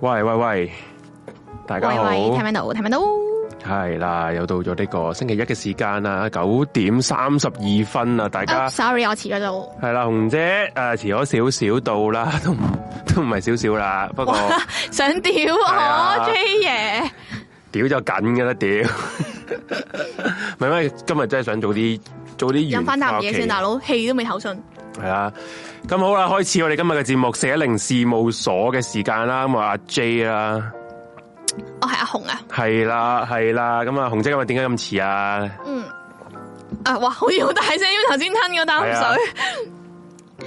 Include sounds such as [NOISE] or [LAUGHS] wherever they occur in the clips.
喂喂喂，大家好，聽到聽到，係啦，又到咗呢個星期一嘅時間啦，九點三十二分啦，大家、I'm，sorry，我遲咗到，係啦，紅姐，誒、呃，遲咗少少到啦，都都唔係少少啦，不過想屌我 J 爺屌就緊噶啦屌，唔係咩？今日真係想做啲做啲，飲翻啖嘢先，大佬，氣都未唞順，係啦咁好啦，開始我哋今日嘅節目，四一零事務所嘅時間啦，咁啊阿 J 啦，哦，係阿紅啊，係啦係啦，咁啊紅姐今日點解咁遲啊？嗯，啊哇，好似好大聲，因為頭先吞咗啖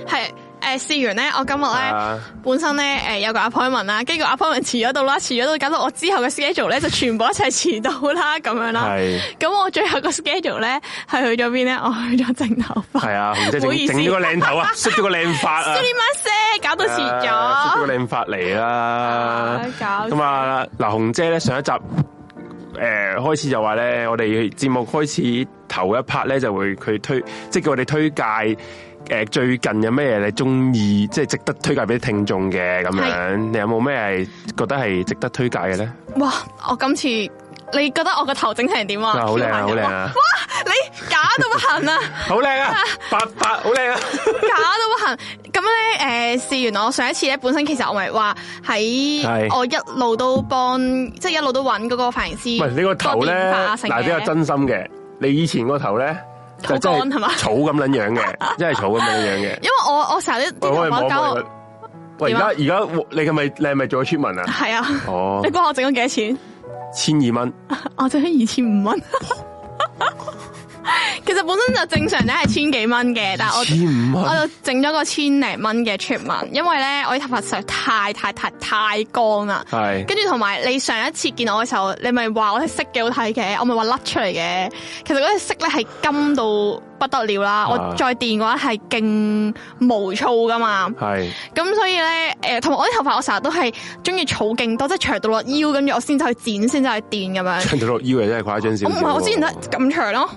水，係、啊。 [LAUGHS] 誒，試完咧，我今日咧、啊，本身咧，誒、呃，有個 appointment 啦，跟住 appointment 遲咗到啦，遲咗到搞到我之後嘅 schedule 咧就全部一齊遲到啦，咁樣啦。係。咁我最後個 schedule 咧係去咗邊咧？我去咗整頭髮。係啊，紅姐整，整咗個靚頭，頭啊，削 [LAUGHS] 咗個靚髮啊 surprise 搞到切咗，削咗個靚髮嚟啦。咁啊，嗱、啊啊，紅姐咧上一集誒、呃、開始就話咧，我哋節目開始頭一 part 咧就會佢推，即、就、係、是、叫我哋推介。誒，最近有咩你中意，即係值得推介俾啲聽眾嘅咁樣？你有冇咩覺得係值得推介嘅咧？哇！我今次你覺得我個頭整成點啊？好靚啊！好靚啊！哇！你 [LAUGHS] 假到不行啊！好靚啊！八八好靚啊！假到不行。咁 [LAUGHS] 咧，誒，試、呃、完我上一次咧，本身其實我咪話喺我一路都幫，即係一路都揾嗰個髮型師。喂，你個頭咧，但係，比較真心嘅。你以前個頭咧？是就真係草咁捻樣嘅，真係草咁捻樣嘅。 [LAUGHS] 因為我我成日都啲我。喂，而家而家你係咪你係咪做咗村民啊？係啊。哦。你估下整咗幾多錢？千二蚊。我整咗二千五蚊。其實本身就正常咧，係千幾蚊嘅，但係我一千五蚊，我就整咗個千零蚊嘅出問，因為咧我啲頭髮實在太太太太乾啦。係，跟住同埋你上一次見我嘅時候，你咪話我啲色幾好睇嘅，我咪話甩出嚟嘅。其實嗰隻色咧係金到不得了啦，是的我再電嘅話係勁毛躁噶嘛。係，咁所以咧，誒，同埋我啲頭髮我成日都係中意草勁多，即係長到落腰，跟住我先走去剪，先走去電咁樣。長到落腰真係誇張少少我唔係，我之前都咁長咯。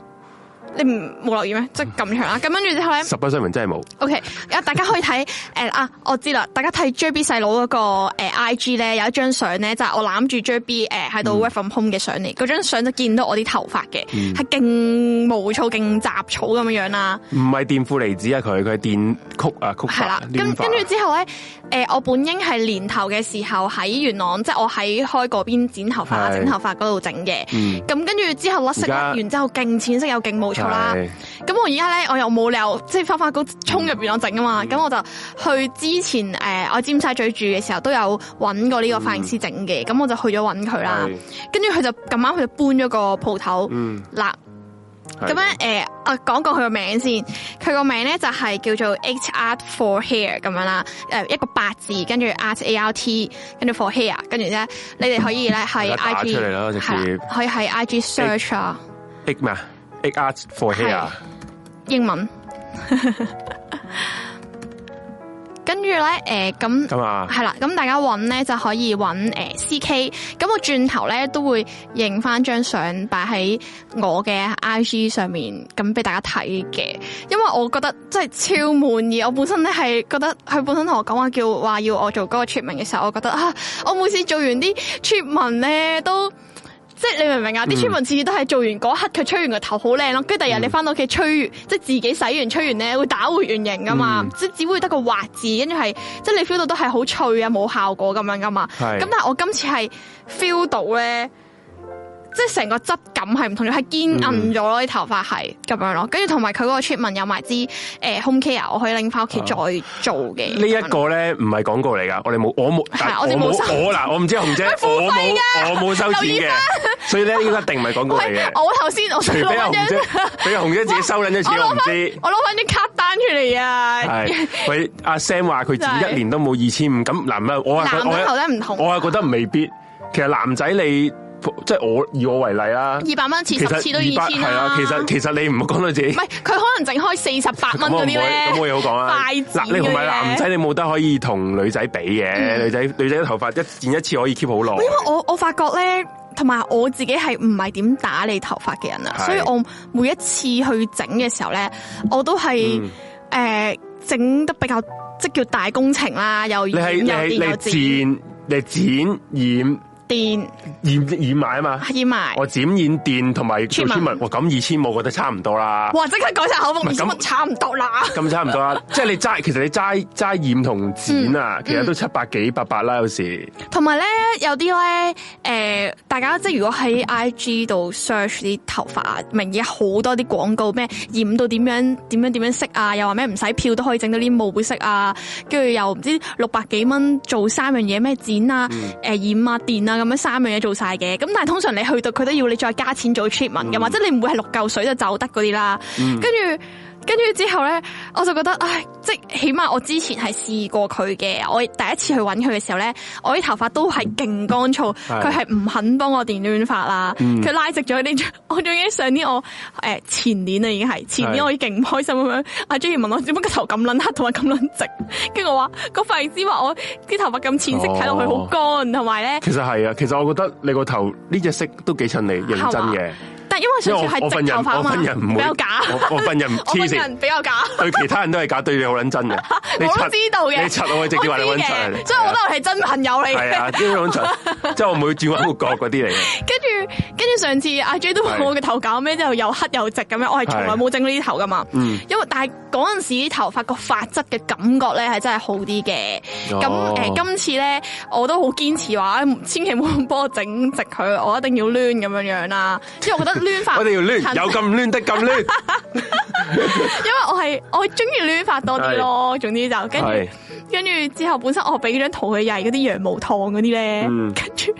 你唔冇留意咩？即係咁長啦，咁跟住之後咧，十不三文真係冇。O K，大家可以睇誒啊，我知啦，大家睇 J B 細佬嗰個誒 I G 咧，有一張相咧，就係、是、我攬住 J B 誒喺度 w e a from home 嘅相嚟，嗰張相就見到我啲頭髮嘅，係、嗯、勁毛躁勁雜草咁樣樣啦。唔係電負離子啊，佢佢係電曲啊，曲，係啦。跟住之後咧，誒、呃，我本應係年頭嘅時候喺元朗，即、就、係、是、我喺開嗰邊剪頭髮、整頭髮嗰度整嘅。咁跟住之後甩色完之後，勁淺色又勁毛。好啦，咁我而家咧我又冇理由即係返返嗰冲入邊度整啊嘛，咁、嗯、我就去之前誒、呃、我尖沙咀住嘅時候都有搵過呢個髮型師整嘅，咁、嗯、我就去咗搵佢啦。跟住佢就咁啱佢就搬咗個鋪頭，嗱咁樣誒，講講佢個名先，佢個名咧就係叫做 H Art For Hair 咁樣啦，誒一個八字跟住 Art A R T，跟住 For Hair，跟住咧你哋可以咧係 I G 啦，可以喺 I G search 啊 b R for here 英文，跟住咧，誒、呃，咁，係啦、啊，咁大家搵咧就可以搵誒、呃、C K，咁我轉頭咧都會影翻張相擺喺我嘅 I G 上面，咁俾大家睇嘅，因為我覺得真係超滿意。我本身咧係覺得佢本身同我講話叫話要我做嗰個 trip 文嘅時候，我覺得啊，我每次做完啲 t r 文咧都。即係你明唔明啊？啲村民次次都係做完嗰刻佢，嗯、吹完個頭好靚咯，跟住第二日你翻到屋企吹完，嗯、即係自己洗完吹完咧會打回原形噶嘛，即、嗯、係只，只會得個滑字，跟住係即係你 feel 到都係好脆啊，冇效果咁樣噶嘛。咁但係我今次係 feel 到咧。即係成個質感係唔同咗，係堅韌咗咯。啲頭髮係咁樣咯，跟住同埋佢嗰個 treatment 有埋支誒 home care，我可以拎翻屋企再做嘅。呢一個咧唔係廣告嚟噶，我哋冇，我冇，我冇，我嗱，我唔知紅姐，我冇，我冇收錢嘅，所以咧應該一定唔係廣告嚟嘅。我頭先我除非紅姐，俾紅姐自己收捻咗錢先。我攞翻，我攞翻啲 card 單出嚟啊！係，喂，阿 Sam 話佢一年都冇二千五，咁嗱咩？我係男嘅頭咧唔同，我係覺得未必。其實男仔你。即係我以我為例啦，二百蚊次 200, 十次都二千係其實其實，其實你唔講到自己，唔係佢可能整開四十八蚊嗰啲咧。咁我有好講啊， [LAUGHS] 快你唔係男仔啦，唔使你冇得可以同女仔比嘅、嗯，女仔女仔嘅頭髮一剪一次可以 keep 好耐。因為我我發覺咧，同埋我自己係唔係點打理頭髮嘅人啊，所以我每一次去整嘅時候咧，我都係誒整得比較即叫大工程啦，又染又，又剪你你剪你剪染。電染染埋啊嘛，染埋我剪染電同埋村民哇，咁二千五我覺得差唔多啦。哇，即刻改晒口風，咁差唔多啦。咁差唔多啦， [LAUGHS] 即係你齋，其實你齋齋染同剪啊、嗯，其實都七百幾八百啦，嗯、有時。同埋咧，有啲咧，誒、呃，大家即係如果喺 I G 度 search 啲頭髮名嘢，好多啲廣告咩染到點樣點樣點樣色啊？又話咩唔使漂都可以整到啲霧灰色啊？跟住又唔知六百幾蚊做三樣嘢咩剪啊，誒、嗯、染啊，電啊。咁樣三樣嘢做晒嘅，咁但係通常你去到佢都要你再加錢做 treatment 嘅，嗯、或者你唔會係六嚿水就走得嗰啲啦，跟住。跟住之後咧，我就覺得，唉，即起碼我之前係試過佢嘅。我第一次去揾佢嘅時候咧，我啲頭髮都係勁乾燥，佢係唔肯幫我電捲髮啦。佢、嗯、拉直咗你，我仲記得上年我誒、欸、前年啊，已經係前年我已勁唔開心咁樣。阿朱耀文問我點解個頭咁撚黑，同埋咁撚直？跟住我話個髮型師話我啲頭髮咁淺色睇落去好乾，同埋咧。其實係啊，其實我覺得你頭、這個頭呢隻色都幾襯你認真嘅。但因為我係，我份人嘛，我份人唔會比較假。我我份人唔黐 [LAUGHS] 人比較假。 [LAUGHS] 對其他人都係假，對你好捻真嘅。 [LAUGHS] 我都知道嘅。你柒我可以直接話你揾柒， [LAUGHS] 所以我覺得係真朋友嚟嘅。係啊，即係 [LAUGHS] 我唔會轉彎抹角嗰啲嚟嘅。 [LAUGHS] 跟住。跟住上次阿 J 都話我嘅頭搞咩，之後又黑又直咁樣，我係從來冇整呢啲頭噶嘛。嗯、因為但係嗰陣時啲頭髮個髮質嘅感覺咧，係真係好啲嘅。咁、呃、誒，今次咧我都好堅持話，千祈唔好幫我整直佢，我一定要亂咁樣樣啦。因為我覺得亂髮，我哋要亂，有咁亂得咁亂。因為我係 [LAUGHS] 我係中意亂髮多啲咯，總之就跟住跟住之後，本身我俾張圖佢又係嗰啲羊毛燙嗰啲咧，跟住。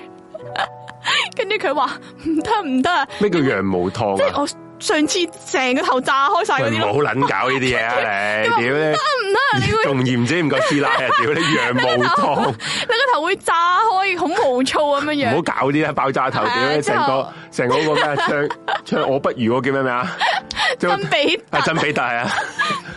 跟住佢話唔得唔得啊！咩叫羊毛湯？即係我。上次成個頭炸開晒啦！唔好捻搞呢啲嘢啊！屌，得唔得，你仲嫌知？唔夠屎啦！屌你樣冇湯，你個 [LAUGHS] 的頭， [LAUGHS] 頭會炸開，好毛躁咁樣樣。唔好搞啲爆炸頭，屌你成個成個個咩唱 [LAUGHS] 唱，唱我不如叫咩咩？啊 [LAUGHS] 然後？真比係真比大啊！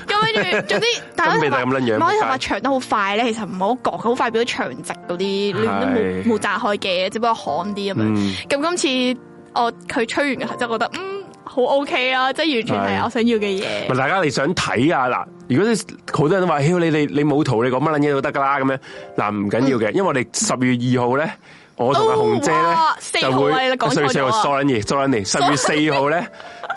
咁跟住總之， [LAUGHS] 但係我頭髮長得好快咧， [LAUGHS] 其實唔好講，好快變咗長直嗰啲，都冇冇炸開嘅， [LAUGHS] 只不過旱啲咁樣。咁、嗯、今次我佢吹完嘅就即覺得嗯。 [LAUGHS] [LAUGHS] [LAUGHS] [LAUGHS] 好 OK 啊，即係完全係我想要嘅嘢。唔係大家你想睇啊嗱？如果好多人都話，嘿，你你你冇圖，你講乜撚嘢都得噶啦咁樣。嗱唔緊要嘅，因為我哋十月二號咧，我同阿紅姐咧就會，十月四號，sorry sorry，十月四號咧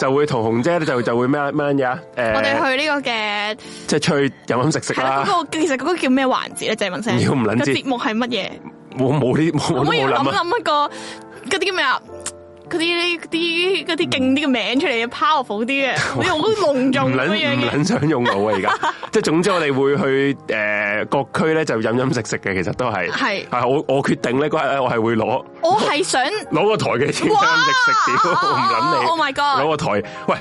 就會同紅姐就就會咩咩嘢啊？誒，我哋去呢個嘅，即係出去飲飲食食啦。嗰個其實嗰個叫咩環節咧？鄭文生，個節目係乜嘢？我冇呢啲，我冇諗啊。可以諗諗一個嗰啲叫咩啊？嗰啲啲啲勁啲嘅名出嚟，嘅 powerful 啲嘅，你好隆重咁樣，唔撚想用到啊而家，即係總之我哋會去誒各區咧就飲飲食食嘅，其實都係係。係我我決定咧嗰日咧我係會攞，我係想攞個台嘅食食。哇！Oh my god！攞個台、啊啊啊啊，喂。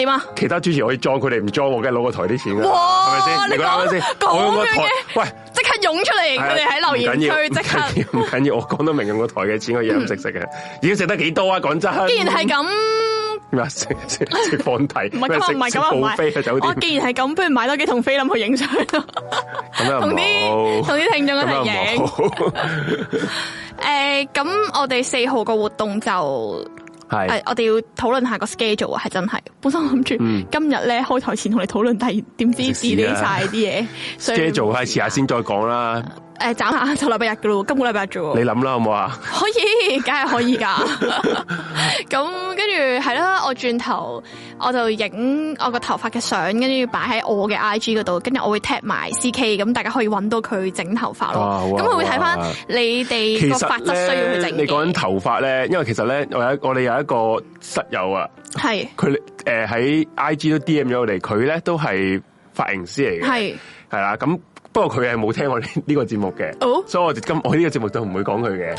點啊？其他主持可以裝佢哋唔裝，我梗係攞個台啲錢哇！係咪先？係咪先？我個台喂，即刻湧出嚟，佢哋喺留言區，即刻唔緊要。我講得明用個台嘅錢，我飲食食嘅，已經食得幾多啊？講真！既然係咁，咩食食食放題？唔係咁，唔係咁啊！我既然係咁，不如買多幾桶菲林去影相咯。同啲同啲聽眾一齊影。誒 [LAUGHS] [LAUGHS] 、欸，咁我哋四號個活動就。係、哎，我哋要討論下個 schedule 啊，係真係。本身諗住今日咧開台前同你討論，但係點知自己晒啲嘢，所以 schedule 係遲下先再講啦。嗯誒，眨下就禮拜日噶咯，今個禮拜做。你諗啦，好唔好啊？可以，梗係可以噶。咁跟住係啦，我轉頭我就影我個頭髮嘅相，跟住擺喺我嘅 I G 嗰度。跟住我會 tap 埋 C K，咁大家可以揾到佢整頭髮咯。咁我會睇翻你哋個髮質，需要佢整。你講緊頭髮咧，因為其實咧，我有我哋有一個室友啊，係佢誒喺 I G 都 D M 咗我哋，佢咧都係髮型師嚟嘅，係係啦咁。不過佢係冇聽節、oh? 我呢個節目嘅 [LAUGHS] 因為、 [LAUGHS] okay，所以我今我呢個節目都唔會講佢嘅。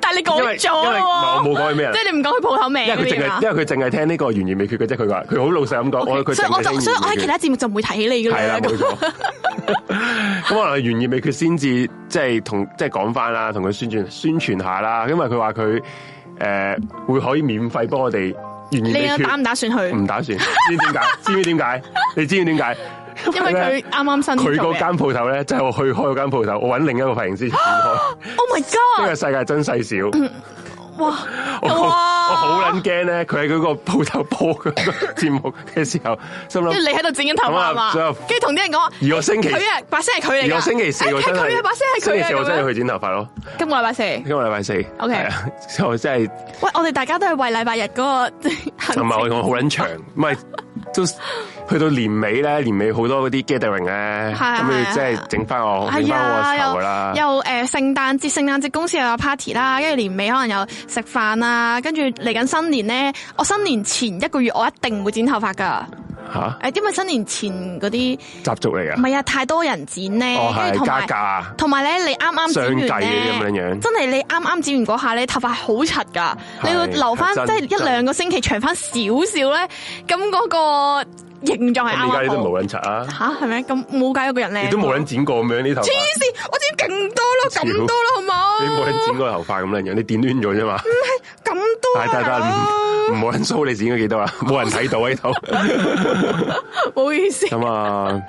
但係你講咗，我冇講佢咩？即係你唔講佢鋪頭名。因為佢淨係因為佢淨係聽呢個懸疑未決嘅啫，佢話佢好老實咁講，我佢淨係聽懸疑。所以我就我喺其他節目就唔會提起你嘅啦。咁。可能係懸疑未決先至即係同即係講翻啦，同佢宣傳宣傳下啦。因為佢話佢誒會可以免費幫我哋懸疑未決。你打唔打算去？唔打，打算。知點解？ [LAUGHS] 知唔知點解？你知唔知點解？因為佢啱啱新，佢嗰間鋪頭咧，即、就、係、是、我去開嗰間鋪頭，我揾另一個髮型師剪開。Oh my god！呢個世界真細小，哇我好捻驚咧。佢喺佢個鋪頭播個節目嘅時候， [LAUGHS] 心諗你喺度剪緊頭髮嘛？嗎，跟住同啲人講話：，而個星期日把聲係佢嚟，而個星期四，星期四把聲係佢，星期四我真係去剪頭髮咯。今個禮拜四，今個禮拜四。O K，係啊，我真係。喂，我哋大家都係為禮拜日嗰個，同埋我好捻長，唔係。 [LAUGHS] 都、so，去到年尾咧，年尾好多嗰啲 gathering 呢，咧，咁要即係整翻我，整翻、啊、我頭啦。又誒，聖、呃、誕節，聖誕節公司又有 party 啦，跟住年尾可能又食飯啦，跟住嚟緊新年咧，我新年前一個月我一定會剪頭髮噶。吓！誒，點解新年前嗰啲習俗嚟噶，唔係啊，太多人剪咧，哦，跟同埋同埋咧，你啱啱計咁樣樣，真係你啱啱剪完嗰下咧，頭髮好齊噶，你要留翻即係一兩個星期長翻少少咧，咁嗰個形狀係啱啱。而家呢都冇人齊啊！吓，係咪咁冇解一個人咧，你都冇人剪過咁樣呢頭黐綫！我剪勁多咯，咁多咯，好唔好？你冇人剪個頭髮咁靚樣，你電攣咗啫嘛？唔係咁多，唔冇、啊啊、人梳你剪咗幾多呀？冇 [LAUGHS] 人睇到喺度，冇 [LAUGHS] 意思、啊。咁啊，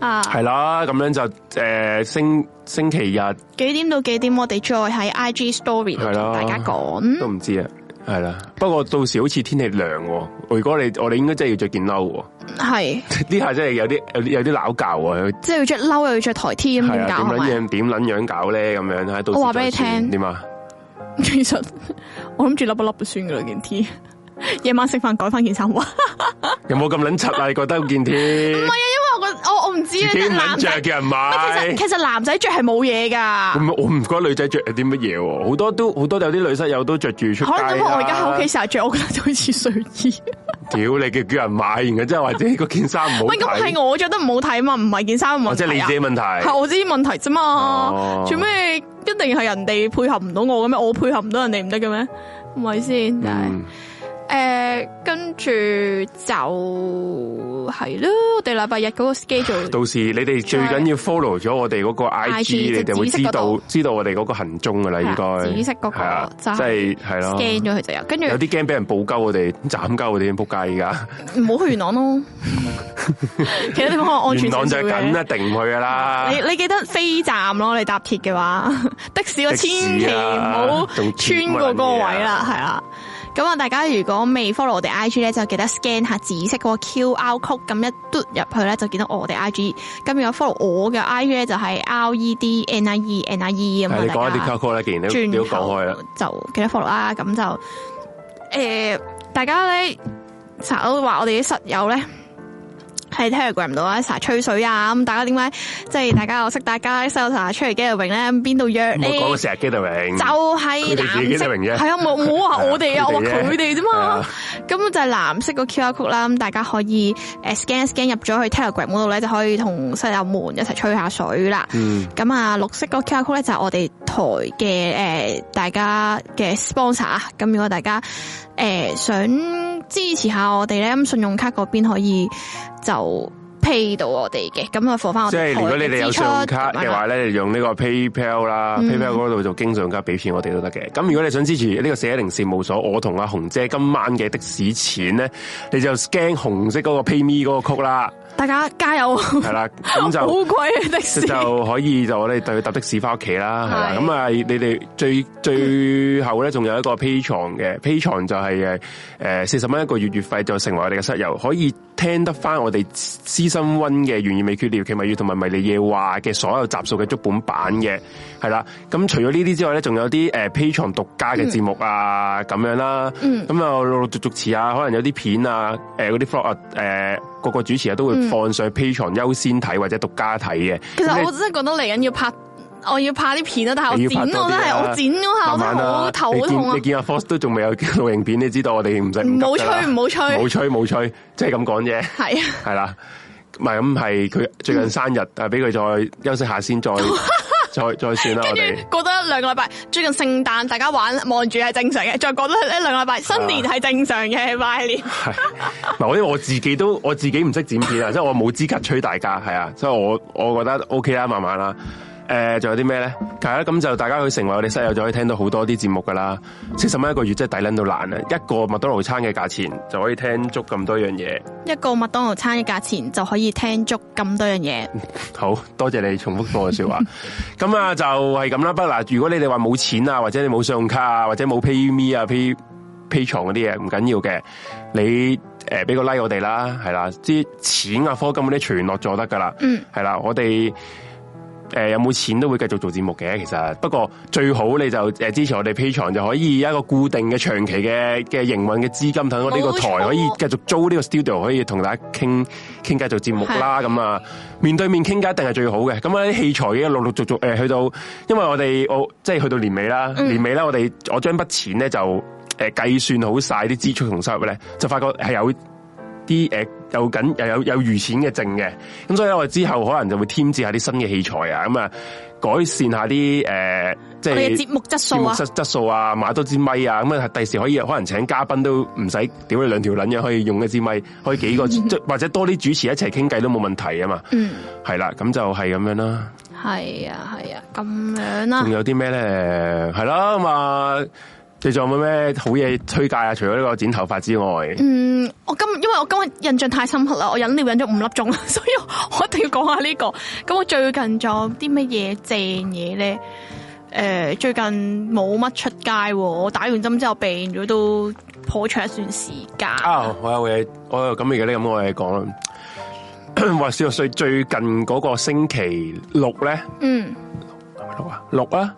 啊，係啦，咁樣就誒、呃、星星期日幾點到幾點？我哋再喺 IG Story 度大家講、嗯，都唔知啊。係啦，不過到時好似天氣涼，如果你我哋應該真係要着件褸。係呢下真係有啲有啲有啲拗撬啊！即係要着褸又要着台 T 咁點搞？點捻樣點捻樣搞咧？咁樣喺度我話俾你聽。點啊？其實我諗住笠笠都算噶啦，件 T。夜 [LAUGHS] 晚食飯改翻件衫。有冇咁捻柒啊？你覺得件 T？我唔知咧，男仔男其實其實男仔着係冇嘢噶。我唔覺得女仔着係啲乜嘢，好多都好多有啲女室友都着住出街。我而家喺屋企成日着，我覺得就好似睡衣的。屌你叫叫人買，而家真係或者嗰件衫唔好。喂，咁係我着得唔好睇啊嘛，唔係件衫唔好。即係你自己問題。係我自己問題啫嘛。做、哦、咩一定係人哋配合唔到我嘅咩？我配合唔到人哋唔得嘅咩？唔係先。誒、呃，跟住就係咯，我哋禮拜日嗰個 schedule。到時你哋最緊要 follow 咗我哋嗰個 IG，就是、你哋會知道知道我哋嗰個行蹤噶啦，應該紫色嗰、那個，即係係咯。scan 咗佢就是就是、有。跟住有啲驚俾人報鳩，我哋斬鳩，我哋仆街而家。唔好去元朗咯， [LAUGHS] 其他地方安全啲。元朗就緊一定去噶啦。你你記得飛站咯，你搭鐵嘅話， [LAUGHS] 的士我、啊、千祈唔好穿過嗰個位啦，係啊。咁啊，大家如果未 follow 我哋 I G 咧，就記得 scan 一下紫色嗰個 Q r code 咁一嘟入去咧，就見到我哋 I G。咁如果 follow 我嘅 I G 咧，就係 L E D N I E N I E 咁啊，大家。係你講啲 Q 凹咧，建議你咗講開啦。就記得 follow 啦，咁就誒、嗯嗯，大家咧，查我話我哋啲室友咧。喺 Telegram 度咧，成日吹水啊！咁大家點解即係大家又識大家啲室友出嚟 gathering 咧？邊度約你？我講成日 gathering，Gathering，就係藍色。係啊，冇我話 [LAUGHS] 我哋啊，我話佢哋啫嘛。根、 [LAUGHS] 嗯、就係藍色個 QR code 啦。咁大家可以誒 scan scan 入咗去 Telegram 度咧，就可以同室友們一齊吹下水啦。咁啊，綠色個 QR code 咧就係我哋台嘅誒，大家嘅 sponsor 啊。咁如果大家，誒、呃，想支持下我哋咧，咁信用卡嗰邊可以就 pay 到我哋嘅，咁啊放翻我哋，即係如果你哋有信用卡嘅話咧，你用呢個 PayPal 啦、嗯，PayPal 嗰度就經常卡俾錢我哋都得嘅。咁如果你想支持呢個四一零事務所，我同阿紅姐今晚嘅的，的士錢咧，你就 scan 紅色嗰個 PayMe 嗰個曲啦。大家加油！ [LAUGHS] 係啦，咁 [LAUGHS] 貴的 [LAUGHS] 就好貴的士，就可以就我哋帶佢搭的士翻屋企啦。咁 [LAUGHS] 啊好吧， [LAUGHS] 你哋最最後咧，仲有一個 Patreon 嘅 Patreon 就係誒誒四十蚊一個月月費就成為我哋嘅室友，可以聽得翻我哋 Season 1嘅《懸疑未決》、《聊奇物語》同埋《迷你夜話》嘅所有集數嘅足本版嘅。係啦，咁除咗呢啲之外咧，仲有啲誒 Patreon 獨家嘅節目啊，咁、嗯、樣啦，咁又陸陸續續遲啊，可能有啲片啊，誒嗰啲 Vlog 誒個個主持人都會放上 Patreon 優先睇或者獨家睇嘅。其實我真係覺得嚟緊要拍，我要拍啲片拍慢慢啊，但係我剪都係我剪咗下，我頭痛、啊、你，見你見阿 Fox 都仲未有錄影片，你知道我哋唔使冇好吹，唔好吹，冇吹，冇吹，即係咁講啫。係、就是、啊，係啦，唔係咁係佢最近生日啊，俾、嗯、佢再休息下先，再。 [LAUGHS] 再再算啦，跟住過多一兩個禮拜，最近聖誕大家玩望住係正常嘅，再過多一兩個禮拜，新年係正常嘅，拜、yeah. 年。嗱， [LAUGHS] 因為我自己都我自己唔識剪片啊，即 [LAUGHS] 係我冇資格催大家，係啊，所以我我覺得 OK 啦，慢慢啦。誒、呃，仲有啲咩咧？係啦，咁就大家去成為我哋室友，就可以聽到好多啲節目噶啦。七十蚊一個月，即係抵捻到爛啊！一個麥當勞餐嘅價錢就可以聽足咁多樣嘢。一個麥當勞餐嘅價錢就可以聽足咁多樣嘢。 [LAUGHS] 好多謝你重複我嘅說話。咁 [LAUGHS] 啊，就係咁啦。不嗱，如果你哋話冇錢啊，或者你冇信用卡、啊，或者冇 PayMe 啊、Pay Patreon 嗰啲嘢，唔緊要嘅。你誒俾、呃、個 like 我哋啦，係啦，啲錢啊、科金嗰啲存落咗得噶啦。嗯，係啦，我哋。誒，有冇錢都會繼續做節目嘅，其實不過最好你就誒支持我哋 Patreon 就可以一個固定嘅長期嘅嘅營運嘅資金，等我呢個台可以繼續租呢個 studio，可以同大家傾傾偈做節目啦，咁啊面對面傾偈一定係最好嘅。咁啊啲器材已經陸陸續續誒去到，因為我哋我即係去到年尾啦，年尾啦，嗯、我哋我將筆錢咧就誒計、呃、算好曬啲支出同收入咧，就發覺係有啲。X、呃。有緊又有有餘錢嘅剩嘅，咁所以我哋之後可能就會添置下啲新嘅器材啊，咁啊改善下啲誒、呃，即係節目質素啊，節目質質素啊，買多支麥啊，咁啊第時可以可能請嘉賓都唔使點兩條，兩條捻嘢可以用一支麥，可以幾個即 [LAUGHS] 或者多啲主持一齊傾偈都冇問題啊嘛，嗯，係啦，咁就係咁樣啦，係啊係啊，咁樣啦，仲有啲咩咧？係啦咁啊。你仲有冇咩好嘢推介啊？除咗呢個剪頭髮之外，嗯，我今因為我今日印象太深刻啦，我忍尿忍咗五粒鐘啦，所以我一定要講下呢、這個。咁我最近仲有啲乜嘢正嘢咧？誒、呃，最近冇乜出街，我打完針之後病咗都頗長一段時間。啊，我有嘢，我有咁嘅咧，咁我嚟講啦。話少少， [COUGHS] 最近嗰個星期六咧，嗯，六啊？六啊！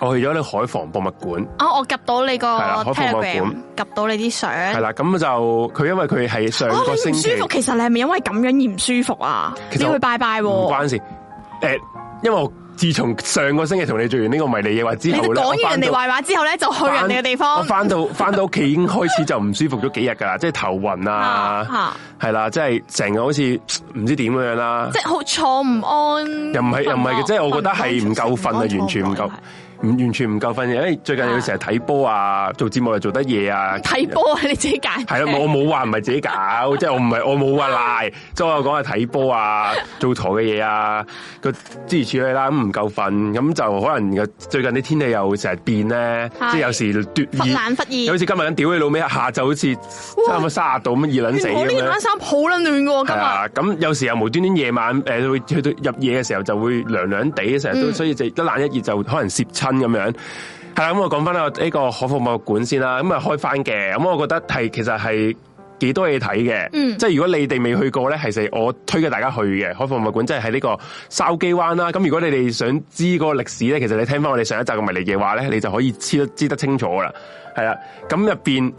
我去咗你海防博物館。哦，我入到你個海防博物館，啊，入到你啲相。係啦，咁就佢因為佢係上個星期。啊、舒服，其實你係咪因為咁樣而唔舒服啊？你要拜拜，啊。唔關事，誒、欸，因為我自從上個星期同你做完呢個迷你嘢話之後咧，講完人哋壞話之後咧，就去人哋嘅地方，回我翻到翻到屋企已經開始就唔舒服咗幾日噶啦，即係頭暈啊，係啦，即係成日好似唔知點咁樣啦。即係好坐唔安，又唔係又唔係，即係我覺得係唔夠瞓啊，完全唔夠。唔完全唔夠瞓嘅，哎！最近又成日睇波啊，做節目又做得夜啊。睇波啊，你自己搞？係啊，我冇話唔係自己搞，即 [LAUGHS] 係我唔係我冇話賴。即 [LAUGHS] 係我又講下睇波啊，做台嘅嘢啊，個資源處理啦，咁唔夠瞓，咁就可能最近啲天氣又成日變咧，即係有時脱熱，忽冷忽熱，好似今日咁屌你老味，下晝好似差唔多三十度咁熱撚死咁樣。我呢件冷衫好撚暖㗎喎，今日。咁、啊嗯、有時又無端端夜晚誒、呃、去到入夜嘅時候就會涼涼地，成日都、嗯、所以就一冷一熱就可能攝。咁樣，係啦，咁我講翻啦，呢個海博物館先啦，咁啊開翻嘅，咁我覺得係其實係幾多嘢睇嘅，即係如果你哋未去過咧，其實我推介大家去嘅海博物館，即係喺呢個筲箕灣啦。咁如果你哋想知嗰個歷史咧，其實你聽翻我哋上一集嘅迷你嘅話咧，你就可以知得知得清楚啦。係啦，咁入邊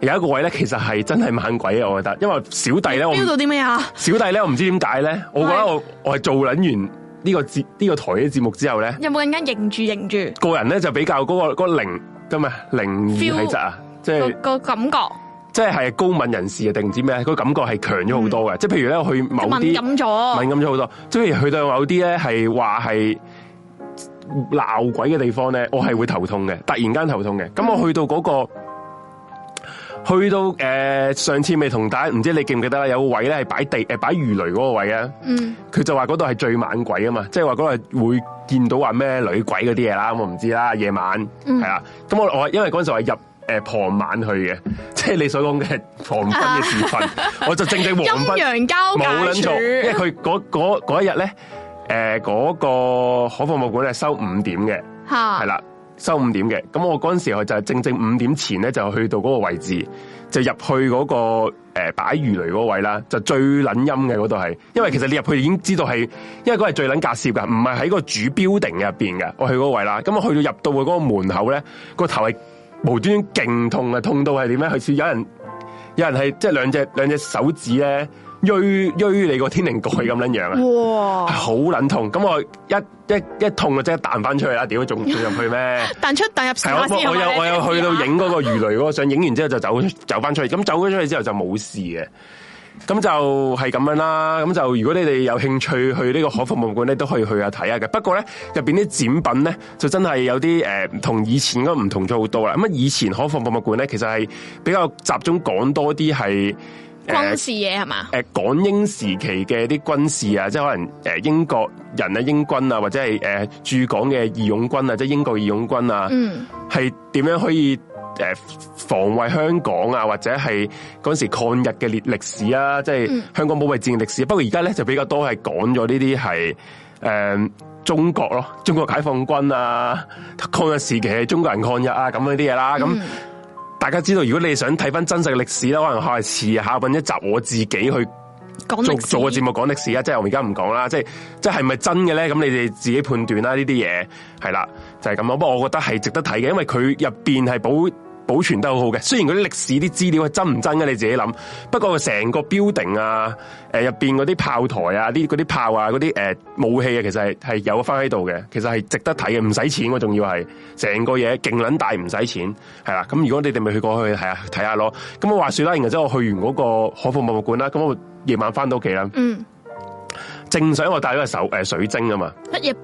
有一個位咧，其實係真係猛鬼啊，我覺得，因為小弟咧，我知道啲咩啊？小弟咧，我唔知點解咧，我覺得我我係做捻完。呢、這個節呢、這個台嘅節目之後咧，有冇人間認住認住？個人咧就比較嗰、那個嗰、那個靈零嘛靈氣質啊，零 Feel、即係個，個感覺，即係係高敏人士啊定唔知咩？那個感覺係強咗好多嘅，嗯、即係譬如咧去某啲敏感咗，敏感咗好多。即係去到某啲咧係話係鬧鬼嘅地方咧，我係會頭痛嘅，突然間頭痛嘅。咁、嗯、我去到嗰、那個。去到誒、呃、上次咪同大家唔知你記唔記得啦，有個位咧係擺地誒擺魚雷嗰個位啊，佢、嗯、就話嗰度係最猛鬼啊嘛，即係話嗰個會見到話咩女鬼嗰啲嘢啦，嗯、我唔知啦，夜晚係啦，咁我我因為嗰陣時入誒傍、呃、晚去嘅，即、就、係、是、你所講嘅黃昏嘅時分， [LAUGHS] 我就正正黃昏 [LAUGHS] 陰陽交界處，冇撚錯，因為佢嗰嗰一日咧誒嗰個海防博物館咧收五點嘅，係 [LAUGHS] 啦。收五點嘅，咁我嗰陣時候就正正五點前呢，就去到嗰個位置，就入去嗰、那個誒、呃、擺魚雷嗰位啦，就最撚陰嘅嗰度係，因為其實你入去已經知道係，因為嗰係最撚隔涉噶，唔係喺個主 building 入邊嘅，我去嗰個位啦，咁我去到入到嘅嗰個門口呢，個頭係無端端勁痛啊，痛到係點咧？佢似有人有人係即係兩隻兩隻手指呢。錐你個天靈蓋咁樣樣啊！哇，好撚痛！咁我一一一痛嘅，即係彈翻出去啦！屌，仲入去咩？彈出彈入先。我我我有我有去到影嗰個魚雷嗰個相，影完之後就走走翻出去。咁走咗出去之後就冇事嘅。咁就係咁樣啦。咁就如果你哋有興趣去呢個海防博物館咧，都可以去下睇下嘅。不過咧，入邊啲展品咧，就真係有啲誒，同以前嗰個唔同咗好多啦。咁啊，以前海防博物館咧，其實係比較集中講多啲係。軍事嘢係嘛？誒，港英時期嘅啲軍事啊，即係可能誒英國人啊、英軍啊，或者係誒駐港嘅義勇軍啊，即係英國義勇軍啊，嗯，係點樣可以誒防衛香港啊？或者係嗰時抗日嘅歷歷史啊？即係香港保衛戰歷史，嗯。不過而家咧就比較多係講咗呢啲係誒中國咯，中國解放軍啊，抗日時期中國人抗日啊咁嗰啲嘢啦咁。這些東西那嗯大家知道，如果你想睇翻真實嘅歷史咧，可能可能似啊，下次找一集我自己去做做個節目講歷史啊，即係我而家唔講啦，即係即係係咪真嘅咧？咁你哋自己判斷啦，呢啲嘢係啦，就係咁咯。不過我覺得係值得睇嘅，因為佢入邊係保。保存得好好嘅，雖然嗰啲歷史啲資料係真唔真嘅，你自己諗。不過成個 building 啊，誒入邊嗰啲炮台啊，啲嗰啲炮啊，嗰啲誒武器啊，其實係係有翻喺度嘅。其實係值得睇嘅，唔使錢，啊、錢，我仲要係成個嘢勁撚大，唔使錢，係啦。咁如果你哋未去過去，係啊睇下咯。咁我話說啦，然之後我去完嗰個海防博物館啦，咁我夜晚翻到屋企啦。嗯。正想我帶咗個手誒水晶啊嘛。嗯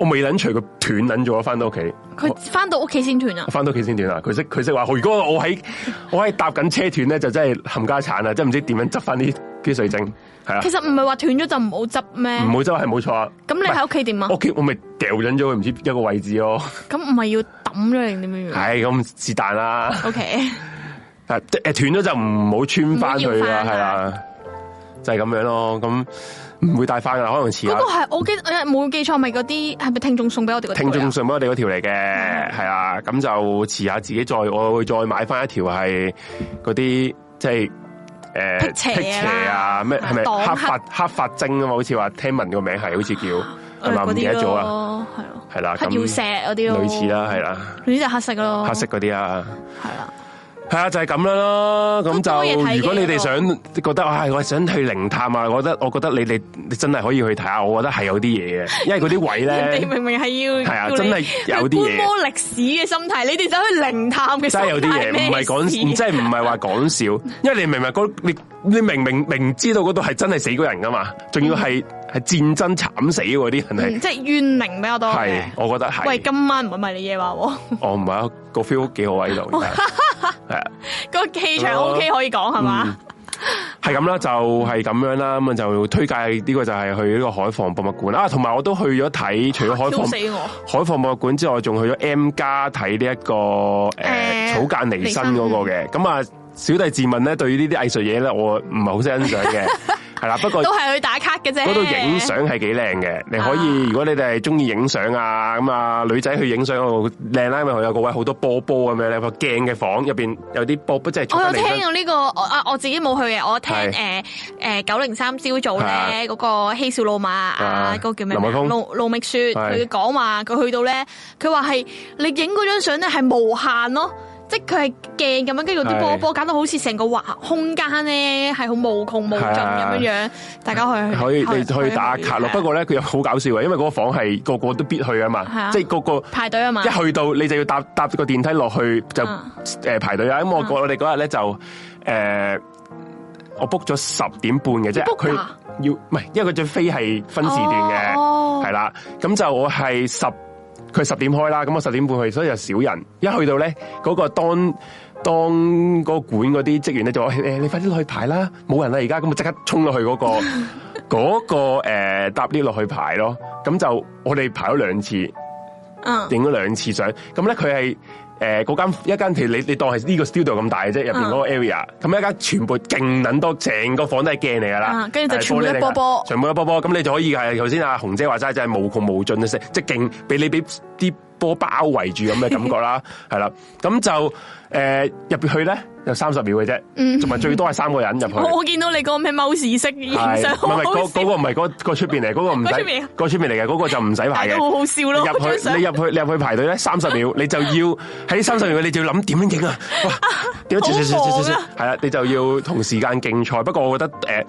我未撚除佢斷撚咗，翻到屋企。佢翻到屋企先斷啊！翻到屋企先斷啊！佢識佢識話，如果我喺 [LAUGHS] 我喺搭緊車斷咧，就真係冚家鏟啊！真唔知點樣執翻啲啲水晶係啊！其實唔係話斷咗就唔好執咩，唔好執係冇錯。咁你喺屋企點啊？屋企我咪掉緊咗，佢，唔知一個位置咯。咁唔係要抌咗定點樣樣？係 [LAUGHS] 咁 [LAUGHS] [LAUGHS] 是但啦。O K，誒誒，斷 [LAUGHS] 咗就唔好穿翻去啦，係啦，就係咁樣咯，咁。唔會帶翻噶，可能遲。不、嗰個係我記，冇記錯，咪嗰啲係咪聽眾送俾我哋嗰條？聽眾送俾我哋嗰條嚟嘅，係啊，咁就遲下自己再，再我會再買翻一條係嗰啲即係誒，辟邪啊，咩係咪黑髮黑髮晶啊嘛？好似話聽聞個名係，好似叫阿唔記得咗啊，係啊，係啦，黑曜石嗰啲咯，類似啦，係啦，總之黑色咯，黑色嗰啲啊，係啦。係啊，就係、是、咁樣咯，咁就如果你哋想覺得，唉、哎，我想去靈探啊，我覺得，我覺得你哋真係可以去睇下，我覺得係有啲嘢嘅，因為嗰啲位咧，係 [LAUGHS] 明明係要，係啊，真係有啲嘢。觀摩歷史嘅心態，你哋走去靈探嘅心態真係有啲嘢，唔係講，真係唔係話講笑， [LAUGHS] 因為你明明你你明明明知道嗰度係真係死過人噶嘛，仲要係。嗯係戰爭慘死喎，啲人係、嗯，即係冤靈比較多嘅。係，我覺得係。喂，今晚唔係咪你夜話我？ [LAUGHS] 我唔係啊，個 feel 幾好喺度。係 [LAUGHS] 啊是， [LAUGHS] 個氣場 OK 可以講係嘛？係咁啦，就係、是、咁樣啦。咁啊，就推介呢個就係去呢個海防博物館啊。同埋我都去咗睇，除咗海防死海防博物館之外，仲去咗 M+ 睇呢一個誒、呃、草間彌生嗰、那個嘅。咁、那個、啊。小弟自問咧，對於呢啲藝術嘢咧，我唔係好識欣賞嘅，係 [LAUGHS] 啦。不過都係去打卡嘅啫。嗰度影相係幾靚嘅，啊、你可以如果你哋係中意影相啊，咁啊女仔去影相嗰度靚啦，因為佢有個位好多波波咁樣咧個鏡嘅房入邊有啲波，波。即係、這個。我有聽我呢、呃那個啊，我自己冇去嘅，我聽誒誒九零三朝早咧，嗰個希少老馬啊，嗰、那個叫咩？盧路覓雪佢講話佢去到咧，佢話係你影嗰張相咧係無限咯。即係佢係鏡咁樣，跟住啲波波揀到好似成個畫空間咧，係好無窮無盡咁樣樣，大家去可以你去可以去打卡咯。不過咧，佢又好搞笑嘅，因為嗰個房係個個都必去啊嘛，即係個個排隊啊嘛。一去到你就要搭搭個電梯落去就誒、啊呃呃、排隊啊。咁我、啊、我哋嗰日咧就誒、呃，我 book 咗十點半嘅啫，佢要唔係因為佢最飛係分時段嘅，係、哦、啦、哦，咁就我係十。佢十點開啦，咁我十點半去，所以就少人。一去到咧，嗰個當當嗰個館嗰啲職員咧就誒，你快啲落去排啦，冇人啦而家，咁我即刻衝落去嗰、嗰個嗰、 [LAUGHS] 嗰個誒、呃、搭 lift 落去排咯。咁就我哋排咗兩次，影咗兩次相。咁咧佢係。誒、呃、嗰間一間，其實你你當係呢個 studio 咁大嘅啫，入邊嗰個 area，咁、嗯、一間全部勁撚多，成個房都係鏡嚟噶啦，跟、嗯、住就是全，部是全，部波波，全部都波波，全部都波波，咁你就可以係頭先阿紅姐話齋，就係、是、無窮無盡嘅食，即係勁俾你俾啲。波包圍住咁嘅感覺啦，係 [LAUGHS] 啦，咁就誒入、呃、去咧，有三十秒嘅啫，嗯，同埋最多係三個人入去。我見到你講咩貓屎色影相，唔係唔嗰個唔係嗰個出邊嚟，嗰、嗰個唔使， [LAUGHS] 個出邊嚟嘅，嗰 [LAUGHS] 個就唔使排嘅，好 [LAUGHS] 好笑咯。入去 [LAUGHS] 你入去你入去，去排隊咧，三十秒， [LAUGHS] 你就要喺三十秒，你就要諗點樣影啊， [LAUGHS] 哇，點樣影？係 [LAUGHS] 啦、啊，你就要同時間競賽。 [LAUGHS] 不過我覺得誒。呃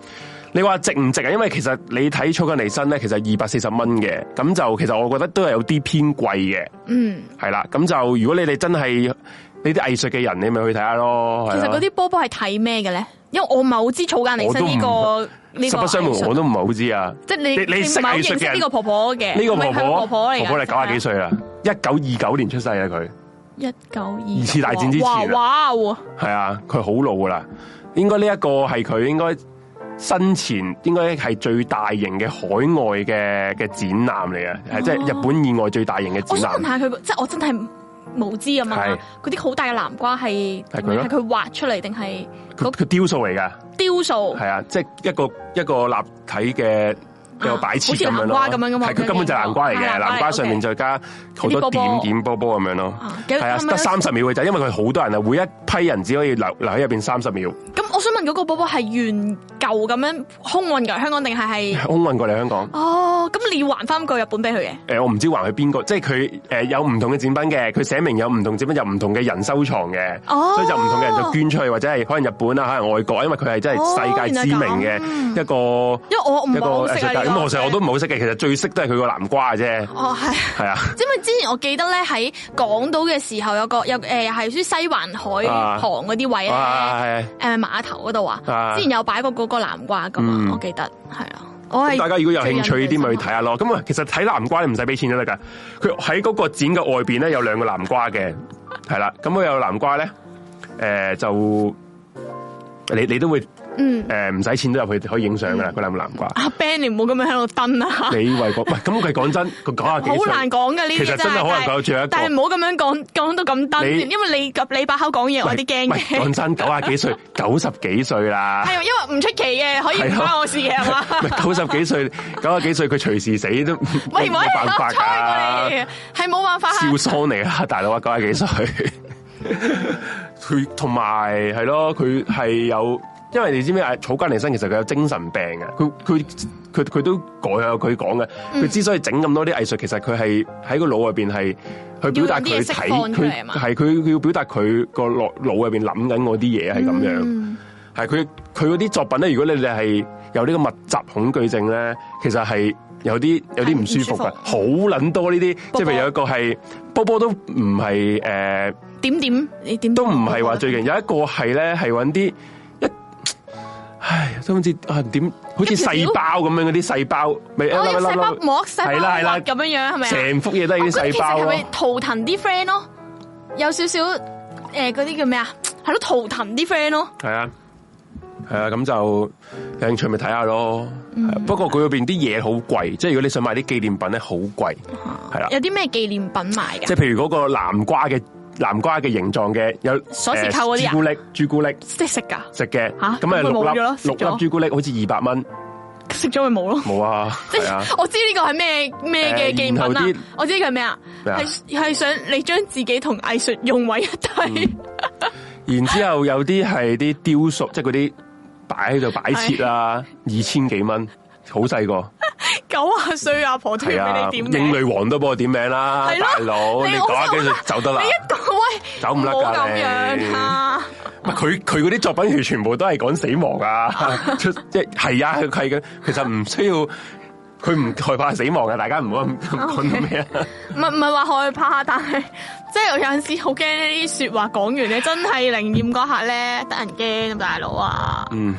你話值唔值啊？因為其實你睇草間彌生咧，其實二百四十蚊嘅，咁就其實我覺得都係有啲偏貴嘅。嗯，係啦，咁就如果你哋真係呢啲藝術嘅人，你咪去睇下咯。其實嗰啲波波係睇咩嘅咧？因為我唔係好知草間彌生呢、這個、這個，實不相瞞，我都唔係好知啊。即係你你，你，你認識藝術嘅呢個婆婆嘅，呢、這個婆婆，婆婆婆婆嚟，婆婆九廿幾歲啦？一九二九年出世啊，佢一九二次大戰之前，哇，係啊，佢好老噶啦，應該呢一個係佢應該。生前應該係最大型嘅海外嘅嘅展覽嚟嘅，係即係日本以外最大型嘅展覽。我想問下佢，即係我真係無知啊嘛！係嗰啲好大嘅南瓜係係佢畫出嚟定係？佢雕塑嚟㗎？雕塑係啊，即係一個一個立體嘅。又擺設咁樣咯，係佢根本就係南瓜嚟嘅，南瓜上面，okay. 再加好多點點波波咁樣咯。係啊，得三十秒嘅，就因為佢好多人啊，每一批人只可以留留喺入邊三十秒。咁我想問嗰個波波係原舊咁樣空運嚟香港定係係空運過嚟香港？哦，咁你還翻個日本俾佢嘅？誒、呃，我唔知還去邊個，即係佢誒有唔同嘅展品嘅，佢寫明有唔同展品有唔同嘅人收藏嘅，哦，所以就唔同嘅人就捐出，去，或者係可能日本啊，可能外國，因為佢係真係世界知名嘅，哦，一個，因為我，啊，一個成、嗯、日我都唔好識嘅，其實最識都係佢個南瓜嘅啫。哦，係係啊，因 [LAUGHS] 為之前我記得咧喺港島嘅時候有個，有個有誒係住西環海旁嗰啲位係誒碼頭嗰度啊，之前有擺過嗰個南瓜咁、嗯，我記得係啊，我係大家如果有興趣啲咪去睇下咯。咁啊，其實睇南瓜唔使俾錢都得噶，佢喺嗰個展嘅外邊咧有兩個南瓜嘅，係啦、啊，咁佢有南瓜咧，誒、呃、就你你都會。嗯，誒、嗯，唔使錢都入去可以影相噶啦，嗰兩個南瓜。阿 Ben，你唔好咁樣喺度蹲啊。你為國、那個，咁佢講真，佢講下。好 [LAUGHS] 難講噶呢啲。其實真係好難講住但係唔好咁樣講，講到咁登。因為你你把口講嘢，我有啲驚嘅。講真，九廿幾歲，九十幾歲啦。係， [LAUGHS] 因為唔出奇嘅，可以唔關我事嘛。九十幾歲，九廿幾歲，佢隨 [LAUGHS] 時死都冇辦法噶、啊，係冇辦法,、啊辦法啊。笑桑你啊，大佬啊，九廿幾歲？佢同埋係咯，佢係有。因為你知唔知啊？草間彌生其實佢有精神病嘅，佢佢佢佢都改下佢講嘅。佢、嗯、之所以整咁多啲藝術，其實佢係喺個腦入邊係去表達佢睇佢係佢要表達佢個腦腦入邊諗緊嗰啲嘢，係咁樣。係佢佢嗰啲作品咧，如果你哋係有個呢個密集恐懼症咧，其實係有啲有啲唔舒服嘅，好捻多呢啲。即係譬如有一個係波波都唔係誒點點點，點都唔係話最近有一個係咧係搵啲。唉，都好似啊，點，好似細胞咁樣嗰啲細胞，咪一粒粒膜，細胞膜咁樣樣，係咪？成幅嘢都係啲細胞，哦。其實係咪圖騰啲 friend 咯？有少少誒，嗰，呃、啲叫咩啊？係咯，圖騰啲 friend 咯。係啊，係啊，咁就有興趣咪睇下咯，嗯。不過佢入邊啲嘢好貴，即係如果你想買啲紀念品咧，好，嗯、貴。係啦，啊，有啲咩紀念品賣嘅？即係譬如嗰個南瓜嘅。南瓜嘅形狀嘅有鎖匙扣誒，啲，古力朱古力，朱古力即係食噶食嘅吓，咁啊六，嗯、粒六粒朱古力好似二百蚊，食咗咪冇咯，冇啊係我知呢個係咩咩嘅紀念品，我知呢個係咩啊，係係、啊、想你將自己同藝術融為一體，嗯、 [LAUGHS] 然之後有啲係啲雕塑，即係嗰啲擺喺度擺設啊， [LAUGHS] 二千幾蚊。好細個、 [LAUGHS] 啊，九啊歲阿婆聽你點名，啊、英女王都幫我點名啦、啊啊，大佬，你講下，跟住走得啦，你一個喂，走唔甩噶，唔係佢佢嗰啲作品，全部都係講死亡 [LAUGHS] 係啊，即係係啊，佢係咁，其實唔需要，佢唔害怕死亡噶，大家唔好咁講到咩啊，唔係唔係話害怕，但係即係我有陣時好驚呢啲說話講完你真係靈驗嗰刻咧，得人驚，大佬啊，嗯。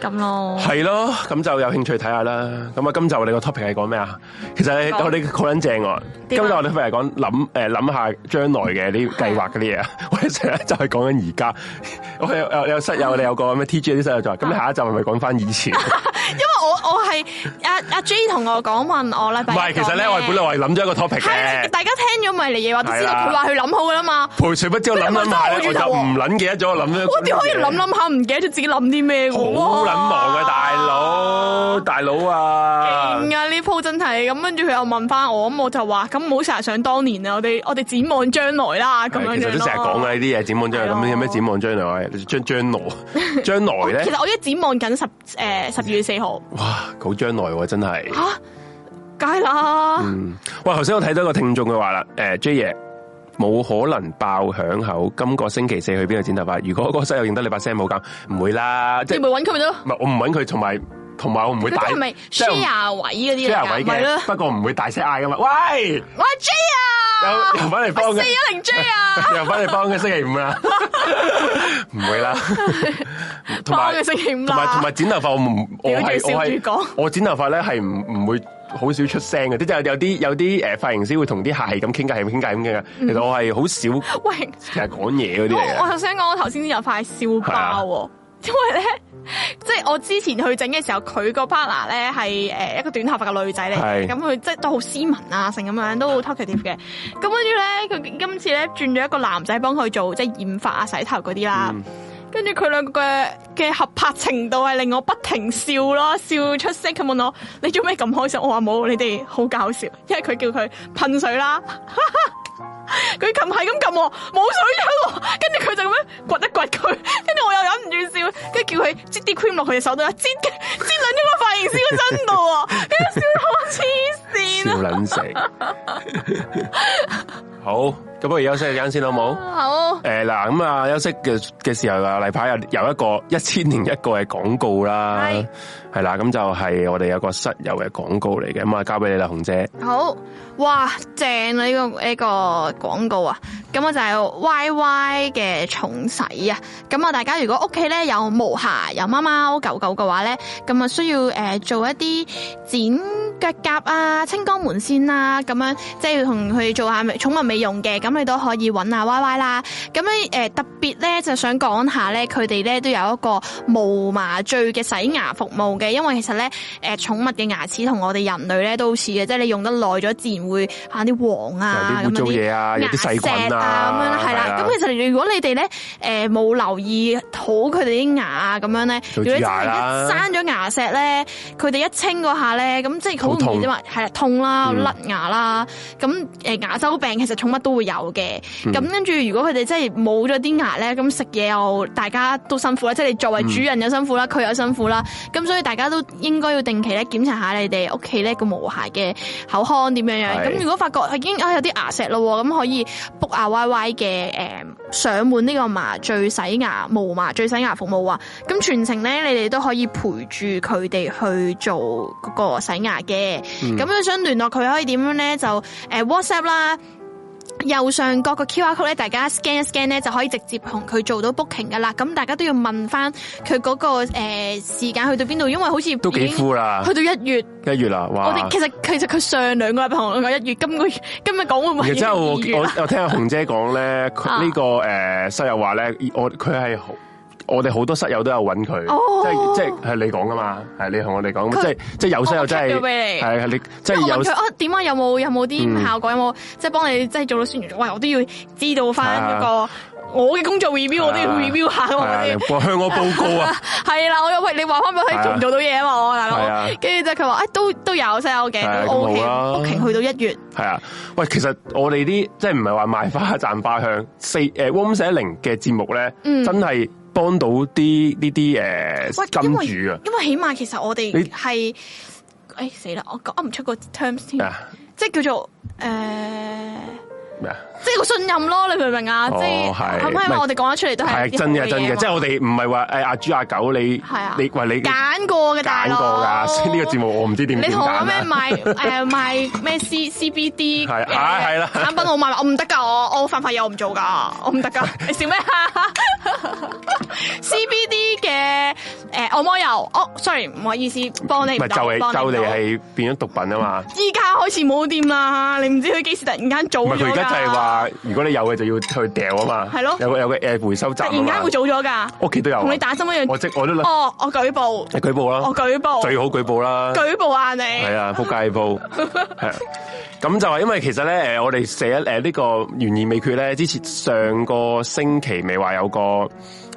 咁咯，係咯，咁就有興趣睇下啦。咁啊，今集我哋個 topic 係講咩啊？其實我哋好卵正啊。今 [LAUGHS] 集我哋翻嚟講諗，誒諗下將來嘅啲計劃嗰啲嘢。我哋成日就係講緊而家。我有有室友， [LAUGHS] 你有個咩 T G 啲室友就話，咁 [LAUGHS] 你下一集係咪講翻以前？ [LAUGHS] 我我係阿阿 J 同我講問我啦，唔係，其實咧我係本來話諗咗一個 topic 大家聽咗咪嚟嘢話，都知道佢話佢諗好噶啦嘛。啦陪笑不休諗諗下咧，我就唔捻記得咗諗咗， [LAUGHS] 我點可以諗諗下唔記得咗自己諗啲咩嘅？好捻忙啊，大佬大佬啊！勁啊！呢鋪真係咁，跟住佢又問翻我，咁我就話咁唔好成日想當年啦，我哋我哋展望將來啦，咁樣其實都成日講啊呢啲嘢，展望將來咁有咩展望將來？將將來將 [LAUGHS] 來咧？其實我而家展望緊十誒十二月四號。哇，好將來、啊、真係吓，梗係、啊、啦。嗯，喂，頭先我睇到一個聽眾嘅話啦，誒，J 爺冇可能爆響口。今個星期四去邊度剪頭髮？如果個室友認得你把聲，冇搞唔會啦。即係會揾佢咪？唔係，我唔揾佢，同埋。同埋我唔會大，係咪 share 即係唔係？J 啊偉嗰啲位噶，的不過唔會大聲嗌噶嘛。喂，我係 J 啊，又翻嚟幫嘅，四一零 J 啊，又翻嚟幫嘅星期五啦，唔 [LAUGHS] [LAUGHS] 會啦了。同埋星期五、啊，同埋同埋剪頭髮，我唔，我係我係講，我剪頭髮咧係唔唔會好少出聲嘅，即係有啲有啲誒髮型師會同啲客係咁傾偈，係咁傾偈咁嘅。其實我係好少，喂，其實講嘢嗰啲嚟。我頭先我頭先有塊燒包。因為咧，即係我之前去整嘅時候，佢個 partner 咧係誒一個短頭髮嘅女仔嚟，咁佢即係都好斯文啊，成咁樣都好 talkative 嘅。咁跟住咧，佢今次咧轉咗一個男仔幫佢做即係染髮啊、洗頭嗰啲啦。跟住佢兩個嘅嘅合拍程度係令我不停笑咯，笑出聲。佢問我：你做咩咁開心？我話冇，你哋好搞笑。因為佢叫佢噴水啦。哈哈佢琴係咁撳，冇水飲，跟住佢就咁樣刮一刮佢，跟住我又忍唔住笑，跟住叫佢擠啲 cream 落佢嘅手度，擠擠撚咗個髮型師嘅身度，跟住笑到我黐線，笑撚死，好咁不如休息陣先好冇？好誒嗱，咁、uh, 啊、呃、休息嘅嘅時候啊，例牌有有一個一千零一個嘅廣告啦，係、hey. 啦，咁就係我哋有個室友嘅廣告嚟嘅，咁啊交俾你啦，紅姐，好哇正啊呢個呢個。這個廣告啊，咁我就係 Y Y 嘅寵洗啊，咁啊大家如果屋企咧有毛孩有貓貓狗狗嘅話咧，咁啊需要誒、呃、做一啲剪腳甲啊、清肛門腺啊，咁樣即係同佢做下寵物美容嘅，咁你都可以揾下 Y Y 啦。咁誒、呃、特別咧就想講下咧，佢哋咧都有一個無麻醉嘅洗牙服務嘅，因為其實咧誒寵物嘅牙齒同我哋人類咧都似嘅，即係你用得耐咗，自然會吓啲黃啊咁。牙石啊咁樣，係啦、啊。咁、啊啊啊、其實如果你哋咧，誒、呃、冇留意好佢哋啲牙啊咁樣咧，如果真生咗牙石咧，佢、啊、哋一清嗰下咧，咁即係好唔易啫嘛。係痛，、啊、痛啦，甩、嗯、牙啦。咁誒、呃，牙周病其實寵物都會有嘅。咁跟住，如果佢哋真係冇咗啲牙咧，咁食嘢又大家都辛苦啦。即係你作為主人又辛，、嗯、辛苦啦，佢又辛苦啦。咁所以大家都應該要定期咧檢查下你哋屋企咧個毛孩嘅口腔點樣樣。咁如果發覺已經有啲牙石咯咁。可以 book 啊，Y Y 嘅誒上門呢個麻醉洗牙，無麻醉洗牙服務啊，咁全程咧你哋都可以陪住佢哋去做嗰個洗牙嘅，咁、嗯、想聯絡佢可以點樣咧就誒 WhatsApp 啦。右上角個 QR code 咧，大家 scan 一 scan 咧就可以直接同佢做到 booking 噶啦。咁大家都要問翻佢嗰個誒、呃、時間去到邊度，因為好似都幾 full 啦，去到一月一月啦。我哋其實其實佢上兩個禮拜同我講一月，今個月今日講會唔會了？然之後我我，我聽阿紅姐講咧， [LAUGHS] 這個呃、入呢個誒室友話咧，我佢係。好。我哋好多室友都有揾佢、oh，即係即係係你講噶嘛，係、oh、你同我哋講，即係即係有室友真係係係你，即係問佢啊點解、啊、有冇有冇啲效果、嗯、有冇即係幫你即係做到宣傳，喂我都要知道翻、那、嗰個的我嘅工作 review，我都要 review 一下，是的是的我啲向我報告啊，係啦，我又喂你話翻俾佢做唔做到嘢啊嘛，大佬，跟住就佢話誒都都有室友嘅，都企去到一月，係啊，喂，其實我哋啲即係唔係話賣花讚花香四誒 warm 寫零嘅節目咧，真、嗯、係。幫到啲呢啲誒金主啊，因為起碼其實我哋係，誒死啦，我講唔出個 terms 添，啊、即係叫做誒咩啊？呃即係個信任咯，你明唔明、哦哎、啊？即係可唔可以我哋講得出嚟都係真嘅真嘅，即係我哋唔係話誒阿豬阿狗你係啊，你喂你揀過嘅，揀過噶，呢、這個節目我唔知點，你同我咩賣誒賣咩 C C B D 係啊係啦，產品我賣我唔得噶，我我犯法嘢我唔做噶，我唔得噶，你我笑咩、uh,？C B D 嘅誒按摩油，哦、oh,，sorry，唔好意思，幫你唔就嚟係變咗毒品啊嘛，依 [LAUGHS] 家開始冇掂啦，你唔知佢幾時突然間做佢而家就係話。如果你有嘅就要去掟啊嘛，係咯，有個有個誒回收站。突然間會做咗噶，屋企都有、啊，同你打針一樣。我即我都哦，我舉報，你舉報啦，我舉報，最好舉報啦，舉報啊你，係啊扑街報！係。咁就係因為其實咧，誒我哋寫誒呢個懸疑未決咧，之前上個星期未話有個。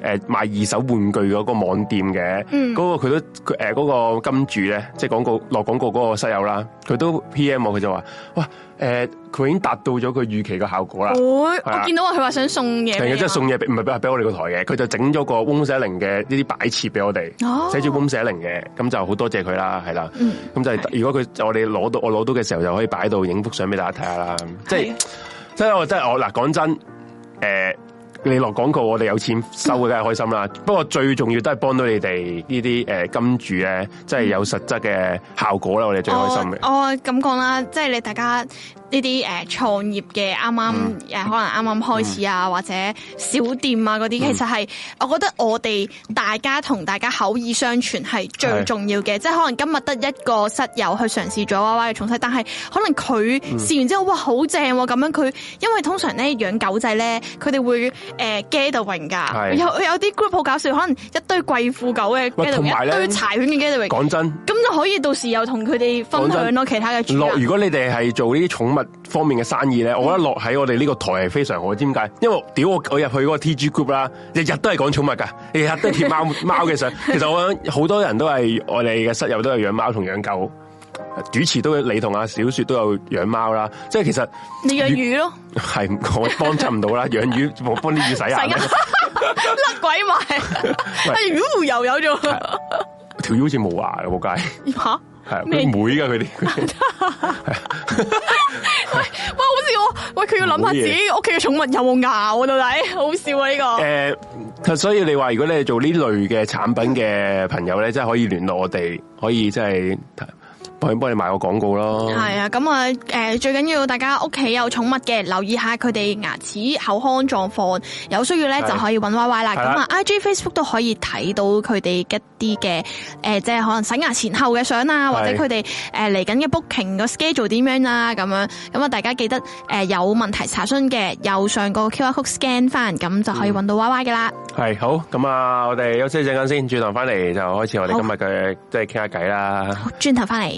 誒，賣二手玩具嗰個網店嘅，嗰個佢都，誒、嗯呃嗰個金主咧，即係廣告落廣告嗰個室友啦，佢都 PM 我，佢就話，哇，誒、呃，佢已經達到咗佢預期嘅效果啦。我、哦啊、我見到佢話想送嘢，即係送嘢，唔係俾俾我哋個台嘅，佢就整咗個翁寫靈嘅呢啲擺設俾我哋，寫、哦、住翁寫靈嘅，咁就好多謝佢啦，係啦、啊，咁、嗯啊、就係、是啊、如果佢我哋攞到我攞到嘅時候，就可以擺到影幅相俾大家睇下啦，即係、啊，即係、啊、我真係我嗱講真，誒、呃。你落廣告，我哋有錢收嘅梗係開心啦。嗯、不過最重要都係幫到你哋呢啲金主咧，即、嗯、係有實質嘅效果啦。我哋最開心。嘅哦，咁講啦，即係你大家呢啲創業嘅啱啱可能啱啱開始啊，嗯、或者小店啊嗰啲，嗯、其實係我覺得我哋大家同大家口耳相傳係最重要嘅。即係可能今日得一個室友去嘗試咗娃娃嘅寵物，但係可能佢試完之後、嗯、哇好正喎咁樣。佢因為通常咧養狗仔咧，佢哋會。誒 gathering 噶，有有啲 group 好搞笑，可能一堆貴婦狗嘅 gathering，一堆柴犬嘅 gathering。講真，咁就可以到時又同佢哋分享咯，其他嘅。落如果你哋係做呢啲寵物方面嘅生意咧、嗯，我覺得落喺我哋呢個台係非常好。點解？因為屌我我入去嗰個 TG group 啦，日日都係講寵物噶，日日都貼貓貓嘅相。其實我諗好多人都係我哋嘅室友，都係養貓同養狗。主持都你同阿小雪都有養貓啦，即係其實你養魚咯，係我幫襯唔到啦，養 [LAUGHS] 魚我幫啲魚洗牙甩 [LAUGHS] 鬼埋，魚又有咗條魚好似冇牙冇？撲街吓係咩會噶佢哋喂喂好似我喂佢要諗下自己屋企嘅寵物有冇牙，到底好笑啊呢個誒、呃，所以你話如果你係做呢類嘅產品嘅朋友咧，即係可以聯絡我哋，可以即係。我幫你買個廣告咯。係啊，咁啊，誒、呃，最緊要大家屋企有寵物嘅，留意一下佢哋牙齒口腔狀況，有需要咧就可以搵 Y Y 啦。咁啊，I G、Facebook 都可以睇到佢哋一啲嘅，誒、呃，即係可能洗牙前後嘅相啊，或者佢哋誒嚟緊嘅 booking 個 schedule 點樣啊，咁樣。咁啊，大家記得誒有問題查詢嘅右上個 QR code scan 翻，咁就可以搵到 Y Y 噶啦。係、嗯、好，咁啊，我哋休息一陣間先，轉頭翻嚟就開始我哋今日嘅即係傾下偈啦。轉頭翻嚟。聊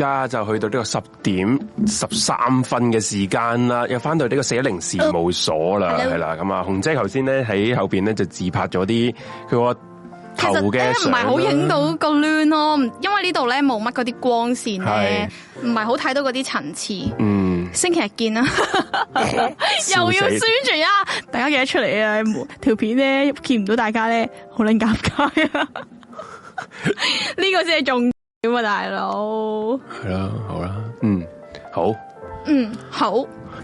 而家就去到呢個十點十三分嘅時間啦，又翻到呢個四一零事務所啦，係、嗯、啦。咁啊，紅姐頭先咧喺後邊咧就自拍咗啲佢個頭嘅，唔係好影到個亂咯，因為呢度咧冇乜嗰啲光線咧，唔係好睇到嗰啲層次。嗯，星期日見啦， [LAUGHS] [LAUGHS] 又要宣傳啊！ [LAUGHS] 大家記得出嚟啊！條 [LAUGHS] 片咧見唔到大家咧，好捻尷尬啊！呢 [LAUGHS] [LAUGHS] [LAUGHS] [LAUGHS] 個先係重。點啊，大佬係啦，好啦，嗯，好，嗯，好，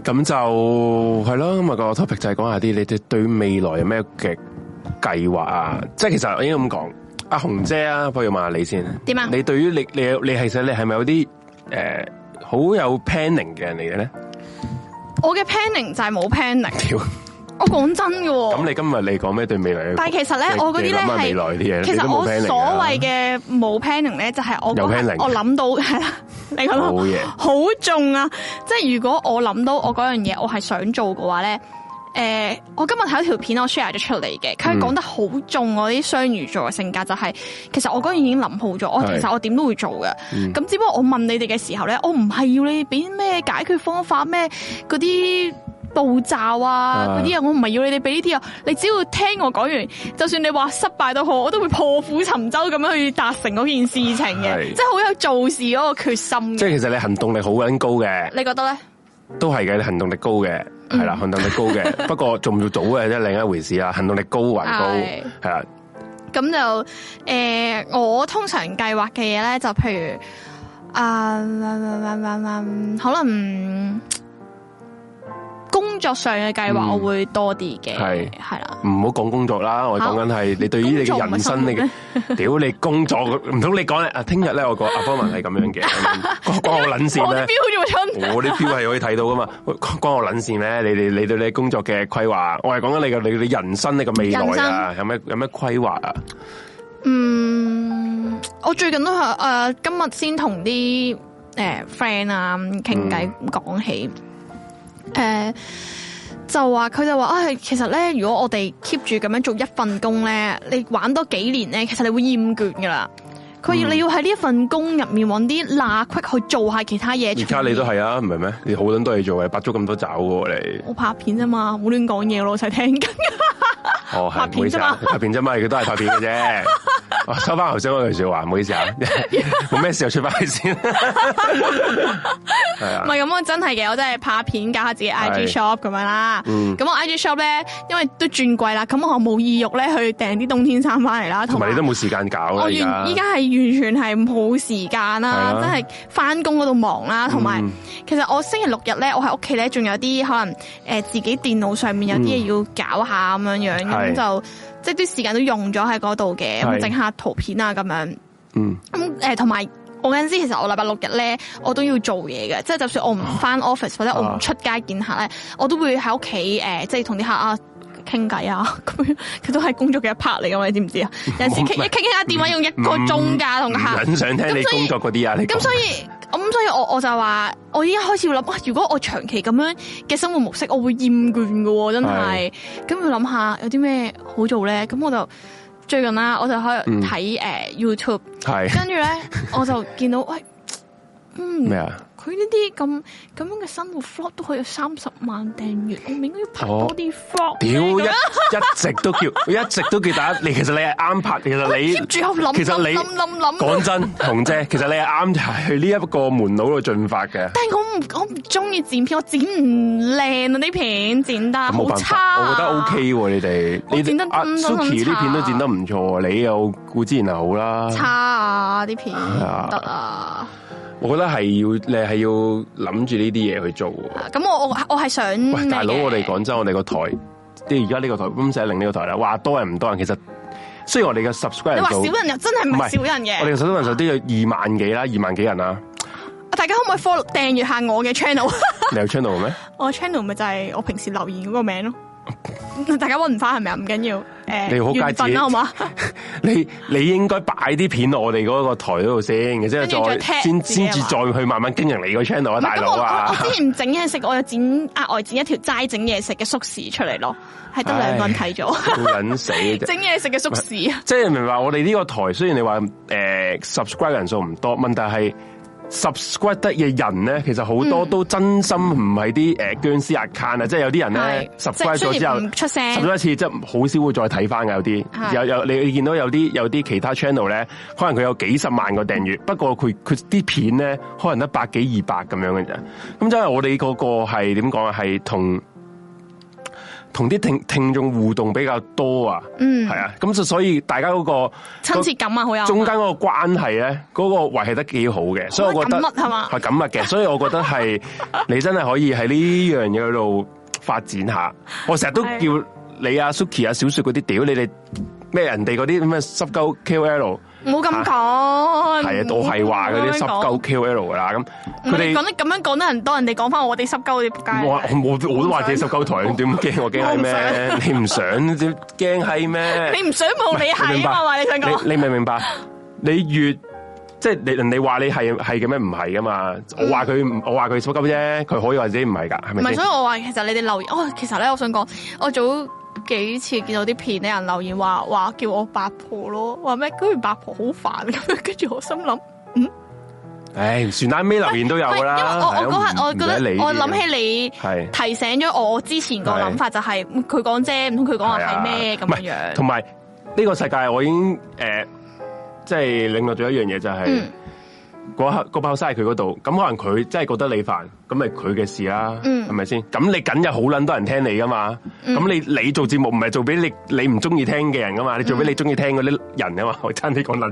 咁就係咯，今日個 topic 就係講下啲你哋對未來有咩嘅計劃啊？嗯、即係其實我應該咁講，阿、啊、紅姐啊，不如問下你先點啊？你對於你你你係想你係咪有啲誒好有 planning 嘅人嚟嘅咧？我嘅 planning 就係冇 planning [LAUGHS] 我講真喎，咁、嗯、你今日你講咩對未來？但係其實咧，我嗰啲咧係其實我所謂嘅冇 planning 咧，就係我我諗到係啦， [LAUGHS] 你講啦，好重啊！即係如果我諗到我嗰樣嘢，我係想做嘅話咧，誒、呃，我今日睇咗條片，我 share 咗出嚟嘅，佢講得好重、嗯、我啲雙魚座嘅性格、就是，就係其實我嗰樣已經諗好咗，我、嗯哦、其實我點都會做嘅，咁、嗯、只不過我問你哋嘅時候咧，我唔係要你俾咩解決方法咩嗰啲。步驟啊，嗰啲啊，我唔係要你哋俾呢啲啊，你只要聽我講完，就算你話失敗都好，我都會破釜沉舟咁樣去達成嗰件事情嘅，即係好有做事嗰個決心。即係其實你行動力好緊高嘅，你覺得咧？都係嘅，你行動力高嘅，係、嗯、啦，行動力高嘅， [LAUGHS] 不過不做唔做到嘅即係另一回事啊。行動力高為高，係啊。咁就誒、呃，我通常計劃嘅嘢咧，就譬如啊、呃，可能。工作上嘅計劃我會多啲嘅，係係啦，唔好講工作啦，我講緊係你對於你嘅人生呢？屌你， [LAUGHS] 你工作唔通你講咧？啊，聽日咧，我個阿方文係咁樣嘅，關我卵事咩？我啲表我啲票係可以睇到噶嘛？關 [LAUGHS] 我卵事咩？你你你對你嘅工作嘅規劃，我係講緊你嘅你嘅人生你嘅未來啊？有咩有咩規劃啊？嗯，我最近都係誒、呃，今日先同啲誒 friend 啊傾偈講起。嗯誒，就話佢就話啊、哎，其實咧，如果我哋 keep 住咁樣做一份工咧，你玩多幾年咧，其實你會厭倦噶啦。佢要你要喺呢一份工入面揾啲罅隙去做下其他嘢。而家你都係啊，唔係咩？你好卵多嘢做嘅，拔足咁多爪嘅喎你。我拍片啫嘛，唔好亂講嘢咯，我成日聽緊。哦，拍片啫嘛，拍片啫嘛，佢都係拍片嘅啫。收翻頭先嗰句說話，唔好意思啊。 [LAUGHS] 哎、我咩事又出翻去先？係唔係咁啊，真係嘅，我真係拍片搞下自己 IG shop 咁樣啦。咁我 IG shop 咧，因為都轉季啦，咁我冇意欲咧去訂啲冬天衫翻嚟啦。同埋你都冇時間搞啦。我依家係。完全係冇時間啦、啊，啊、真係翻工嗰度忙啦、啊，同埋、嗯、其實我星期六日咧，我喺屋企咧仲有啲可能誒、呃、自己電腦上面有啲嘢要搞下咁樣、嗯、樣，咁就即係啲時間都用咗喺嗰度嘅，整下圖片啊咁樣。嗯，嗯，咁誒同埋我嗰陣時，其實我禮拜六日咧，我都要做嘢嘅，即係就算我唔翻 office 或者我唔出街見客咧，啊、我都會喺屋企誒，即係同啲客啊。傾偈啊，佢佢都係工作嘅一 part 嚟嘅嘛，你知唔知啊？有陣時傾一傾下電話用一個鐘噶，同阿客。唔想聽你工作嗰啲啊！咁所以咁所，所以我我就話，我依家開始要諗，如果我長期咁樣嘅生活模式，我會厭倦喎。真係。咁要諗下有啲咩好做咧？咁我就最近啦，我就開睇誒 YouTube，係跟住咧，我就見到喂。嗯，咩啊？佢呢啲咁咁樣嘅生活 vlog 都可以有三十萬訂閱，我唔應該要拍多啲 vlog。屌一,一直都叫，一直都叫大家。 [LAUGHS] 你其實你係啱拍，其實你。住諗。其實你諗諗諗。講 [LAUGHS] 真的， [LAUGHS] 紅姐，其實你係啱去呢一個門路度進發嘅。但係我唔我唔中意剪片，我剪唔靚啊！呢片剪得好差，啊。我覺得 OK 喎、啊，你哋、嗯。你剪得咁差。Suki，呢、啊啊、片都剪得唔錯，啊、你又顧之然就好啦、啊。差啊！啲片得 [LAUGHS] 不行啊。 [LAUGHS] 我覺得係要，你係要諗住呢啲嘢去做。咁、啊、我我我係想，大佬我哋講真我哋、嗯、個台，即係而家呢個台，咁寫另呢個台啦，話多人唔多人，其實雖然我哋嘅 subscribe，你話少人又真係唔係少人嘅，我哋嘅 subscribe 都有二萬幾啦，二萬幾人啦。大家可唔可以 follow 訂閱下我嘅 channel？ [LAUGHS] 你有 channel 咩？我 channel 咪就係我平時留言嗰個名咯。大家揾唔返係咪啊？唔緊要，誒，緣分好嘛？你介 [LAUGHS] 你，你應該擺啲片落我哋嗰個台嗰度先，即是然即係再先先至再，再去慢慢經營你個 channel 啊，大佬啊我！我之前整嘢食，我又剪額外剪一條齋整嘢食嘅縮時出嚟咯，係得兩個人睇咗，冇撚死啫！整嘢食嘅縮時啊， [LAUGHS] 即係明白我哋呢個台，雖然你話誒 subscribe 人數唔多，但係。subscribe 得嘅人咧，其實好多、嗯、都真心唔係啲誒殭屍 account 啊，即係有啲人咧 subscribe 咗之後 subscribe 一次即係、就是、好少會再睇翻嘅有啲，有有，有你見到有啲有啲其他 channel 咧，可能佢有幾十萬個訂閱，不過佢佢啲片咧可能一百幾二百咁樣嘅啫。咁即係我哋嗰個係點講啊？係同。同啲聽聽眾互動比較多啊，嗯，係啊，咁就所以大家嗰個親切感啊，好有中間嗰個關係咧，嗰個維繫得幾好嘅，所以我覺得係咁物嘅，所以我覺得係你真係可以喺呢樣嘢度發展下。我成日都叫你阿 Suki 啊、小雪嗰啲屌你哋咩人哋嗰啲咁嘅濕鳩 KOL。冇咁講，係啊，啊啊嗯、是的是說都係話嗰啲濕鳩 QL 噶啦，咁佢哋講得咁樣講得多人多人哋講翻我哋濕鳩啲街。我我我，我都話自己濕鳩台，你點驚我驚係咩？你唔想點驚係咩？你唔想冇你係嘛？你想講？你你明唔明白？你越即係你人哋話你係係嘅咩？唔係噶嘛？我話佢、 [LAUGHS] 就是嗯、我話佢濕鳩啫，佢可以話自己唔係噶，係咪唔係，所以我話其實你哋留意，哦，其實咧，我想講，我早。幾次見到啲片，啲人留言話話叫我八婆咯，話咩？居然八婆好煩咁樣，跟 [LAUGHS] 住我心諗，嗯，唉、哎，傳單咩留言都有啦。因為我我嗰刻我覺得我諗起你係提醒咗我之前個諗法，就是，就係佢講啫，唔通佢講話係咩咁樣？同埋呢個世界，我已經誒，即係領略咗一樣嘢，就係，是。就是嗯嗰刻嗰包塞喺佢嗰度，咁可能佢真係覺得你煩，咁咪佢嘅事啦，係咪先？咁你梗有好撚多人聽你噶嘛？咁、嗯、你你做節目唔係做俾你你唔中意聽嘅人噶嘛？你做俾你中意聽嗰啲人噶嘛、嗯？我差啲講撚樣，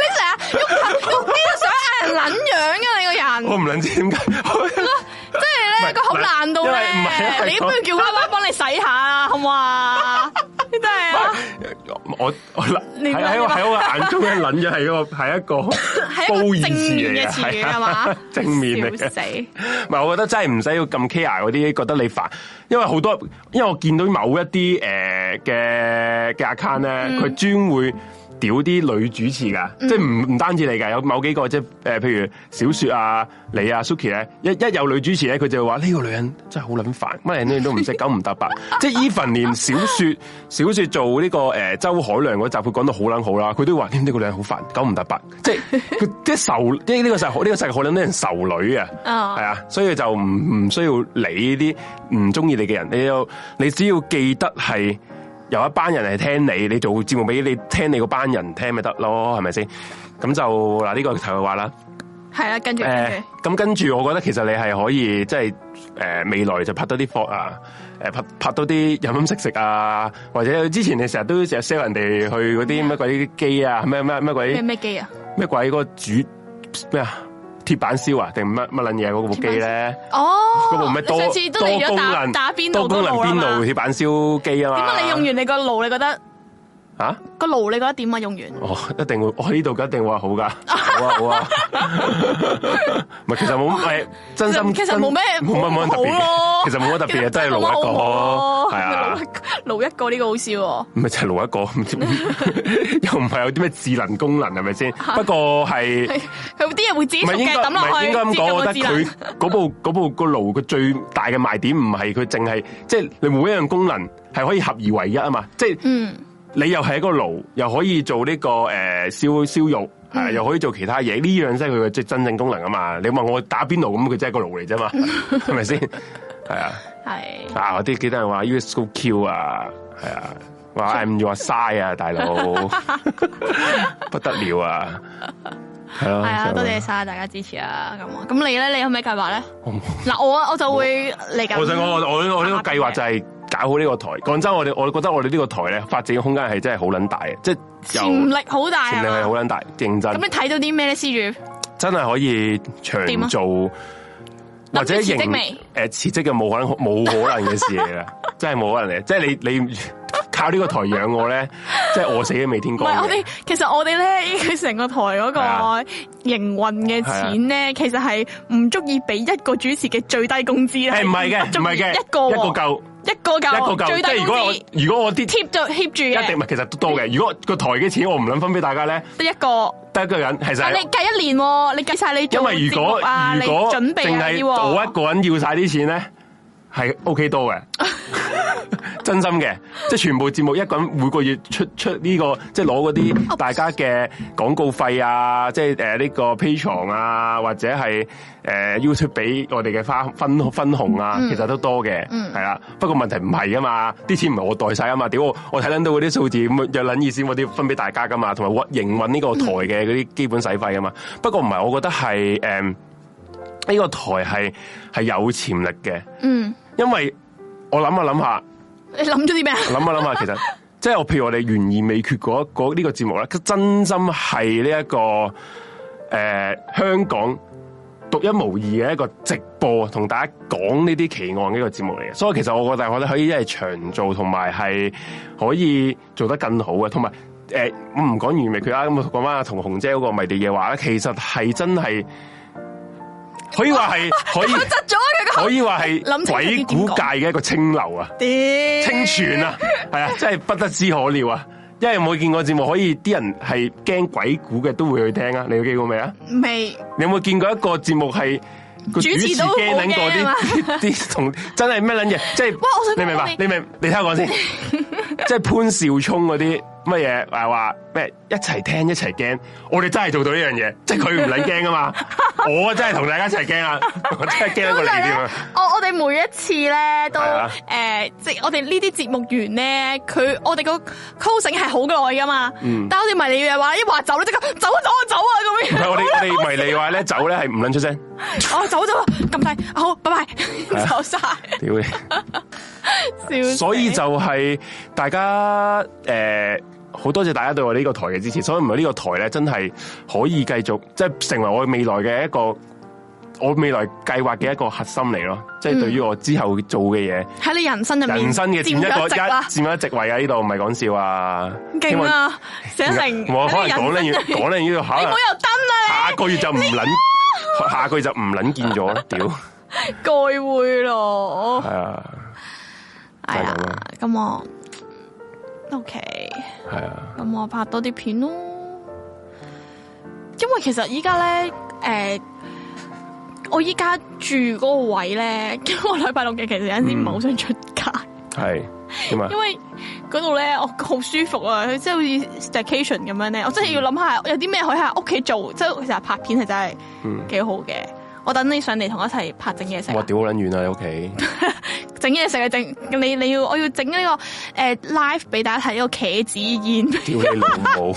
你成日用呢叫想嗌人撚樣嘅你個人，我唔撚知點解， [LAUGHS] [LAUGHS] 即係咧個口爛到咧，你不如叫包包幫你洗一下啊， [LAUGHS] 好嘛？我我喺我喺我眼中嘅捻嘅係一個係一個褒 [LAUGHS] 一個正面嘅詞語係嘛？正面嚟嘅，唔 [LAUGHS] 係 [LAUGHS] 我覺得真係唔使要咁 care 嗰啲，覺得你煩，因為好多，因為我見到某一啲誒嘅嘅 account 咧，佢、呃、專會。屌啲女主持噶，即係唔唔單止你噶，有某幾個即係誒、呃，譬如小雪啊、你啊、Suki 啊，一一有女主持咧，佢就話呢、這個女人真係好撚煩，乜人你都唔識，九唔搭八。 [LAUGHS] 即係 Even 連小雪小雪做呢、這個誒、呃、周海亮嗰集，佢講得好撚好啦，佢都話呢、這個女人好煩，九唔搭八。即係啲仇，呢、這、呢個世呢、這個世界好撚多人仇女啊，係 [LAUGHS] 啊，所以就唔唔需要理呢啲唔中意你嘅人，你要你只要記得係。有一班人嚟聽你，你做節目俾你，你聽，你個班人聽咪得咯，係咪先？咁就嗱呢個佢話啦，係啦、啊，跟住，誒，咁、欸、跟住，我覺得其實你係可以，即係誒未來就拍多啲貨啊，誒拍拍多啲飲飲食食啊，或者之前你成日都成日 sell 人哋去嗰啲乜鬼機啊，咩咩咩鬼咩咩機啊，咩鬼嗰、那個主咩啊？鐵板燒啊，定乜乜捻嘢嗰部機咧？哦，嗰、oh, 部咩多功能打邊爐嘅喎？多功能邊爐鐵板燒機啊嘛？點解、啊、你用完你個爐你覺得啊？個爐你覺得點啊？用完哦，一定會，我呢度一定會話好噶， [LAUGHS] 好啊，好啊，唔係，其實冇咩、哎，真心，其實冇咩，冇乜冇乜特別其實冇乜特別、啊、真係都係爐一個。係啊，爐、啊、一個呢、這個好笑喎、哦，唔係就係爐一個，唔知 [LAUGHS] 又唔係有啲咩智能功能係咪先？不過係佢啲嘢會自己嘅抌落去，智能。唔係應該咁講，我覺得佢嗰 [LAUGHS] 部個部個爐佢最大嘅賣點唔係佢淨係即係你每一樣功能係可以合而為一啊嘛、嗯，即係你又係一個爐，又可以做呢、這個誒燒燒肉，係、嗯、又可以做其他嘢，呢、嗯、樣先係佢嘅即係真正功能啊嘛。你問我打邊爐咁，佢真係個爐嚟啫嘛，係咪先？係 [LAUGHS] 啊是吧。 [LAUGHS] [LAUGHS] 嗱，啲幾多人話 you so cute 啊，係啊，話 I'm your side 啊，大佬， [LAUGHS] 不得了啊，係咯，係啊，多、就是、謝晒大家支持啊，咁，咁你咧，你有咩計劃咧？嗱，我我，我就會嚟搞，我想講我我呢個計劃就係搞好呢個台。講真，我哋我覺得我哋呢個台咧，發展嘅空間係真係好撚大嘅，即潛力好大，潛力係好撚大，認真。咁你睇到啲咩咧？施主，真係可以長做。或者營誒辭職嘅冇可能，冇可能嘅事嚟啦，真係冇可能嘅。即係你你靠呢個台養我咧，即係餓死都未天光。唔係我哋，其實我哋咧，佢成個台嗰個營運嘅錢咧，其實係唔足以俾一個主持嘅最低工資咧。誒，唔係嘅，唔係嘅，一個一個夠。一個夠，一個夠，即係如果我如果我啲貼就貼住一定唔係其實都多嘅。如果個台嘅錢我唔想分俾大家咧，得一個，得一個人其實、啊你計一年啊。你計一年，你計晒你因為如果如果淨係、啊、我一個人要晒啲錢咧。係 O K 多嘅， [LAUGHS] 真心嘅，即係全部節目一人每個月出出呢、這個，即係攞嗰啲大家嘅廣告費啊，即係誒呢個 pay 床啊，或者係誒、呃、YouTube 俾我哋嘅花分分紅啊、嗯，其實都多嘅，係、嗯、啦。不過問題唔係啊嘛，啲錢唔係我代晒啊嘛，屌我我睇到嗰啲數字咁有捻意思，我啲分俾大家噶嘛，同埋運營運呢個台嘅嗰啲基本使費噶嘛、嗯。不過唔係，我覺得係誒呢個台係係有潛力嘅，嗯。這個因為，我諗下諗下，你諗咗啲咩？諗下諗下，其實即係我譬如我哋懸而未決嗰一嗰呢個節、這個、目咧，真心係呢一個誒、呃、香港獨一無二嘅一個直播，同大家講呢啲奇案呢一個節目嚟嘅。所以其實我覺，得我哋可以一係長做，同埋係可以做得更好嘅。呃、同埋誒唔講懸而未決啦，咁我講翻下同紅姐嗰個迷地嘅話啊，其實係真係。可以話係可以，可以話係鬼古界嘅一個清流啊，清泉啊，係啊，真係不得之可料啊！因為有冇見過節目，可以啲人係驚鬼古嘅都會去聽啊。你有見過未啊？未？你有冇見過一個節目係個主持驚緊嗰啲啲同真係咩捻嘢？即、就、係、是、你，你，你明白？你明？你聽我講先，即係潘兆聰嗰啲。乜嘢？話話咩？一齊聽一齊驚，我哋真係做到呢樣嘢，即係佢唔捻驚㗎嘛？ [LAUGHS] 我真係同大家一齊驚啊！ [LAUGHS] [LAUGHS] 我真係驚得過你咁 [LAUGHS] 我我哋每一次咧都誒、啊呃，即係我哋呢啲節目完咧，佢我哋個 closing 係好耐噶嘛。嗯、但我哋迷你話，話一話走，即刻走啊走啊走啊咁樣。唔係 [LAUGHS] 我哋迷你話咧走咧係唔捻出聲。我 [LAUGHS] 走咗，撳低、 [LAUGHS] 哦、好，拜拜，啊、走晒。 [LAUGHS] [LAUGHS] 所以就係、是、 [LAUGHS] 大家誒。呃好多謝大家對我呢個台嘅支持，所以唔係呢個台咧，真係可以繼續，即係成為我未來嘅一個，我未來計劃嘅一個核心嚟咯。即係對於我之後做嘅嘢，喺、嗯、你人生嘅人生嘅佔一個一佔一席位啊！呢度唔係講笑啊，勁啊！寫成我可能講呢要講呢樣，你了一下個月就你冇有燈啊？下個月就唔捻，下個月就唔捻見咗，屌、哎！該會咯，係、哎、啊，係啊，咁我。O K，係啊，咁我拍多啲片咯。因為其實依家咧，誒、呃，我依家住嗰個位咧，一個禮拜六嘅其實有陣時唔係好想出街。係點啊？因為嗰度咧，我好舒服啊，即係好似 vacation 咁樣咧。我真係要諗下，嗯、有啲咩可以喺屋企做。即係其實拍片係真係，幾好嘅。我等你上嚟同我一齊拍整嘢食。我屌撚完遠啊！你屋企。 [LAUGHS] 整嘢食嘅整，你你要我要整呢、這個誒 live 俾大家睇呢個茄子煙，屌你老母！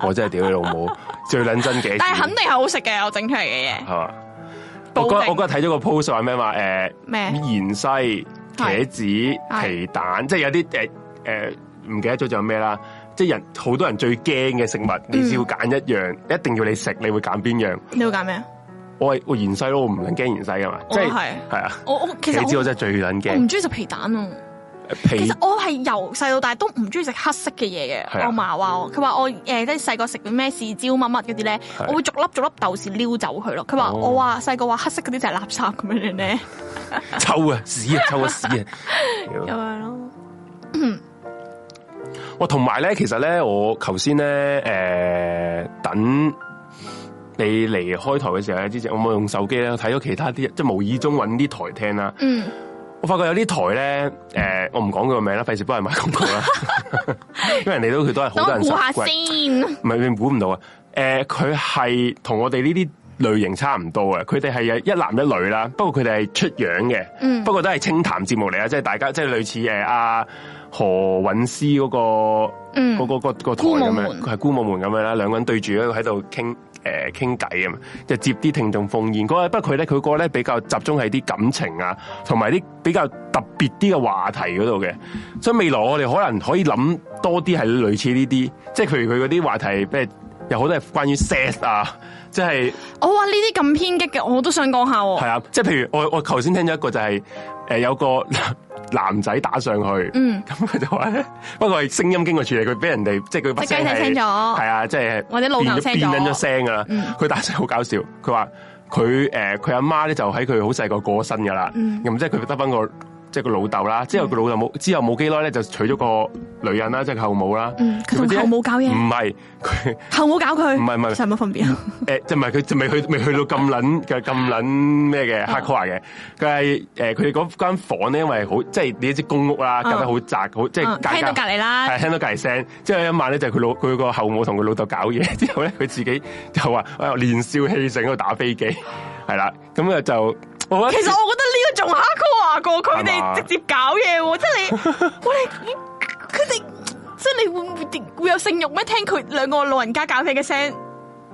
[LAUGHS] 我真係屌你老母！ [LAUGHS] 最捻真嘅。但係肯定係好食嘅，我整出嚟嘅嘢。係嘛？我我我日睇咗個 post 話咩話誒咩？芫茜、茄子、皮蛋，即係有啲誒誒，唔、呃呃、記得咗仲有咩啦。即係人好多人最驚嘅食物，嗯、你只要揀一樣，一定要你食，你會揀邊樣？你會揀咩啊？我係我現世咯，我唔能驚現世噶嘛，即係，係啊！我其實，你知真係最撚驚。我唔中意食皮蛋啊！其實我係由細到大都唔中意食黑色嘅嘢嘅。我媽話我，佢話我誒，即係細個食啲咩豉椒乜乜嗰啲咧，我會逐粒逐粒豆豉撩走佢咯。佢話我話細個話黑色嗰啲就係垃圾咁樣樣咧、哦 [LAUGHS] 啊啊。臭啊屎啊臭個屎啊！又咪咯。我同埋咧，其實咧，我頭先咧，誒、呃、等。你離開台嘅時候咧，之前我冇用手機咧，睇咗其他啲，即係無意中揾啲台聽啦。嗯，我發覺有啲台咧，誒、呃，我唔講佢個名啦，費事幫人買廣告啦。 [LAUGHS] [LAUGHS] 因為人哋都佢都係好多人識。我估下先，唔係你估唔到啊？誒、呃，佢係同我哋呢啲類型差唔多啊，佢哋係一男一女啦，不過佢哋係出樣嘅、嗯。不過都係清談節目嚟啊，即係大家即係類似誒阿何韻詩嗰個，嗰、嗯嗰個、嗰個、嗰個台咁樣，佢係姑母門咁樣啦，兩個人對住喺度傾。誒，傾偈啊，就接啲聽眾烽煙歌。不過佢咧，佢個咧比較集中喺啲感情啊，同埋啲比較特別啲嘅話題嗰度嘅。所以未來我哋可能可以諗多啲係類似呢啲，即係譬如佢嗰啲話題，咩有好多係關於 sex 啊，即係。我話呢啲咁偏激嘅，我都想講下。係啊，即係譬如我我頭先聽咗一個就係、是。誒，有個男仔打上去，咁、嗯、佢就話咧，不過係聲音經過處理，佢俾人哋即係佢把聲聽清楚。係啊，即係。或者老豆聽咗。變變咗聲噶啦，佢、嗯、打上去好搞笑。佢話佢誒，佢阿媽咧就喺佢好細個過身噶啦，咁即係佢得翻個。即係個老豆啦，之後個老豆冇之後冇幾耐咧，就娶咗個女人啦，即、就、係、是、後母啦。佢、嗯、同後母搞嘢？唔係，後母搞佢。唔係唔係有乜分別啊？誒、欸，就唔係佢就未去未去到咁撚嘅咁撚咩嘅黑話嘅。佢係誒，佢哋嗰間房咧，因為好即係呢啲公屋啦，隔得好窄，好即係聽到隔籬啦，係聽到隔籬聲。即係一晚咧，就佢老佢個後母同佢老豆搞嘢之後咧，佢自己就話誒，年少氣盛喺度打飛機，係 [LAUGHS] 啦，咁咧就。其實我覺得呢個仲 high 過佢哋直接搞嘢喎！即係你，我佢哋，即係你會唔會會有性欲咩？聽佢兩個老人家搞嘢嘅聲，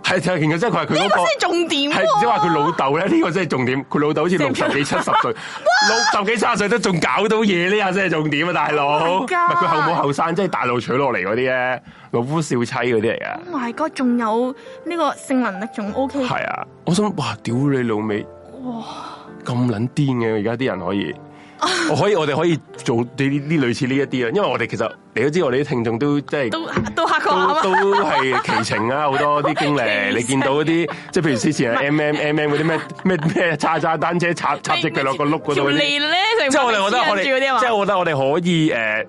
係就係、佢嗰個，其實即係佢係佢先係重點。係即係話佢老豆咧，呢個真係重點。佢老豆好似六十幾七十歲， [LAUGHS] 六十幾七十歲都仲搞到嘢，呢、這、下、個、真係重點啊！大佬，佢、oh、後母後生，即係大陸娶落嚟嗰啲咧，老夫少妻嗰啲嚟噶。My God 仲有呢個性能力仲 OK。係啊，我想哇，屌你老味，哇！咁撚癲嘅，而家啲人可以， [LAUGHS] 我可以，我哋可以做啲呢類似呢一啲啊，因為我哋其實你都知，我哋啲聽眾都即係都都嚇過，都係奇情啊！好 [LAUGHS] 多啲經歷，你見到嗰啲即係譬如之前 M M M M 嗰啲咩咩咩，踩踩單車，踩踩隻腳落個碌嗰度，即係、就是、我哋覺、就是、覺得我哋即係我覺得我哋可以誒、呃、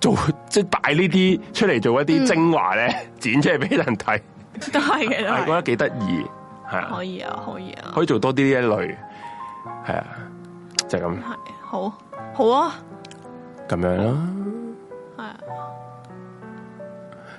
做即係擺呢啲出嚟做一啲精華咧、嗯，剪出嚟俾人睇，都係嘅，係覺得幾得意係啊，可以啊，可以啊，可以做多啲呢一些些類。係啊，就咁、係。係好，好啊，咁樣啦。係啊，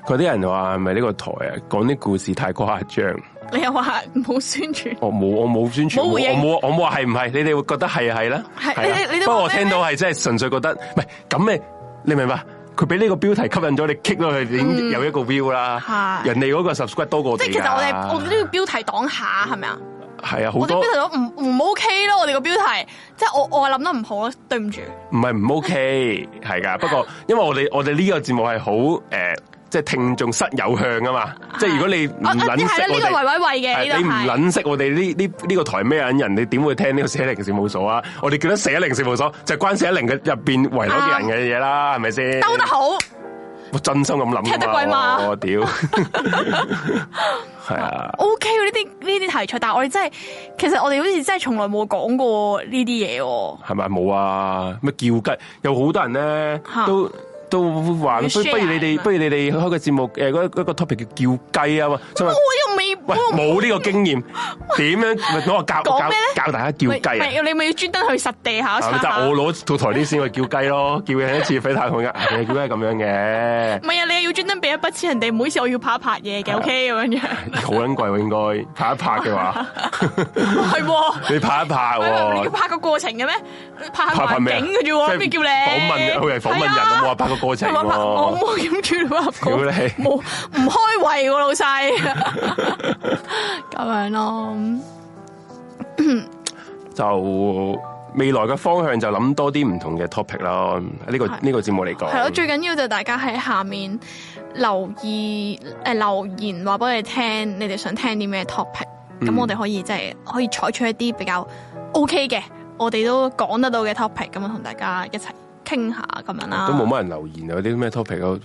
佢啲人話係咪呢個台啊，講啲故事太誇張。你又話冇宣傳？我冇，我冇宣傳。冇回應，我冇，我冇話係唔係。你哋會覺得係係啦。係，你、啊、你不過我聽到係真係純粹覺得，唔係咁咩？你明唔明白？佢俾呢個標題吸引咗你，kick 咗佢已經有一個 view 啦。嗯、人哋嗰個 subscribe 多過我，即係、啊、其實我哋我呢個標題擋下係咪啊？是係啊，好多。我哋標題都唔唔 OK 咯，我哋個標題，即、就、係、是、我我諗得唔好咯，對唔住。唔係唔 OK，係 [LAUGHS] 噶。不過因為我哋我哋呢個節目係好誒，即、呃、係、就是、聽眾室有向啊嘛。即係、啊、如果你唔捻識我哋，呢、這個圍圍圍嘅。你唔捻識我哋呢呢呢個台咩人？人你點會聽呢個寫零事務所啊？我哋叫得寫零事務所，就是、關寫零嘅入邊圍到啲人嘅嘢啦，係咪先？兜得好。我真心咁諗聽得貴嘛？我屌，係啊， [LAUGHS] [LAUGHS] 啊 okay。O K，呢啲呢啲題材，但係我哋真係，其實我哋好似真係從來冇講過呢啲嘢。係咪冇啊？咩叫雞？有好多人咧都。 [LAUGHS] 都還不不如你哋不如你哋去開個節目誒，嗰一個 topic 叫叫雞啊嘛！我又未冇呢個經驗，點樣？咪同我教教教大家叫雞啊！你咪要專登去實地下，就我攞套台啲先去叫雞咯，叫一次飛太恐嘅，你叫咩咁樣嘅？唔係啊，你又要專登俾一筆錢人哋，每次我要拍一拍嘢嘅，OK 咁樣樣。好撚貴喎，應該拍一拍嘅話，係你拍一拍喎，你要拍個過程嘅咩？拍下環境嘅啫喎，即係叫你訪問佢係訪問人咁啊，拍個。歌仔、啊、我冇忍住話講，冇唔 [LAUGHS] 開胃喎、啊、老細，咁 [LAUGHS] [LAUGHS] 樣咯、啊 [COUGHS] 。就未來嘅方向就諗多啲唔同嘅 topic 啦。呢、這個呢個節目嚟講，係咯。最緊要就大家喺下面留意誒、呃、留言話俾我哋聽，你哋想聽啲咩 topic、嗯。咁我哋可以即係可以採取一啲比較 OK 嘅，嗯、我哋都講得到嘅 topic。咁啊，同大家一齊。傾下咁樣啦，都冇乜人留言，有啲咩 topic 咯，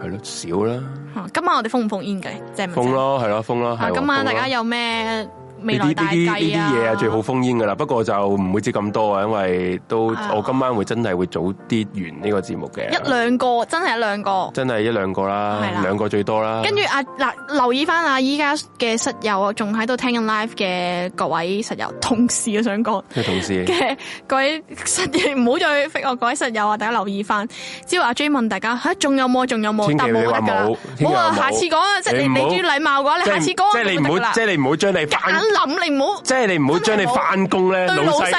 係咯，少啦。今晚我哋封唔封煙嘅？即係封咯，係咯，封咯。今晚大家有咩？呢啲呢啲呢啲嘢啊，最好封煙噶啦。不過就唔會知咁多啊，因為都我今晚會真係會早啲完呢個節目嘅。一兩個真係一兩個，真係一兩個啦，兩個最多啦。跟住啊嗱，留意翻啊依家嘅室友，仲喺度聽緊 live 嘅各位室友同事啊，想講。係同事。嘅各位室友唔好再逼我，各位室友啊，大家留意翻。只要阿 J 追問大家吓，仲有冇？仲有冇？千祈你話冇。冇啊！下次講啊，即係你你要禮貌嘅話，你下次講啊，即係你唔好，即係你唔好將你。諗你唔好，即係你唔好將你翻工，咧老細老細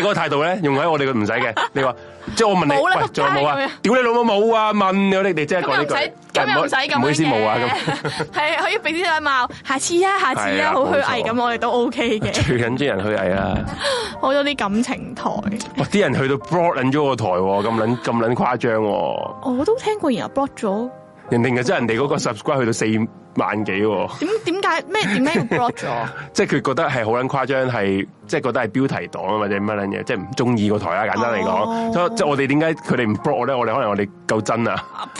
嗰個態度咧用喺我哋個唔使嘅。 [LAUGHS] 你話即係我問你，仲有冇啊？屌你老母冇啊！問你，你哋即係講呢句，今日唔使咁樣嘅，係、哎啊、可以俾啲禮貌。下次啊，下次啊，好虛偽咁，我哋都 OK 嘅。最 l 緊啲人虛偽啊！我有啲感情台、哦，哇！啲人去到 block 捻咗個台，咁捻咁捻誇張。啊、我都聽過，然後 block 咗。人哋嘅即係人哋嗰個 subscribe 去到四萬幾， [LAUGHS] 點點解咩點解要 block 咗？ [LAUGHS] 即係佢覺得係好撚誇張，係即係覺得係標題黨啊，或者乜卵嘢，即係唔中意個台啊。簡單嚟講，oh.，即係我哋點解佢哋唔 block 我咧？我哋可能我哋夠真啊！ [LAUGHS]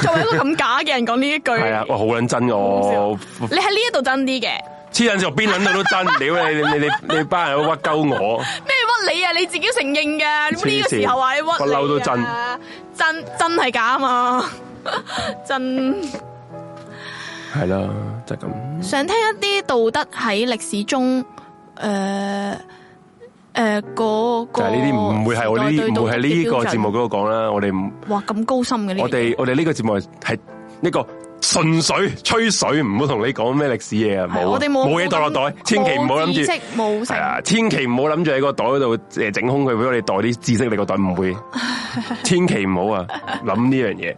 作為一個咁假嘅人講呢一句，係 [LAUGHS] 啊，我好撚真嘅，你喺呢一度真啲嘅，黐線，我邊卵度都真。屌 [LAUGHS] 你你你你班人屈鳩我咩屈你啊？你自己要承認嘅，呢個時候話你屈你，啊，不嬲都真真真係假啊嘛！ [LAUGHS] 真係啦，就係咁。想聽一啲道德喺歷史中，誒、呃、誒、呃、個、個。就係呢啲唔會係我呢，啲，唔會係呢個節目嗰個講啦。我哋唔。哇，咁高深嘅呢？我哋我哋呢個節目係呢、這個。純粹吹水，唔好同你講咩歷史嘢啊！冇，冇嘢袋落袋，千祈唔好諗住。冇啊，千祈唔好諗住喺個袋度誒，整空佢俾我哋袋啲知識，你個袋唔會。 [LAUGHS] 千祈唔好啊，諗呢樣嘢。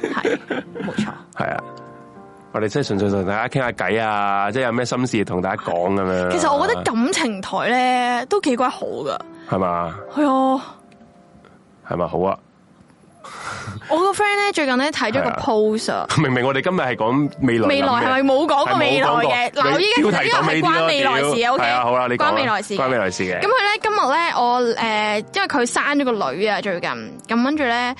係，冇錯。係啊，我哋即係純粹同大家傾下偈啊，即係有咩心事同大家講咁樣。其實我覺得感情台咧都幾鬼好噶，係嘛？係啊，係咪？好啊！ [LAUGHS] 我個 friend 咧最近咧睇咗個 post [LAUGHS] 明明我哋今日係講未來，未來係咪冇講過未來嘅？嗱、okay?，我依家呢個係關未來事嘅，係啊，好啦，你關未來事，關未來事嘅。咁佢咧今日咧，我誒，因為佢生咗個女啊，最近咁跟住咧，誒、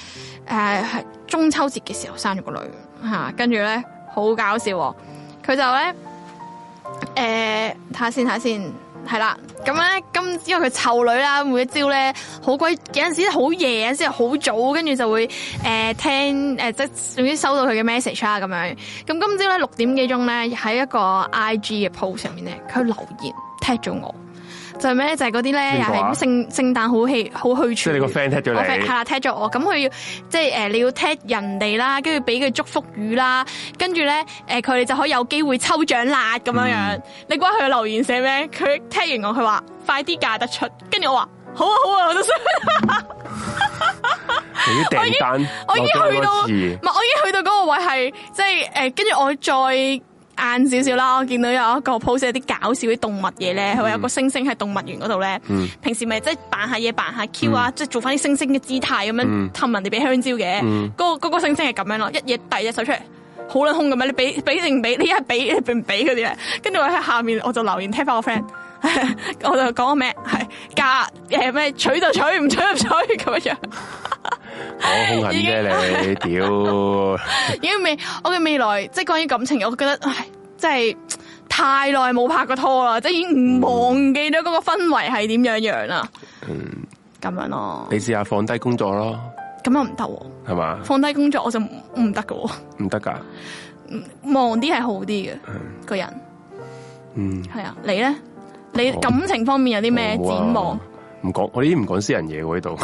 呃，係中秋節嘅時候生咗個女，吓、啊，跟住咧好搞笑，佢就咧，誒、呃，睇下先，睇下先。看看係啦，咁咧今朝因為佢湊女啦，每一朝咧好鬼，有陣時好夜，有陣時好早，跟住就會誒、呃、聽誒、呃、即係總之收到佢嘅 message 啦。咁樣。咁今朝咧六點幾鐘咧喺一個 IG 嘅 post 上面咧，佢留言踢咗我。就咩、是、咧？就係嗰啲咧，又係聖聖誕好戲好去處。即係你個 friend 踢咗你，係啦，踢咗我。咁佢要即係誒，你要踢人哋啦，跟住俾佢祝福語啦，跟住咧誒，佢、呃、哋就可以有機會抽獎啦咁樣樣。嗯、你估下佢嘅留言寫咩？佢踢完我，佢話快啲嫁得出。跟住我話好啊好啊，我都想。 [LAUGHS] 我已經我已經去到，唔係我已經去到嗰個位係，即係誒，跟、呃、住我再。晏少少啦，我見到有一個 post 有啲搞笑啲動物嘢咧，佢、嗯、話有個猩猩喺動物園嗰度咧，嗯、平時咪即係扮下嘢，扮下 Q 啊，即、嗯、係做翻啲猩猩嘅姿態咁樣氹、嗯、人哋俾香蕉嘅，嗰、嗯那個嗰、那個猩猩係咁樣咯，一嘢遞隻手出嚟，好撚凶咁樣，你俾俾定唔俾，你一係俾你並唔俾嗰啲咧，跟住我喺下面我就留言 tell 翻我 friend。嗯 [LAUGHS] 我就講個名係嫁誒，咩娶就娶，唔娶就娶咁樣。講空閒啫，你屌因為我嘅未來，即係關於感情，我覺得唉，真係太耐冇拍過拖啦，即係已經忘記咗嗰個氛圍係點樣、嗯、樣啦。咁樣咯。你試下放低工作咯。咁又唔得係嘛？放低工作我就唔得噶，唔得噶。忙啲係好啲嘅、嗯、個人，嗯，係啊，你咧？你感情方面有啲咩展望？唔講、啊，我呢啲唔講私人嘢喎呢度。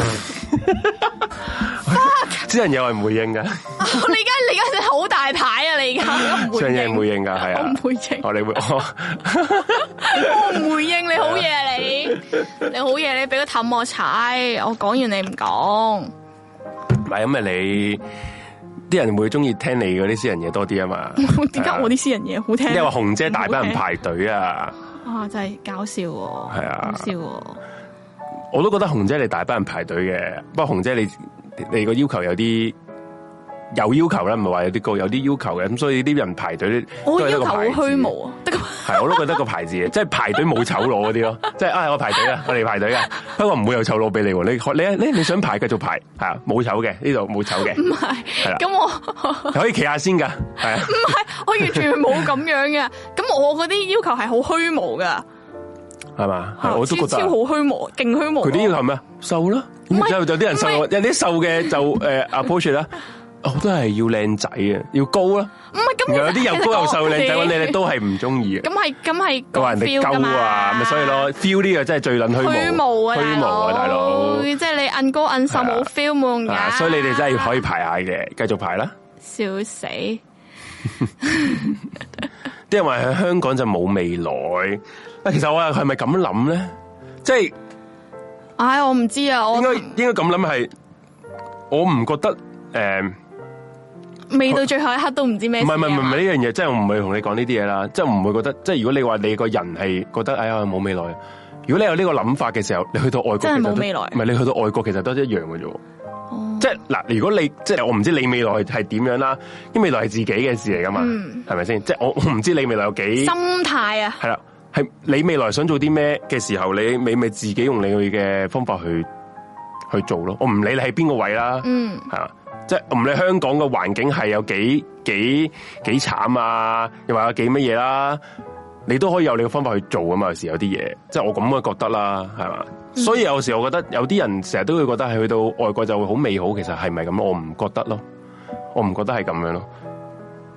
私人嘢我係唔回應噶。你而家你而家真好大牌啊！你而家。唔 [LAUGHS] 回應回應噶係啊。我唔回應你，好嘢你！你好嘢你，俾個氹我踩。我講完你唔講。唔係咁啊！你啲人會中意聽你嗰啲私人嘢多啲啊嘛？點解我啲私人嘢好聽？因為，你你為你說紅姐大把人排隊啊。啊！就係搞笑喎，係啊，搞笑喎，我都覺得紅姐你大班人排隊嘅，不過紅姐你你個要求有啲。有要求啦，唔係話有啲高，有啲要求嘅，咁所以啲人排隊都係一個牌子。我要求好虛無啊。係，我都覺得個牌子，即係排隊冇醜佬嗰啲咯，即係啊、哎、我排隊啊，我哋排隊啊，不過唔會有醜佬俾你喎。你你你想排繼續排係啊，冇醜嘅呢度冇醜嘅。唔係，係啦，咁我可以企下先噶，係啊。唔係，我完全冇咁樣嘅，咁 [LAUGHS] 我嗰啲要求係好虛無噶，係嘛，我都覺得超，超好虛無，勁虛無。佢啲要求咩？瘦啦，有有啲人瘦，有啲瘦嘅就誒阿 Po 姐啦。呃我都係要靚仔嘅，要高啦。唔係咁，有啲又高又瘦靚仔，你哋咧都係唔中意嘅。咁係，咁係。咁話人哋高啊，咪所以咯，feel 呢個真係最捻虛無。虛無啊，大佬！即係你按高按瘦冇 feel 冇用噶。所以你哋真係可以排下嘅，繼續排啦。笑死！啲人話喺香港就冇未來。啊，其實我係咪咁諗咧？即係，唉，我唔知啊。我應該應該咁諗係，我唔覺得誒。未到最後一刻都唔知咩？唔係唔係唔係呢樣嘢，真係我唔會同你講呢啲嘢啦。即係唔會覺得，即係如果你話你個人係覺得，哎呀冇未來。如果你有呢個諗法嘅時候，你去到外國真係冇未來。唔係你去到外國其實都一樣嘅啫。即係嗱，如果你即係、就是、我唔知你未來係點樣啦，因為未來係自己嘅事嚟噶嘛，係咪先？即係、就是、我我唔知你未來有幾心態啊？係啦，係你未來想做啲咩嘅時候，你咪咪自己用你嘅方法去去做咯。我唔理你係邊個位啦，嗯，係嘛。即係唔理香港嘅環境係有幾幾幾慘啊，又或者幾乜嘢啦，你都可以有你嘅方法去做噶嘛。有時有啲嘢，即係我咁樣覺得啦，係嘛。嗯、所以有時我覺得有啲人成日都會覺得係去到外國就會好美好，其實係咪咁？我唔覺得咯，我唔覺得係咁樣咯。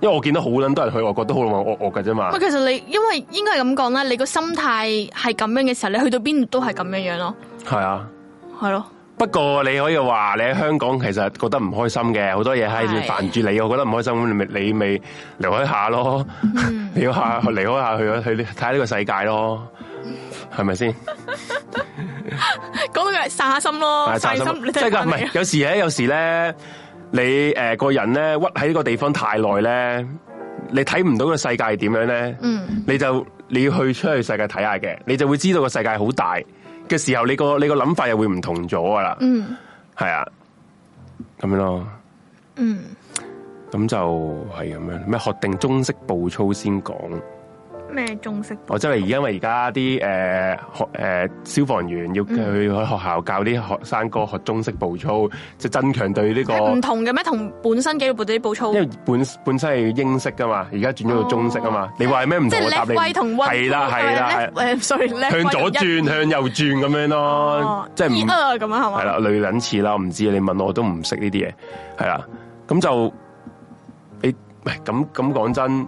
因為我見到好卵多人去外國都好冇惡惡嘅啫嘛。唔係，其實你因為應該係咁講啦，你個心態係咁樣嘅時候，你去到邊都係咁樣樣咯。係啊，係咯。不過你可以話你喺香港其實覺得唔開心嘅，好多嘢係煩住你，我覺得唔開心，咁你咪你咪離開下咯，你要下離、嗯、開，離開下去去睇下呢個世界咯，係咪先？講句 [LAUGHS] 散下心咯，散心，散心散心散心即係唔係？有時咧，有時咧，你誒、呃、個人咧屈喺呢個地方太耐咧，你睇唔到個世界係點樣咧、嗯，你就你要去出去世界睇下嘅，你就會知道個世界好大。嘅時候，你個你個諗法又會唔同咗噶啦，嗯係啊，咁樣咯，嗯，咁就係咁樣，咩確定中式步操先講。咩中式？我即係而因為而家啲誒學誒、呃、消防員要去去學校教啲學生哥學中式步操，嗯、即係增強對呢、這個唔同嘅咩？同本身紀律部隊啲步操，因為本本身係英式噶嘛，而家轉咗到中式啊嘛。哦、你話咩唔同合適？係啦係啦，誒，所以向左轉向右轉咁樣咯，哦、即係唔咁啊？係嘛？係啦，類似啦，唔知你問我，我都唔識呢啲嘢，係啦咁就你唔咁咁講真。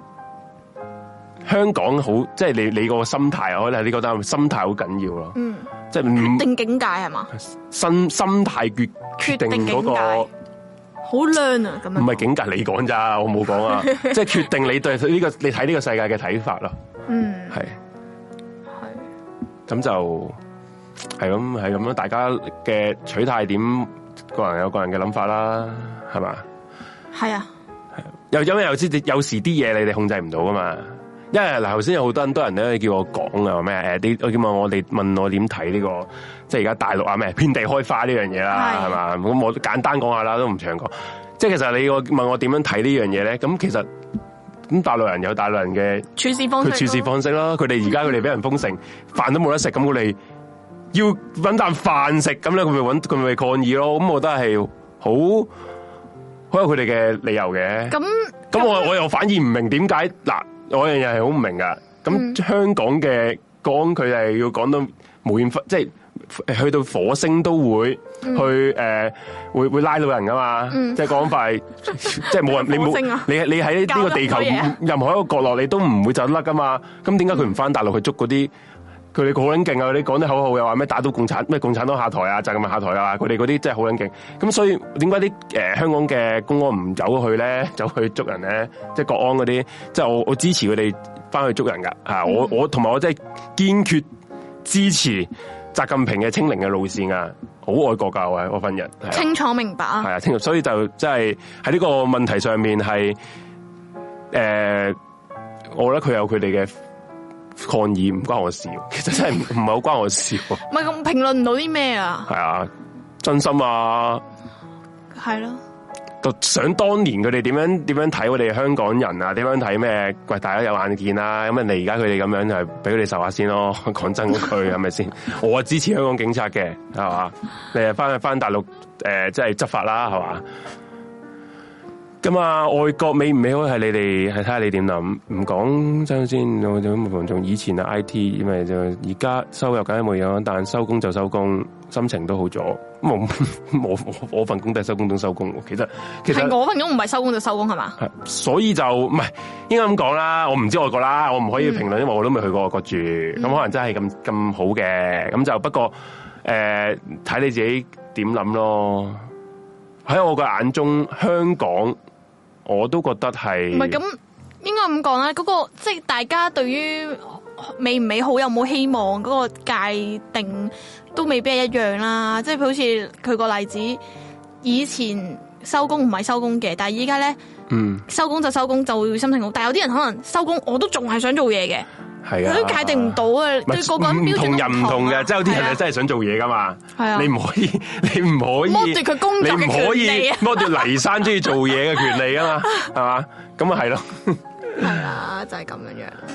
香港好，即係你你個心態，可能你覺得心態好緊要咯。嗯，即係定境界係嘛？心心態決決定嗰個好靚啊，咁唔係境界你講咋，我冇講啊。即係決定你對呢個你睇呢個世界嘅睇法咯。嗯，係係咁就係咁係咁咯。大家嘅取態點，個人有個人嘅諗法啦，係嘛？係啊，又因為有時有時啲嘢，你哋控制唔到噶嘛。因為嗱，頭先有好多人都人咧叫我講啊，咩誒啲我叫問我哋問我點睇呢個即係而家大陸啊咩遍地開花呢樣嘢啦，係嘛？咁我都簡單講下啦，都唔長講。即係其實你我問我點樣睇呢樣嘢咧，咁其實咁大陸人有大陸人嘅處事方式佢處事方式咯，佢哋而家佢哋俾人封城，飯 [LAUGHS] 都冇得食，咁我哋要揾啖飯食，咁咧佢咪揾佢咪抗議咯。咁我覺得係好，好有佢哋嘅理由嘅。咁咁我我又反而唔明點解嗱。我樣嘢係好唔明噶，咁香港嘅國安佢哋要講到無遠弗屆，即係去到火星都會去誒、呃，會會拉到人噶嘛？嗯、即係講法， [LAUGHS] 即係冇人，你冇、啊、你你喺呢個地球、啊、任何一個角落，你都唔會走甩噶嘛？咁點解佢唔返大陸去捉嗰啲？佢哋好狠勁啊！佢哋講啲口號又話咩打倒共產咩共產黨下台啊，習近平下台啊！佢哋嗰啲真係好狠勁。咁所以點解啲誒香港嘅公安唔走去咧？走去捉人咧？即係國安嗰啲，即係我我支持佢哋翻去捉人噶吓、嗯。我我同埋我真係堅決支持習近平嘅清零嘅路線啊！好愛國㗎啊，我份人清楚明白啊。係啊，清楚。所以就真係喺呢個問題上面係誒，我覺得佢有佢哋嘅。抗議唔關我事，其實真係唔係好關我事。唔係咁評論到啲咩啊？係啊，真心啊，係咯。想當年佢哋點樣點樣睇我哋香港人啊？點樣睇咩？喂，大家有眼見啦啊。咁你而家佢哋咁樣，就係俾佢哋受下先咯。講真嗰句係咪先？是是 [LAUGHS] 我支持香港警察嘅，係嘛？你係翻去翻大陸誒，即係執法啦，係嘛？咁、嗯、啊，外國美唔美好係你哋係睇下你點諗，唔講真先。我仲仲以前啊，I T，因為就而家收入梗係冇樣，但但收工就收工，心情都好咗。咁我份工都係收工都收工。其實其實我份工唔係收工就收工係嘛？係，所以就唔係應該咁講啦。我唔知外國啦，我唔可以評論、嗯，因為我都未去過外國住。咁、嗯、可能真係咁咁好嘅，咁就不過誒，睇、呃、你自己點諗咯。喺我嘅眼中，香港。我都覺得係唔係咁，應該咁講啦。嗰個即係大家對於美唔美好有冇希望，嗰個界定都未必係一樣啦。即係好似佢個例子，以前收工唔係收工嘅，但係依家咧，嗯，收工就收工，就會心情好。但係有啲人可能收工，我都仲係想做嘢嘅。係啊，啊，啊，就是，啊，你界定唔到啊！即個個標唔同。人唔同嘅，即係有啲人真係想做嘢噶嘛。係啊，你唔可以，你唔可以剝奪佢工作嘅權利，剝奪黎生中意做嘢嘅權利啊，你可以權利嘛，係 [LAUGHS] 嘛，咁啊係咯。係 [LAUGHS] 啊，就係、是、咁樣樣。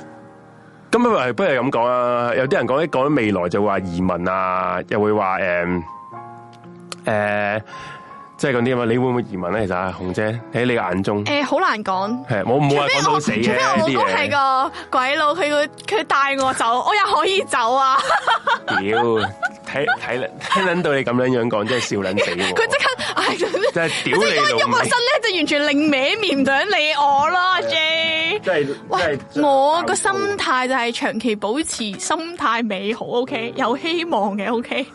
咁咪不如咁講啊？有啲人講一講未來就話移民啊，又會話誒誒。欸欸即係嗰啲啊嘛，你會唔會移民咧？其實啊，紅姐喺你眼中誒、欸，好難講。係我唔會話講死嘅。除非我老公係個鬼佬，佢佢帶我走，我又可以走啊 [LAUGHS] 。屌，睇睇睇捻到你咁樣樣講，真係笑捻死。佢即刻唉，即係屌即係喐個身咧，就完全擰歪面，唔想理我咯，J。Jay 即係，我個心態就係長期保持心態美好，OK，有希望嘅，OK。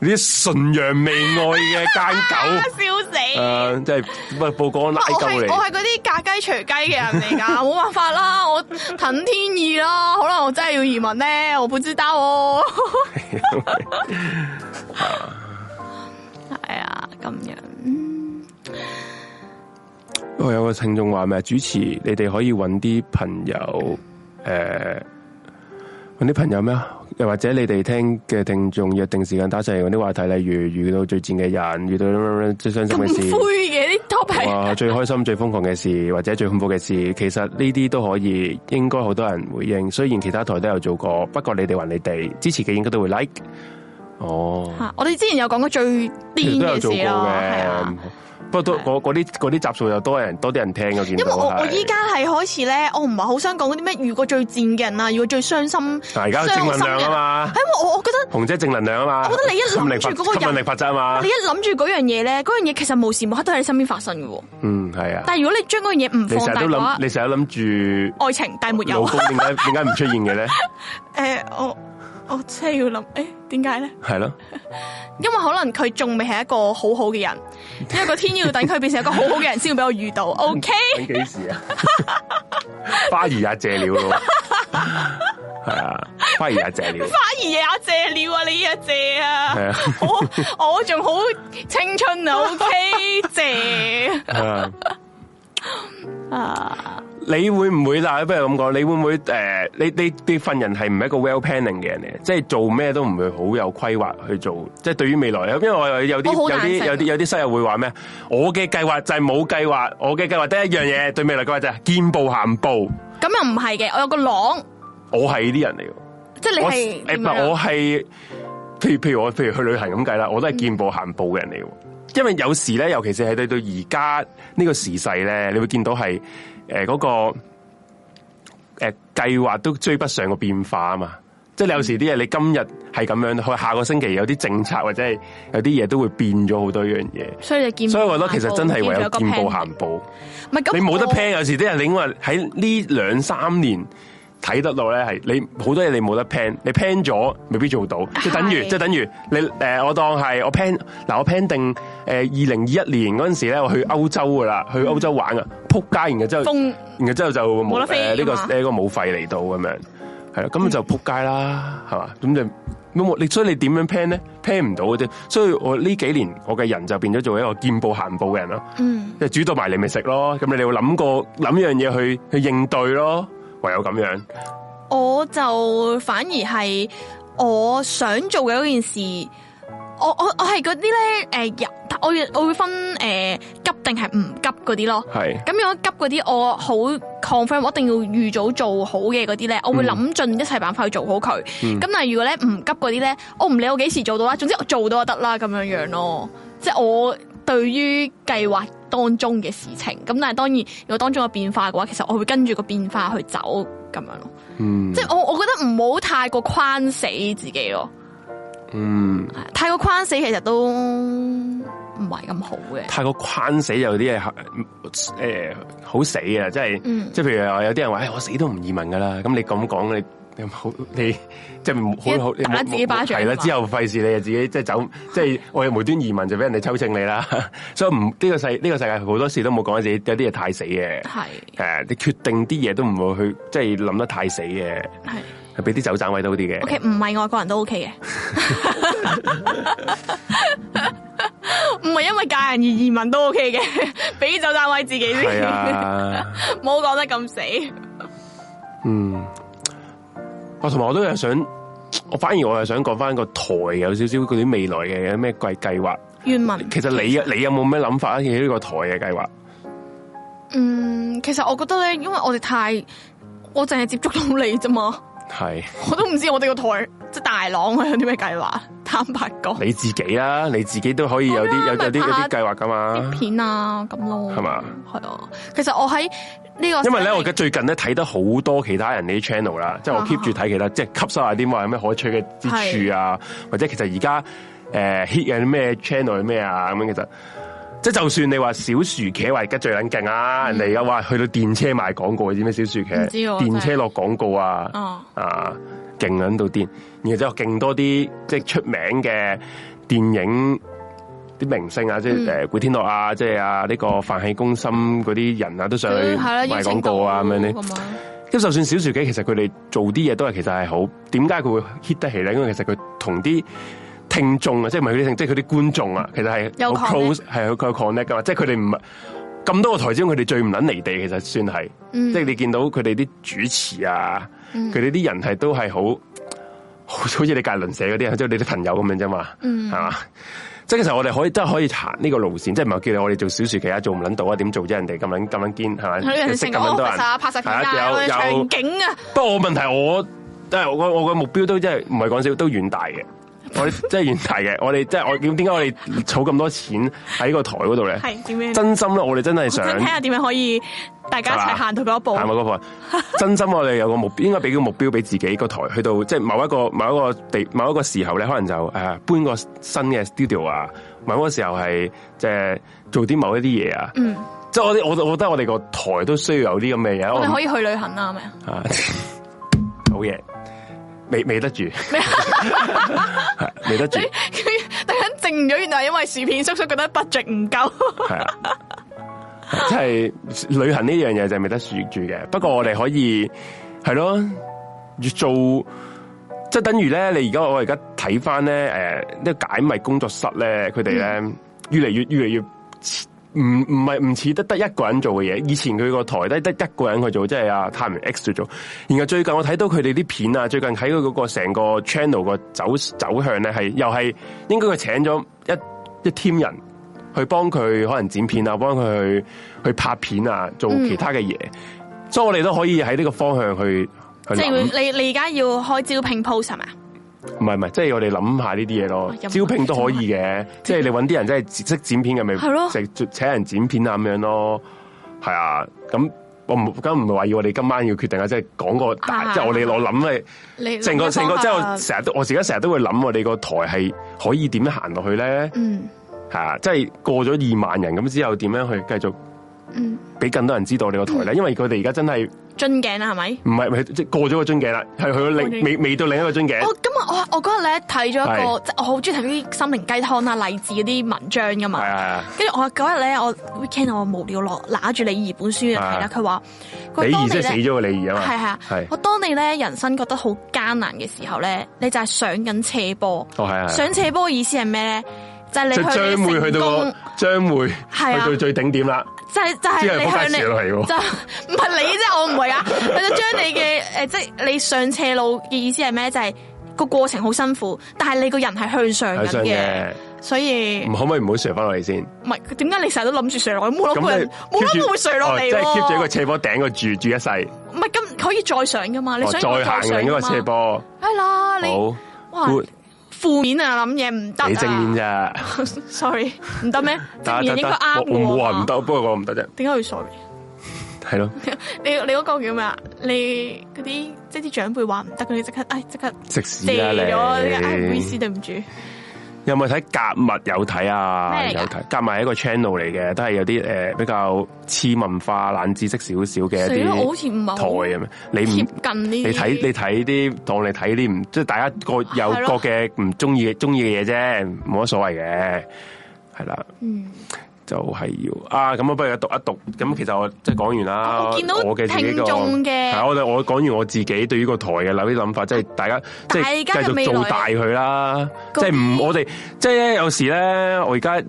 啲純陽媚外嘅街狗，笑死、呃！即係，喂，報講我係嗰啲嫁雞隨雞嘅人嚟噶，冇辦法啦，我聽天意啦。可能我真係要移民咧，我不知道。係啊，係啊，咁樣。我、哦、有個聽眾話咩？主持，你哋可以揾啲朋友，誒、呃，揾啲朋友咩？又或者你哋聽嘅聽眾約定時間打上嚟揾啲話題，例如遇到最賤嘅人，遇到最樣傷心嘅事。灰嘅啲 topic。最開心、 [LAUGHS] 最瘋狂嘅事，或者最恐怖嘅事，其實呢啲都可以，應該好多人回應。雖然其他台都有做過，不過你哋話你哋支持嘅應該都會 like。哦。我哋之前有講過最癲嘅事。不過都嗰啲啲集數又多人多啲人聽見，因為我我依家係開始咧，我唔係好想講啲咩遇過最賤嘅人啊，遇過最傷心。嗱，而家正能量啊嘛，因為我覺得，紅姐正能量啊嘛，我覺得你一諗住嗰個吸引力法則啊嘛，你一諗住嗰樣嘢咧，嗰樣嘢其實無時無刻都喺你身邊發生嘅。嗯，係啊。但係如果你將嗰樣嘢唔放大嘅話，你成日都諗住愛情，但係沒有老公為，點解點解唔出現嘅咧？誒、 [LAUGHS] 呃，我。我真係要諗，誒、欸，點解咧？係咯，因為可能佢仲未係一個好好嘅人，因為個天要等佢變成一個好好嘅人先會俾我遇到 [LAUGHS] ，OK？幾時啊？ [LAUGHS] 花兒也、啊、謝了,、啊 [LAUGHS] 啊、了，係 [LAUGHS] 啊，花兒也謝了，花兒也謝了啊！你又謝啊？ [LAUGHS] 我我仲好青春啊 [LAUGHS] ，OK？謝姐。 [LAUGHS] [LAUGHS] 啊，你會唔會不如，你會唔會啦？不如咁講，你會唔會誒？你你啲份人係唔係一個 well planning 嘅人嚟？即係做咩都唔會好有規劃去做。即係對於未來，因為我有啲有啲有啲有啲室友會話咩？我嘅計劃就係冇計劃，我嘅計劃得一樣嘢，對未來計劃就係見步行步。咁又唔係嘅，我有個狼，我係呢啲人嚟嘅，即係你係誒我係譬如譬如我譬如，如去旅行咁計啦，我都係見步行步嘅人嚟嘅。嗯因為有時咧，尤其是係對到而家呢個時勢咧，你會見到係誒嗰個誒計劃都追不上個變化啊嘛！即係你有時啲嘢，你今日係咁樣，佢下個星期有啲政策或者係有啲嘢都會變咗好多樣嘢。所以你見，所以我覺得其實真係唯有見步行步。係咁，你冇得 plan。有時啲人你話喺呢兩三年。睇得到咧，係你好多嘢你冇得 plan，你 plan 咗未必做到，即係等於即係等於你誒，我當係我 plan 嗱，我 plan 定誒二零二一年嗰陣時咧，我去歐洲噶啦，去歐洲玩啊，扑街然嘅之後，然後之後，然後，之後就冇呢、呃這個、這個武肺嚟到咁樣，係啦，咁就扑街啦，係、嗯、嘛，咁就咁我你所以你點樣 plan 咧？plan 唔到嘅啫，所以我呢幾年我嘅人就變咗做一個見步行步嘅人咯，嗯，即係煮到埋嚟咪食咯，咁你你要諗過諗一樣嘢去去應對咯。唯有咁樣，我就反而係我想做嘅，嗰件事。我我我係嗰啲咧，誒，我我、呃、我、我會分、誒、呃、急定係唔急嗰啲咯。係咁如果急嗰啲，我好 confirm，我一定要預早做好嘅嗰啲咧，我會諗盡一切辦法去做好佢。咁、嗯、但係如果咧唔急嗰啲咧，我唔理我幾時做到啦，總之我做到就得啦，咁樣樣咯。即係我對於計劃。當中嘅事情，咁但係當然，如果當中有變化嘅話，其實我會跟住個變化去走咁樣咯。嗯，即即係我我覺得唔好太過框死自己咯。嗯，太過框死其實都唔係咁好嘅。太過框死有啲嘢，誒，好死啊！即係，嗯、即係譬如話有啲人話，誒、哎，我死都唔移民噶啦。咁你咁講你。你你即係唔好好，你冇打自己巴掌，係啦。之後費事你啊，自己即係走，即係我又無端移民就俾人哋抽秤你啦。 [LAUGHS] 所以唔呢、這個世呢、這個世界好多事都冇講自己，有啲嘢太死嘅。係誒，你決定啲嘢都唔會去，即係諗得太死嘅。係，係俾啲走盞位都好啲嘅。O K，唔係外國人都 O K 嘅，唔係因為嫁人而移民都 O K 嘅，俾 [LAUGHS] 走盞位自己先，冇講得咁死。嗯。還有我同埋我都係想，我反而我係想講翻個台有少少嗰啲未來嘅有咩計計劃。原文其實你你有冇咩諗法啊？其實呢個台嘅計劃，嗯，其實我覺得咧，因為我哋太我淨係接觸到你啫嘛。係，我都唔知我哋個台即係大郎佢有啲咩計劃，坦白講 [LAUGHS] 你自己啦，你自己都可以有啲、啊、有有啲有啲計劃噶嘛，片啊咁咯。係嘛？係啊。其實我喺呢個，因為咧，我而家最近咧睇得好多其他人啲 channel 啦，即係我 keep 住睇其他，即係吸收下、啊、啲，話有咩可取嘅之處啊，或者其實而家誒 hit 緊啲咩 channel 係咩啊咁樣其實。即係就算你話小薯茄話而家最捻勁啊，嗯、人哋又話去到電車賣廣告，知咩小薯茄？電車落廣告啊，哦、啊勁捻到癲，然之後勁多啲即係出名嘅電影啲明星啊，即係誒、嗯、古天樂啊，即係啊呢、這個泛起公心嗰啲人啊，都上去賣廣告啊咁樣呢？咁、嗯、就算小薯茄，其實佢哋做啲嘢都係其實係好，點解佢會 hit 得起咧？因為其實佢同啲。聽眾啊，即係唔係佢啲聽眾，即係佢啲觀眾啊。其實係有 close，係佢有 connect 噶。即係佢哋唔係咁多個台之中，佢哋最唔捻離地，其實算係。即係你見到佢哋啲主持啊，佢哋啲人係都係好，好似你隔倫社嗰啲啊，即係你啲朋友咁樣啫嘛，係嘛？即係其實我哋可以真係可以行呢個路線，即係唔係叫你我哋做小說嘅啊，做唔捻到啊？點做啫？人哋咁樣咁樣堅係嘛？識咁多人拍實片啊，有，有，有場景啊。不過我問題我，我即係我我個目標都真係唔係講笑，都遠大嘅。 [LAUGHS] 我哋即係原題嘅，我哋即係我點點解我哋儲咁多錢喺個台嗰度咧？係點樣？真心咯，我哋真係想睇下點樣可以大家一齊行到嗰一步。行到嗰步 [LAUGHS] 真心我哋有個目標，應該俾個目標俾自己，嗰個台去到即係某一個某一個地某一個時候咧，可能就誒、呃、搬個新嘅 studio 啊，某個時候係即係做啲某一啲嘢啊。嗯，即係我哋我我覺得我哋個台都需要有啲咁嘅嘢。我哋可以去旅行啊？係咪啊？好 [LAUGHS] 嘢！ [LAUGHS] 未未得住， [LAUGHS] 係 [LAUGHS] 未得住 [LAUGHS] 佢突然間靜咗，原來因為薯片叔叔覺得 budget 唔夠。即係旅行呢樣嘢就係未得住住嘅。不過我哋可以係咯，越做即係等於咧。你而家我而家睇翻咧，誒、呃，呢、這個解密工作室咧，佢哋咧越嚟越越嚟越。越來越呃唔唔係唔似得得一個人做嘅嘢，以前佢個台得得一個人去做，即係阿唔 e X 做。然後最近我睇到佢哋啲片啊，最近喺佢嗰個成個 channel 個走走向咧，係又係應該佢請咗一一 team 人去幫佢可能剪片啊，幫佢去去拍片啊，做其他嘅嘢，嗯。所以我哋都可以喺呢個方向去。即係你你而家要開招聘 post 係嘛？唔係唔係，即係、就是、我哋諗下呢啲嘢咯。招聘都可以嘅， [LAUGHS] 即係你搵啲人，即係識剪片嘅咪，即係請人剪片啊咁樣咯。係啊，咁我唔，咁唔係話要我哋今晚要決定、就是、啊，即係講個，即係、就是、我哋我諗你，成個成個即係我成日都，我而家成日都會諗我哋個台係可以點樣行落去咧。嗯，係啊，即係過咗二萬人咁之後，點樣去繼續？嗯，俾更多人知道你個台咧，嗯，因為佢哋而家真係樽頸啦，係咪？唔係，唔係即過咗個樽頸啦，係去到另未未到另一個樽頸。哦，咁啊，我那我嗰日咧睇咗一個，是即係我好中意睇啲心靈雞湯啦，勵志嗰啲文章噶嘛。係係係。跟住我嗰日咧，我 weekend 我無聊落拿住李怡本書嚟睇啦。佢話，啊，李怡即係死咗個李怡啊嘛。係係啊，啊，啊。我當你咧人生覺得好艱難嘅時候咧，你就係上緊斜坡哦係啊。上斜坡嘅意思係咩咧？就將、是、會你去你張妹到個，將會去到最頂點啦、啊就是。就就是、係向你，就唔係你啫，我唔係啊。就將你嘅誒，即係你上斜路嘅意思係咩？就係、是、個過程好辛苦，但係你個人係向上嘅，所以可唔可以唔好垂返落嚟先？唔係，點解你成日都諗住垂落去？冇諗過人，冇諗過會垂落嚟。即係 keep 住一個斜坡頂度住住一世。唔、哦、係，咁可以再上噶嘛？你想要要再行緊一個斜坡。係 [LAUGHS] 啦， [LAUGHS] [LAUGHS] 你好哇。負面啊諗嘢唔得，你正面咋 [LAUGHS] ？Sorry，唔得咩？正 [LAUGHS] 面應該啱 [LAUGHS] 我。我話唔得，不過我唔得啫。點解要 sorry？係咯，你你嗰個叫咩啊？你嗰啲即係啲長輩話唔得，佢哋即刻，唉，即刻地，即食屎咗。你！我哎，唔好意思對唔住。有冇睇格物？有睇啊？有睇。格物一個 channel 嚟嘅，都係有啲誒、呃、比較似文化、冷知識少少嘅一啲好似台咁。你唔近啲？你睇你睇啲，當你睇啲唔即係大家各有各嘅唔中意嘅中意嘅嘢啫，冇乜所謂嘅，係啦。嗯。就係要啊，咁啊，不如一讀一讀。咁其實我即係講完啦。我嘅聽眾嘅係我我講完我自己對於個台嘅嗱啲諗法，即係大家即係繼續做大佢啦。即係唔我哋即係咧有時咧，我而家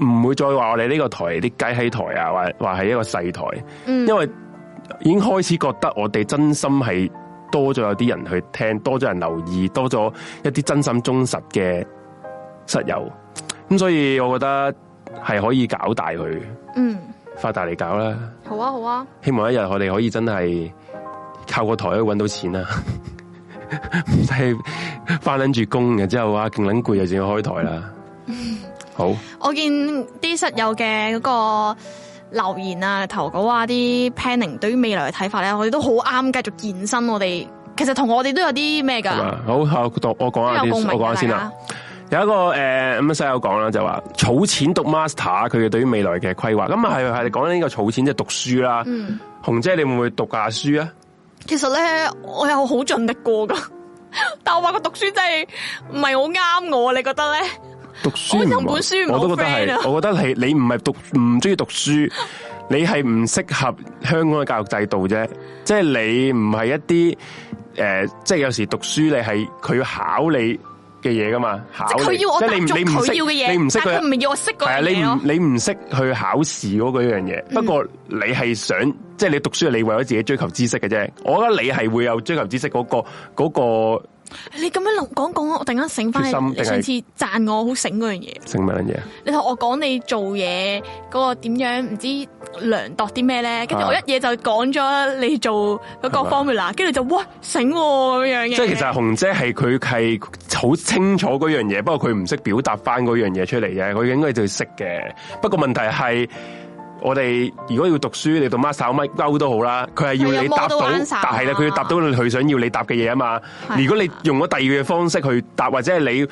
唔會再話我哋呢個台啲雞喺台啊，或話係一個細台。嗯，因為已經開始覺得我哋真心係多咗有啲人去聽，多咗人留意，多咗一啲真心忠實嘅室友。咁所以我覺得。.係可以搞大佢。嗯，發達嚟搞啦，好啊好啊，希望一日我哋可以真係靠個台去搵到錢啦，啊，唔使翻捻住工，然之後啊勁捻攰又就要開台啦，好。我見啲室友嘅嗰個留言啊、投稿啊、啲 planning 對於未來嘅睇法咧，我哋都好啱，繼續健身。我哋其實同我哋都有啲咩噶，好，我講下我講下先啦。有一個誒咁嘅細友講啦，就話儲錢讀 master，佢嘅對於未來嘅規劃，咁啊係係講緊呢個儲錢即係、就是、讀書啦。紅、嗯、姐，你會唔會讀下書啊？其實咧，我有好盡力過噶，但我話佢讀書真係唔係好啱我，你覺得咧？讀書同本書唔係，我都覺得係，我覺得係 [LAUGHS] 你唔係讀唔中意讀書， [LAUGHS] 你係唔適合香港嘅教育制度啫。即、就、係、是、你唔係一啲誒，即、呃、係、就是、有時讀書你係佢要考你。嘅嘢噶嘛，考即係佢要我答咗佢要嘅嘢，但係佢唔係要我識。係啊，你唔你唔識去考試嗰個樣嘢。不過你係想，嗯、即係你讀書，係你為咗自己追求知識嘅啫。我覺得你係會有追求知識嗰個嗰個。嗰個你咁樣講講，我突然間醒翻你上次讚我好醒嗰樣嘢。醒乜嘢？你同我講你，你做嘢嗰、嗰個點樣，唔知量度啲咩咧？跟住我一嘢就講咗你做嗰各方面啦，跟、啊、住就哇醒咁樣嘅。即係其實紅姐係佢係好清楚嗰樣嘢，不過佢唔識表達翻嗰樣嘢出嚟嘅，佢應該就識嘅。不過問題係。我哋如果要讀書，你讀 m i c 乜勾都好啦，佢係要你答到，但係咧佢要答到佢想要你答嘅嘢啊嘛。如果你用咗第二嘅方式去答，或者係你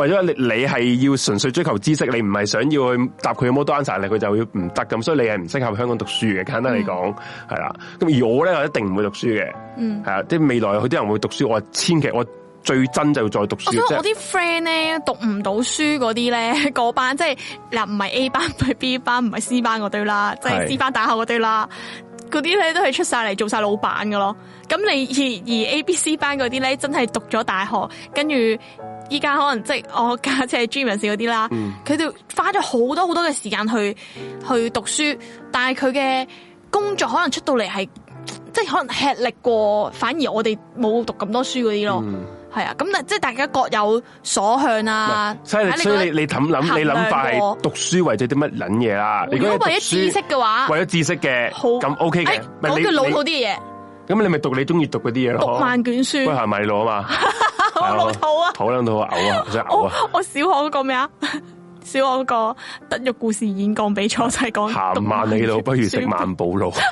為咗你你係要純粹追求知識，你唔係想要去答佢 model answer 佢就要唔得咁，所以你係唔適合去香港讀書嘅。簡單嚟講係啦，咁、嗯、而我咧我一定唔會讀書嘅，嗯，係啊，即係未來有好多人會讀書，我千祈我。最真就再讀書。我覺得我啲 friend 咧讀唔到書嗰啲咧，嗰 [LAUGHS] 班即係嗱唔係 A 班、唔係 B 班、唔係 C 班嗰堆啦，即係 C 班大學嗰堆啦，嗰啲咧都係出曬嚟做曬老闆噶咯。咁你而而 A、B、C 班嗰啲咧，真係讀咗大學，跟住依家可能即係我家姐 dreamers 嗰啲啦，佢、嗯、哋花咗好多好多嘅時間去去讀書，但係佢嘅工作可能出到嚟係即係可能吃力過，反而我哋冇讀咁多書嗰啲咯。嗯係啊，咁即係大家各有所向啊。所以所以你你諗諗，你諗快，係讀書為咗啲乜捻嘢啦。如果你為咗知識嘅話，為咗知識嘅，咁 OK 嘅。講、欸、句老土啲嘢，咁你咪讀你中意讀嗰啲嘢咯。萬卷、， [LAUGHS] 啊啊呃呃、卷書，行萬里路啊嘛。好老土啊！好老土，我嘔啊，想嘔啊。我小學嗰個咩啊？小學嗰個德育故事演講比賽講，行萬里路不如食萬寶路。 [LAUGHS]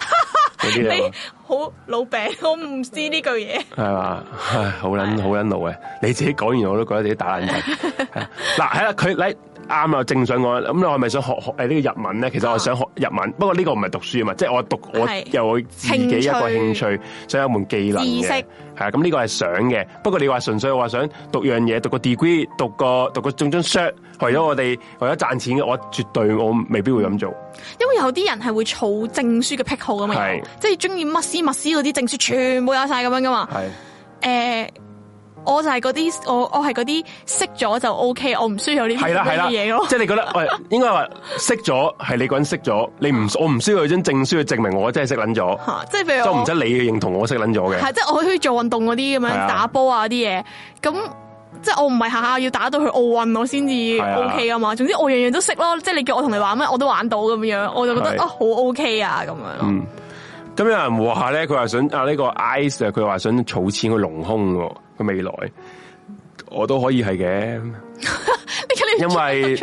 你好老餅，我唔知呢句嘢。係嘛，唉，好捻好捻老嘅，你自己講完我都覺得自己打爛仔。嗱、 [LAUGHS] 啊，係啦，佢你。啱啊，我正想講，咁你係咪想學學誒呢個日文咧？其實我想學日文，啊、不過呢個唔係讀書啊嘛，即、就、係、是、我讀我又自己一個興趣，想有門技能知識係啊，咁呢個係想嘅。不過你話純粹我話想讀樣嘢，讀個 degree，讀個讀個中張 s h r t 為咗我哋為咗賺錢嘅，我絕對我未必會咁做，嗯。因為有啲人係會儲證書嘅癖好咁樣，即係中意乜斯乜斯嗰啲證書全部有晒咁樣噶嘛。我就係嗰啲，我我係嗰啲識咗就 OK，我唔需要有啲係啦嘢咯。即係你覺得，誒， [LAUGHS] 應該話識咗係你個人識咗，你唔我唔需要有張證書去證明我真係識捻咗，啊。即係譬如，就唔使你嘅認同我識捻咗嘅。係，即係我可以做運動嗰啲咁樣打波啊啲嘢，咁即係我唔係下下要打到去奧運我先至 O K 啊嘛。總之我樣樣都識咯，即係你叫我同你玩咩，我都玩到咁樣，我就覺得啊好 O K 啊咁樣咯。嗯咁有人和下咧，佢話想啊呢個 ice 啊，佢話想儲錢去隆胸個未來，我都可以係嘅 [LAUGHS] 。因為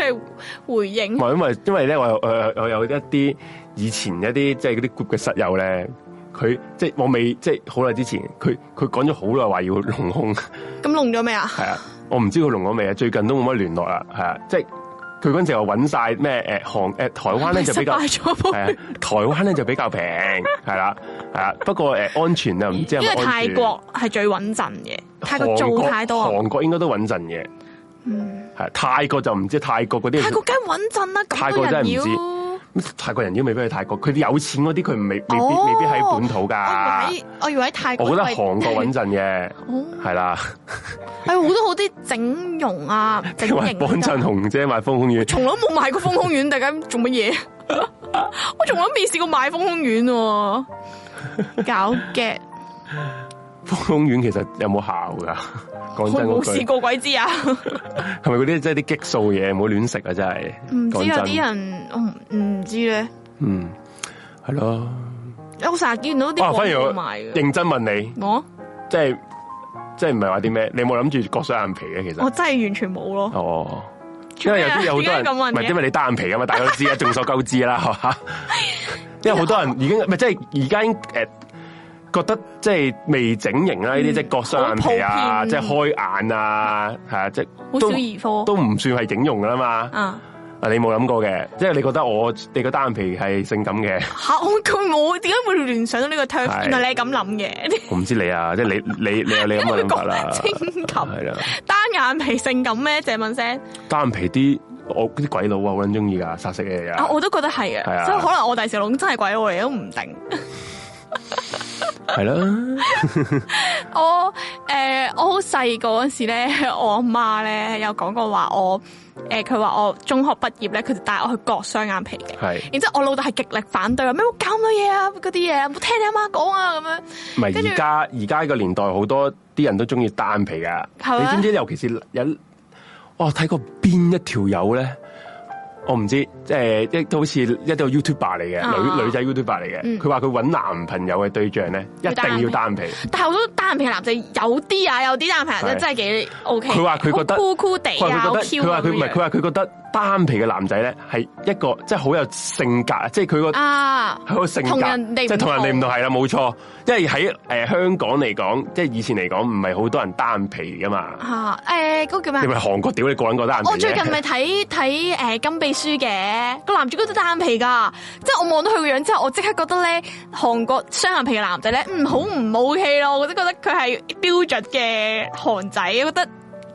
回應，唔係因為因為咧，我誒我，我有一啲以前一啲即係嗰啲 group 嘅室友咧，佢即係我未即係好耐之前，佢佢講咗好耐話要隆胸。咁隆咗未啊？係啊，我唔知佢隆咗未啊，最近都冇乜聯絡啦。係啊，即係。佢嗰陣時候揾曬咩，誒台灣咧就比較 [LAUGHS] 台灣咧就比較平，係啦係啦。不過安全就唔知。因為泰國係最穩陣嘅，泰國做太多啊。韓國應該都穩陣嘅，嗯係。泰國就唔知泰國嗰啲。泰國梗穩陣啦，泰國，啊、泰國真係唔知。泰國人妖未必去泰國，佢哋有錢嗰啲佢未未必，oh, 未必喺本土噶。我以為喺泰國，就是。我覺得韓國穩陣嘅，係，oh. 啦。有，哎，好多好啲整容啊，整形幫襯紅姐買豐胸丸，從來冇買過豐胸丸，大家做乜嘢？ [LAUGHS] [LAUGHS] 我從來未試過買豐胸丸，啊， [LAUGHS] 搞嘅。豐胸丸其實有冇效噶？講真的，冇試過鬼知啊！係咪嗰啲即係啲激素嘢？唔好亂食啊！真係唔知有啲、啊、人唔知咧。嗯，係咯。我成日見到啲、哦、反而嘅，認真問你，我、哦、即係即係唔係話啲咩？你沒有冇諗住割雙眼皮嘅？其實我真係完全冇咯。哦，因為有啲有好多人，唔係因為你單眼皮啊嘛，大家都知啊，眾所周知啦，係嘛？因為好多人已經咪 [LAUGHS] 即係而家誒。呃覺得即係未整形啦，呢啲即係割雙眼皮啊，即係開眼啊，係啊，即係好少兒科，都唔算係整容噶啦嘛。啊，你冇諗過嘅，即係你覺得我你個單眼皮係性感嘅？吓，我佢點解會聯想到呢個 term？原來你係咁諗嘅？我唔知你啊，即 [LAUGHS] 係你你你，你，你，你有你咁嘅諗法啦、啊。清係單眼皮性感咩？借問聲，單眼皮啲我啲鬼佬啊，好中意噶，殺食嘢我都覺得係啊，所以可能我第時真係鬼嚟都唔定。係咯 [LAUGHS] 、呃，我誒，我好細個嗰時咧，我阿媽咧有講過話我，誒、呃，佢話我中學畢業咧，佢就帶我去割雙眼皮嘅，係。然之後我老豆係極力反對，話咩搞咁多嘢啊，嗰啲嘢，冇聽你阿媽講啊，咁樣。唔係，而家而家呢個年代好多啲人都中意單眼皮噶，你知唔知？尤其是有，我睇過邊一條友咧？我唔知，即係一都好似一個 YouTuber 嚟嘅，啊、女，女仔 YouTuber 嚟嘅，佢話佢搵男朋友嘅對象咧一定要單眼皮，但係好多單眼皮嘅男仔有啲啊，有啲單眼皮真係幾 OK。佢話佢覺得酷酷哋啊，佢話佢唔係，佢話佢覺得。單皮嘅男仔咧，係一個即係好有性格啊！即係佢個啊，佢個性格，即係、啊、同人哋唔同，係啦，冇錯。因為喺誒、呃、香港嚟講，即係以前嚟講，唔係好多人單皮噶嘛。誒、啊，嗰、欸嗰個叫咩？你咪韓國屌你個人覺得單皮？我最近咪睇睇誒《金秘書》嘅個男主角都單皮噶，即係我望到佢個樣之後，我即刻覺得咧，韓國雙眼皮嘅男仔咧，唔好唔冇氣咯，我都覺得佢係標準嘅韓仔，我覺得。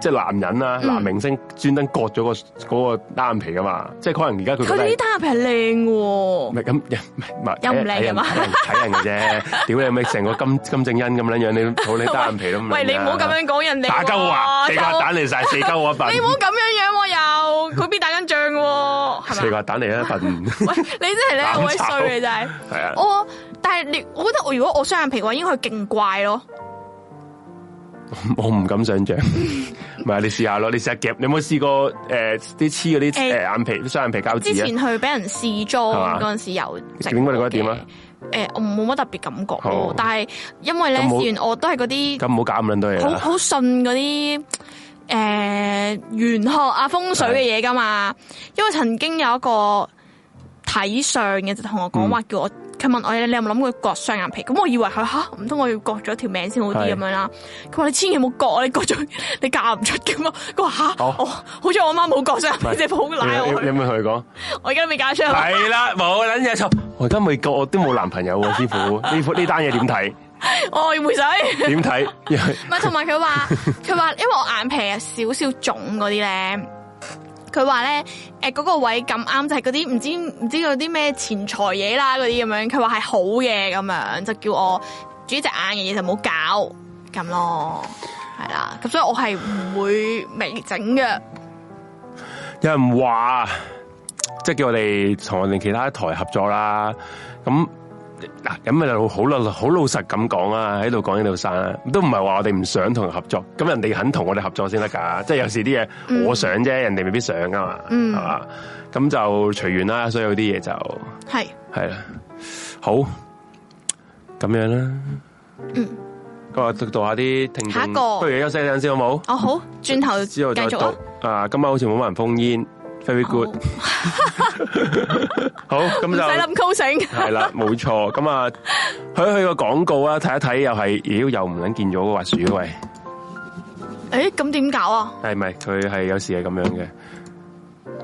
即係男人啦，男明星專登割咗個嗰個單眼皮噶嘛，嗯、即係可能而家佢佢啲單眼皮係靚嘅，唔係咁又唔靚啊嘛，睇人嘅啫，屌你咪成個金金正恩咁樣樣，你套你單眼皮都唔靚啊，喂，你唔好咁樣講人哋啊，打鳩啊，四嚿蛋嚟晒四一份。你唔好咁樣樣喎又，佢邊打緊仗喎，四嚿蛋嚟一份，喂，你真係你我位衰嘅真係，我但係你，我覺得我如果我雙眼皮嘅話，應該係勁怪咯。我唔敢想象，唔係你試下咯，你試下夾，你有冇試過誒啲黐嗰啲誒眼皮雙眼，欸、皮膠紙，之前去俾人試妝嗰陣時有，你覺得點啊？誒、呃，我冇乜特別感覺，哦、但係因為咧，試完我都係嗰啲咁，唔好搞咁多嘢，好好信嗰啲誒玄學啊風水嘅嘢噶嘛，因為曾經有一個睇相嘅就同我講話叫我。嗯佢問我咧，你有冇諗過要割雙眼皮？咁我以為佢吓，唔通我要割咗條命先好啲咁樣啦？佢話你千祈唔好割啊！你割咗你嫁唔出嘅嘛？佢話吓，我好彩我媽冇割雙眼皮，師傅好賴我。你有冇去過？我而家未嫁出。係啦，冇捻嘢錯。我而家未割，我都冇男朋友喎，師傅。呢副呢單嘢點睇？我妹仔點睇？唔係同埋佢話佢話，因為我眼皮有少少腫嗰啲咧。佢話咧，誒、那、嗰個位咁啱就係嗰啲唔知唔知嗰啲咩錢財嘢啦，嗰啲咁樣，佢話係好嘢咁樣，就叫我煮隻眼嘅嘢就唔好搞咁咯。係啦，咁所以我係唔會微整嘅。有人話，即、就、係、是、叫我哋同我哋其他台合作啦，咁。嗱咁咪好好老實咁講啊，喺度講喺度散啦，都唔係話我哋唔想同人合作，咁人哋肯同我哋合作先得噶，即係有時啲嘢、嗯、我想啫，人哋未必想噶嘛，係、嗯、嘛，咁就隨緣啦，所以有啲嘢就係係啦，好咁樣啦，嗯、讀，我讀一下啲聽眾不如休息陣先好冇？哦、oh, 好，轉頭之後再，續再讀，啊，今晚好似冇乜人烽煙。Very good，、oh. [LAUGHS] [LAUGHS] 好咁 [LAUGHS] 就對。使諗溝醒係啦，冇錯。咁啊， [LAUGHS] 去去個廣告看看、欸、啊，睇一睇又係，咦？又唔諗見咗個滑鼠喂。誒，咁點搞啊？係咪佢係有時係咁樣嘅？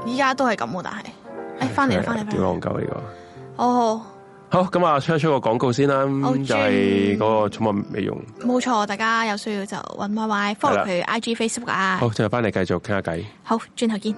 依家都係咁噶，但係誒，翻嚟翻嚟翻嚟。點呢、呢個？哦，好咁啊，出一出個廣告先啦，哦、就係、是、嗰個寵物美容。冇錯，大家有需要就揾 Y Y，follow 佢 I G Facebook 啊。好，再翻嚟繼續傾下偈。好，轉頭見。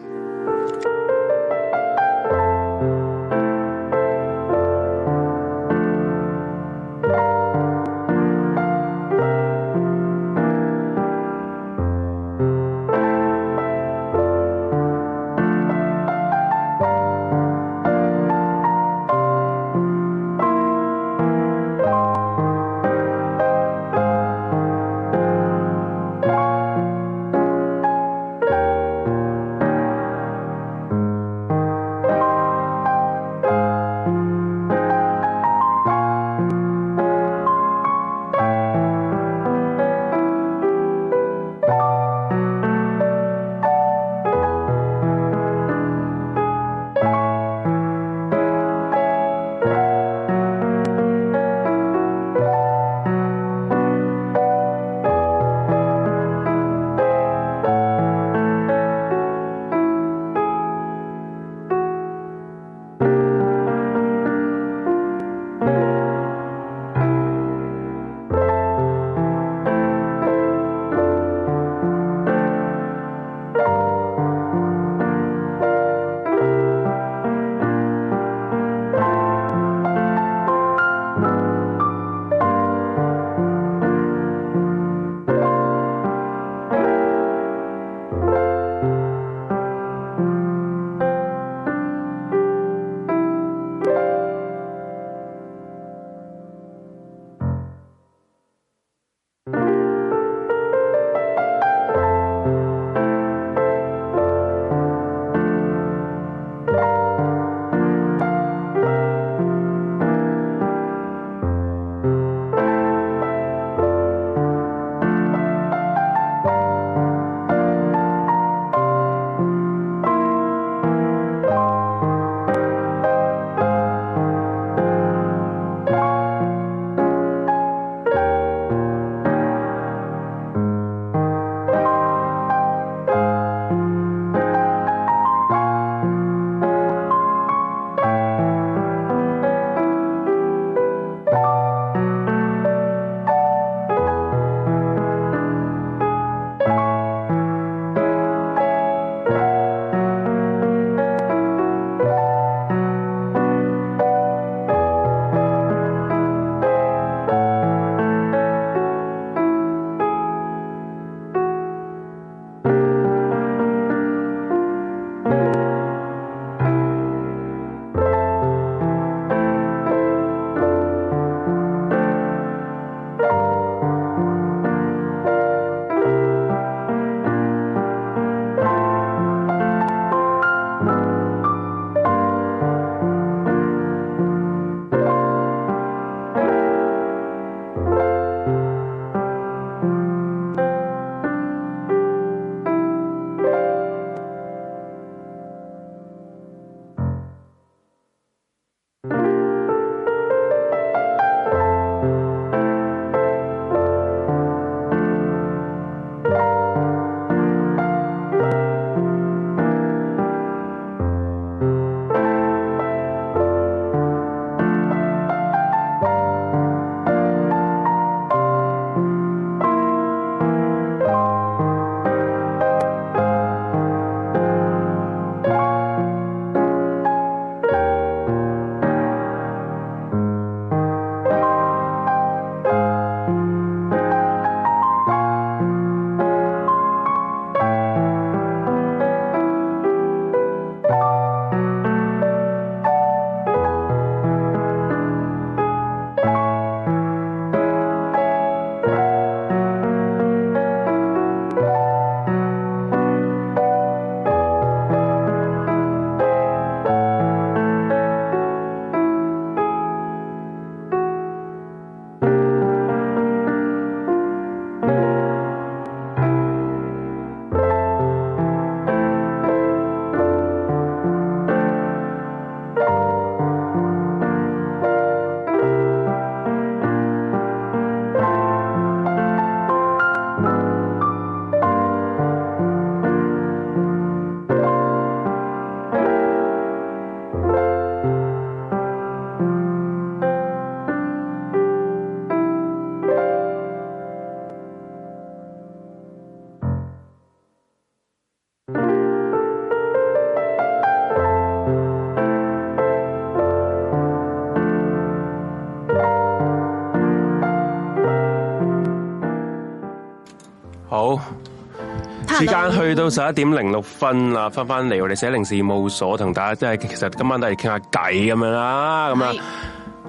去到十一點零六分啦，翻翻嚟我哋寫零事務所同大家，即係其實今晚都係傾下偈咁樣啦，咁啊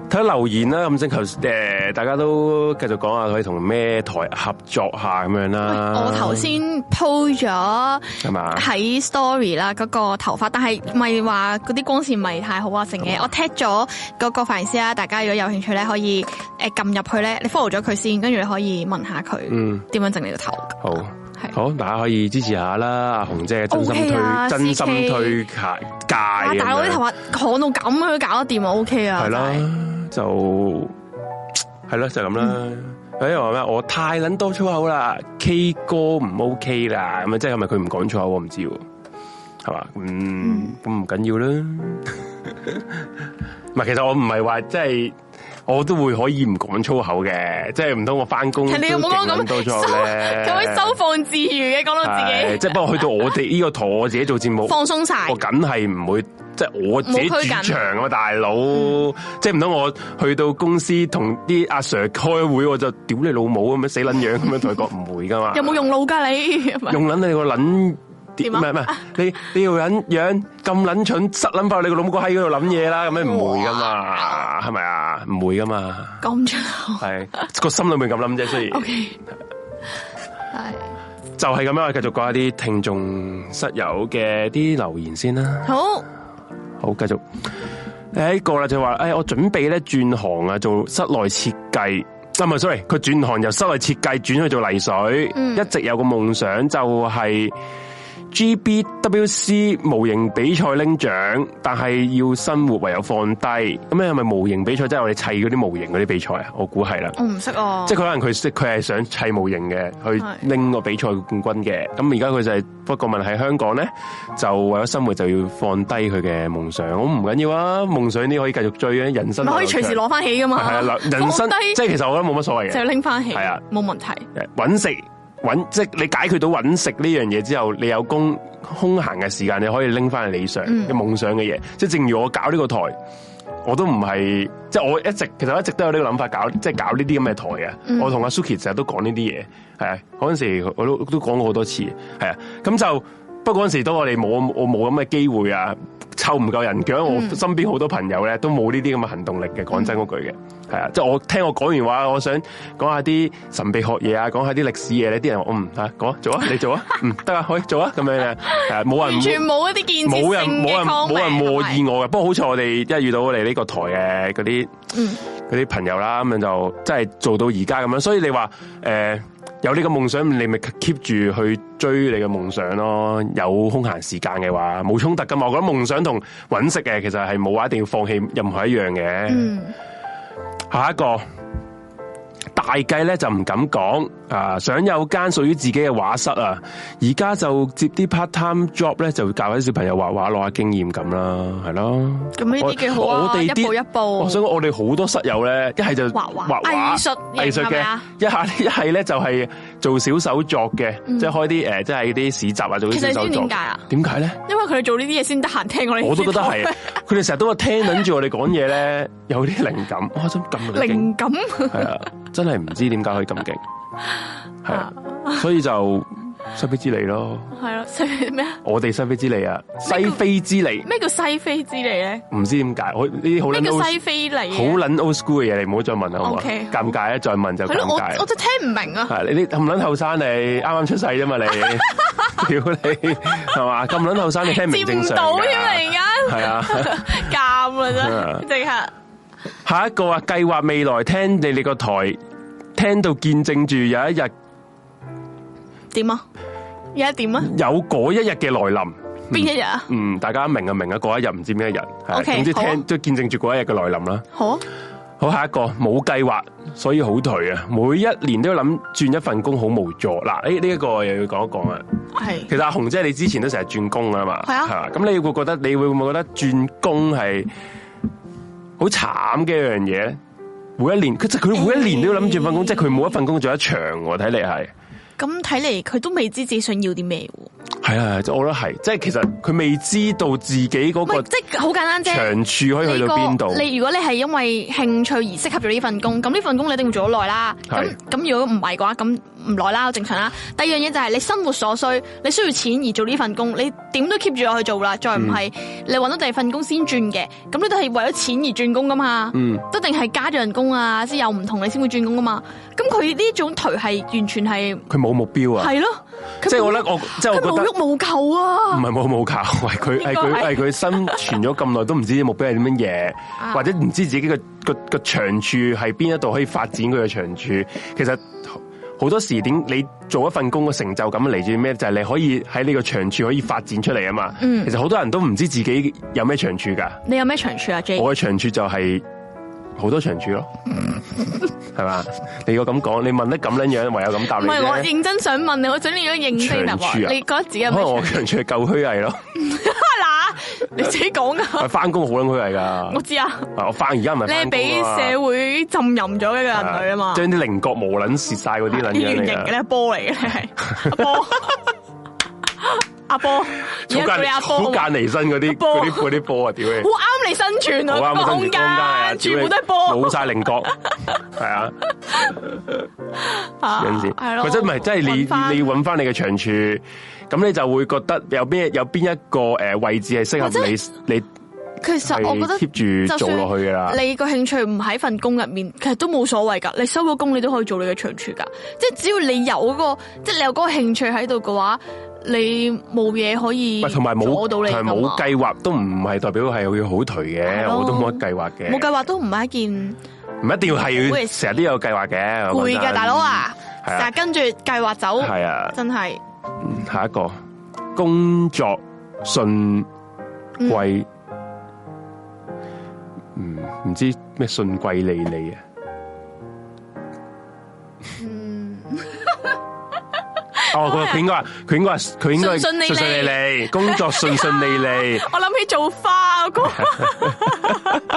睇留言啦，咁、嗯、正頭誒，大家都繼續講下可以同咩台合作下咁樣啦。我頭先 po 咗係嘛睇 story 啦，嗰個頭髮，但係咪話嗰啲光線唔係太好啊？成嘢，我 t 咗嗰個髮型師啦，大家如果有興趣咧，可以誒撳入去咧，你 follow 咗佢先，跟住你可以問一下佢，嗯，點樣整你個頭好。好，大家可以支持下啦，阿紅姐真心推，真心推介。大佬啲頭髮講到咁佢搞得掂啊，OK 啊。係啦，就係啦，就咁啦。誒話咩？我太捻多粗口啦，K 歌唔 OK 啦。咁啊，即係係咪佢唔講錯，我唔知，係嘛？嗯，咁唔緊要啦。唔係，其實我唔係話即係。我都會可以唔講粗口嘅，即係唔通我翻工。你有冇講咁？佢會收放自如嘅講到自己。即係不過去到我哋呢個台，我自己做節目，放鬆晒。我梗係唔會，即係我自己主場啊，大佬。即係唔通我去到公司同啲阿 Sir 開會，我就屌你老母咁樣死撚樣咁樣同佢講，唔會噶嘛。有冇用腦㗎你？用撚你個撚！唔係唔係，你你條人樣咁撚蠢，失諗法，法，你個老母喺嗰度諗嘢啦，咁樣唔會噶嘛，係咪啊？唔會噶嘛，咁蠢係個心裏面咁諗啫，所以，OK，係就係咁樣，繼續講下啲聽眾室友嘅啲留言先啦。好，好，繼續，誒，一個啦，就話，誒，我準備咧轉行啊，做室內設計。真 sorry 佢轉行由室內設計轉去做泥水，一直有個夢想就係、是。GBWC 模型比賽拎獎，但係要生活唯有放低。咁你係咪模型比賽即係我哋砌嗰啲模型嗰啲比賽啊？我估係啦。我唔識啊。即係佢可能佢識，佢係想砌模型嘅，去拎個比賽冠軍嘅。咁而家佢就係不過問喺香港咧，就為咗生活就要放低佢嘅夢想。我唔緊要啊，夢想呢可以繼續追啊，人生，咪可以隨時攞翻起噶嘛？係啊，人生即係其實我覺得冇乜所謂嘅，就拎翻起係啊，冇問題。誒，搵食。揾，即係你解決到揾食呢樣嘢之後，你有工空閒嘅時間，你可以拎翻去理想嘅夢、嗯、想嘅嘢。即係正如我搞呢個台，我都唔係即係我一直其實我一直都有呢個諗法搞，即搞即係搞呢啲咁嘅台嘅。嗯、我同阿 Suki 成日都講呢啲嘢，係嗰陣時我都都講過好多次，係啊，咁就。不過嗰陣時都我哋冇我冇咁嘅機會啊，湊唔夠人腳，我身邊好多朋友咧都冇呢啲咁嘅行動力嘅，講真嗰句嘅，係、嗯、啊，即係我聽我講完話，我想講下啲神秘學嘢啊，講下啲歷史嘢咧，啲人嗯啊，講做啊，你做啊， [LAUGHS] 嗯得啊，可以做啊，咁樣嘅，誒 [LAUGHS] 冇人完全冇一啲建設性冇人冇人冇人和議我嘅，不過好彩我哋一遇到我哋呢個台嘅嗰啲嗰啲朋友啦，咁樣就真係做到而家咁樣，所以你話誒。呃有呢個夢想，你咪 keep 住去追你嘅夢想咯。有空閒時間嘅話，冇衝突㗎嘛。我覺得夢想同搵食嘅，其實係冇話一定要放棄任何一樣嘅。嗯。下一個大計呢就唔敢講。啊！想有間屬於自己嘅畫室啊，而家就接啲 part time job 咧，就教啲小朋友畫畫攞下經驗咁啦，係咯。咁呢啲幾好啊！我我哋啲一步一步，我想講我哋好多室友咧，一係就畫畫畫藝術藝術嘅，一下一係咧就係做小手作嘅，嗯，即係開啲誒，即係啲市集啊，做啲小手作。點解啊？點解咧？因為佢哋做呢啲嘢先得閒聽我哋。我都覺得係，佢哋成日都話聽緊住我哋講嘢咧，有啲靈感。哇！真咁靈感係啊！真係唔知點解可以咁勁。係 [LAUGHS] 啊，所以就西非之利咯。係咯，西咩我哋西非之利啊，西非之利。咩叫西非之利咧？唔知點解，我呢啲好。咩叫西非利，好捻 old school 嘅嘢，你唔好再問啦。O K，尷尬咧，再問就尷尬。我真聽唔明啊！係你你咁捻後生，你啱啱出世啫嘛，你屌你係嘛？咁捻後生你，你，你，你，你， [LAUGHS] [LAUGHS] 你聽唔明？唔到添啊！而家係啊，尷 [LAUGHS] 啊，乘客。 [LAUGHS] 下一個啊，計劃未來聽你你個台。聽到見證住有一日點啊？有、嗯、一點啊？有嗰一日嘅來臨？邊一日啊？嗯，大家明啊明啊，嗰一日唔知邊一日，okay, 總之聽、啊、都見證住嗰一日嘅來臨啦、啊。好，好下一個冇計劃，所以好頹啊！每一年都諗轉一份工，好無助。嗱，誒呢一個又要講一講啊。係。其實阿紅姐，你之前都成日轉工啊嘛？係啊。係啊。咁你會覺得你會唔會覺得轉工係好慘嘅一樣嘢咧？每一年，佢即係佢每一年都要諗住份工，欸、即係佢每一份工做一場，我睇嚟係。咁睇嚟，佢都未知自己想要啲咩。係啊，我覺得係，即係其實佢未知道自己嗰個，即係好簡單啫。長處可以去到邊度？你如果你係因為興趣而適合咗呢份工，咁呢份工你一定會做得耐啦。咁咁如果唔係嘅話，咁唔耐啦，正常啦。第二樣嘢就係你生活所需，你需要錢而做呢份工，你點都 keep 住去做啦。再唔係、嗯、你搵到第二份工先轉嘅，咁你都係為咗錢而轉工噶嘛。嗯，唔一定係加咗人工啊，即係有唔同你先會轉工噶嘛。咁佢呢種頹係完全係佢冇目標啊！係咯，即係我咧，我我就覺得無欲無求啊！唔係冇冇求，係佢係佢係佢生存咗咁耐都唔知目標係點樣嘢， [LAUGHS] 或者唔知自己個個個長處係邊一度可以發展佢嘅長處。其實好多時點你做一份工嘅成就感嚟自咩？就係、是、你可以喺呢個長處可以發展出嚟啊嘛。嗯、其實好多人都唔知自己有咩長處噶。你有咩長處啊？Jay? 我嘅長處就係、是。好多長處咯，係 [LAUGHS] 嘛？你如果咁講，你問得咁撚樣，唯有咁答。唔係，我認真想問你，我想你咗認真答我、啊。你覺得自己？可能我長處係夠虛偽咯。嗱， [LAUGHS] 你自己講噶。翻工好卵虛偽噶，我知啊。我翻而家唔係。你俾社會浸淫咗嘅一個人女啊嘛？將啲稜角無卵蝕晒嗰啲卵。圓形嘅咧，波嚟嘅，係波。阿波，好隔離身嗰啲嗰啲嗰啲波啊，屌你！好啱 [LAUGHS] 你生存啊，存啊那個、空間全部都係波，冇晒棱角，係啊。等陣先，或者唔係，即係你你要搵翻你嘅長處，咁你就會覺得有邊有邊一個誒位置係適合你你。其實我覺得 keep 住做落去噶啦。你個興趣唔喺份工入面，其實都冇所謂噶。你收咗工，你都可以做你嘅長處噶。即係只要你有嗰個，即係你有嗰個興趣喺度嘅話。你冇嘢可以到你，同埋冇，係冇計劃都唔係代表係會好頹嘅，我都冇計劃，冇計劃都冇乜計劃嘅。冇計劃都唔係一件，唔一定要係，成日都有計劃嘅。攰，噶大佬啊，成日、啊、跟住計劃走，係啊，真係。下一個工作信貴，唔唔、嗯嗯、知咩信貴利利啊。嗯。 [LAUGHS] 哦，佢佢應該話佢應該話佢應該順順利利，工作順順利利。順順利利 [LAUGHS] 我諗起做花嗰，啊、 [LAUGHS] [LAUGHS]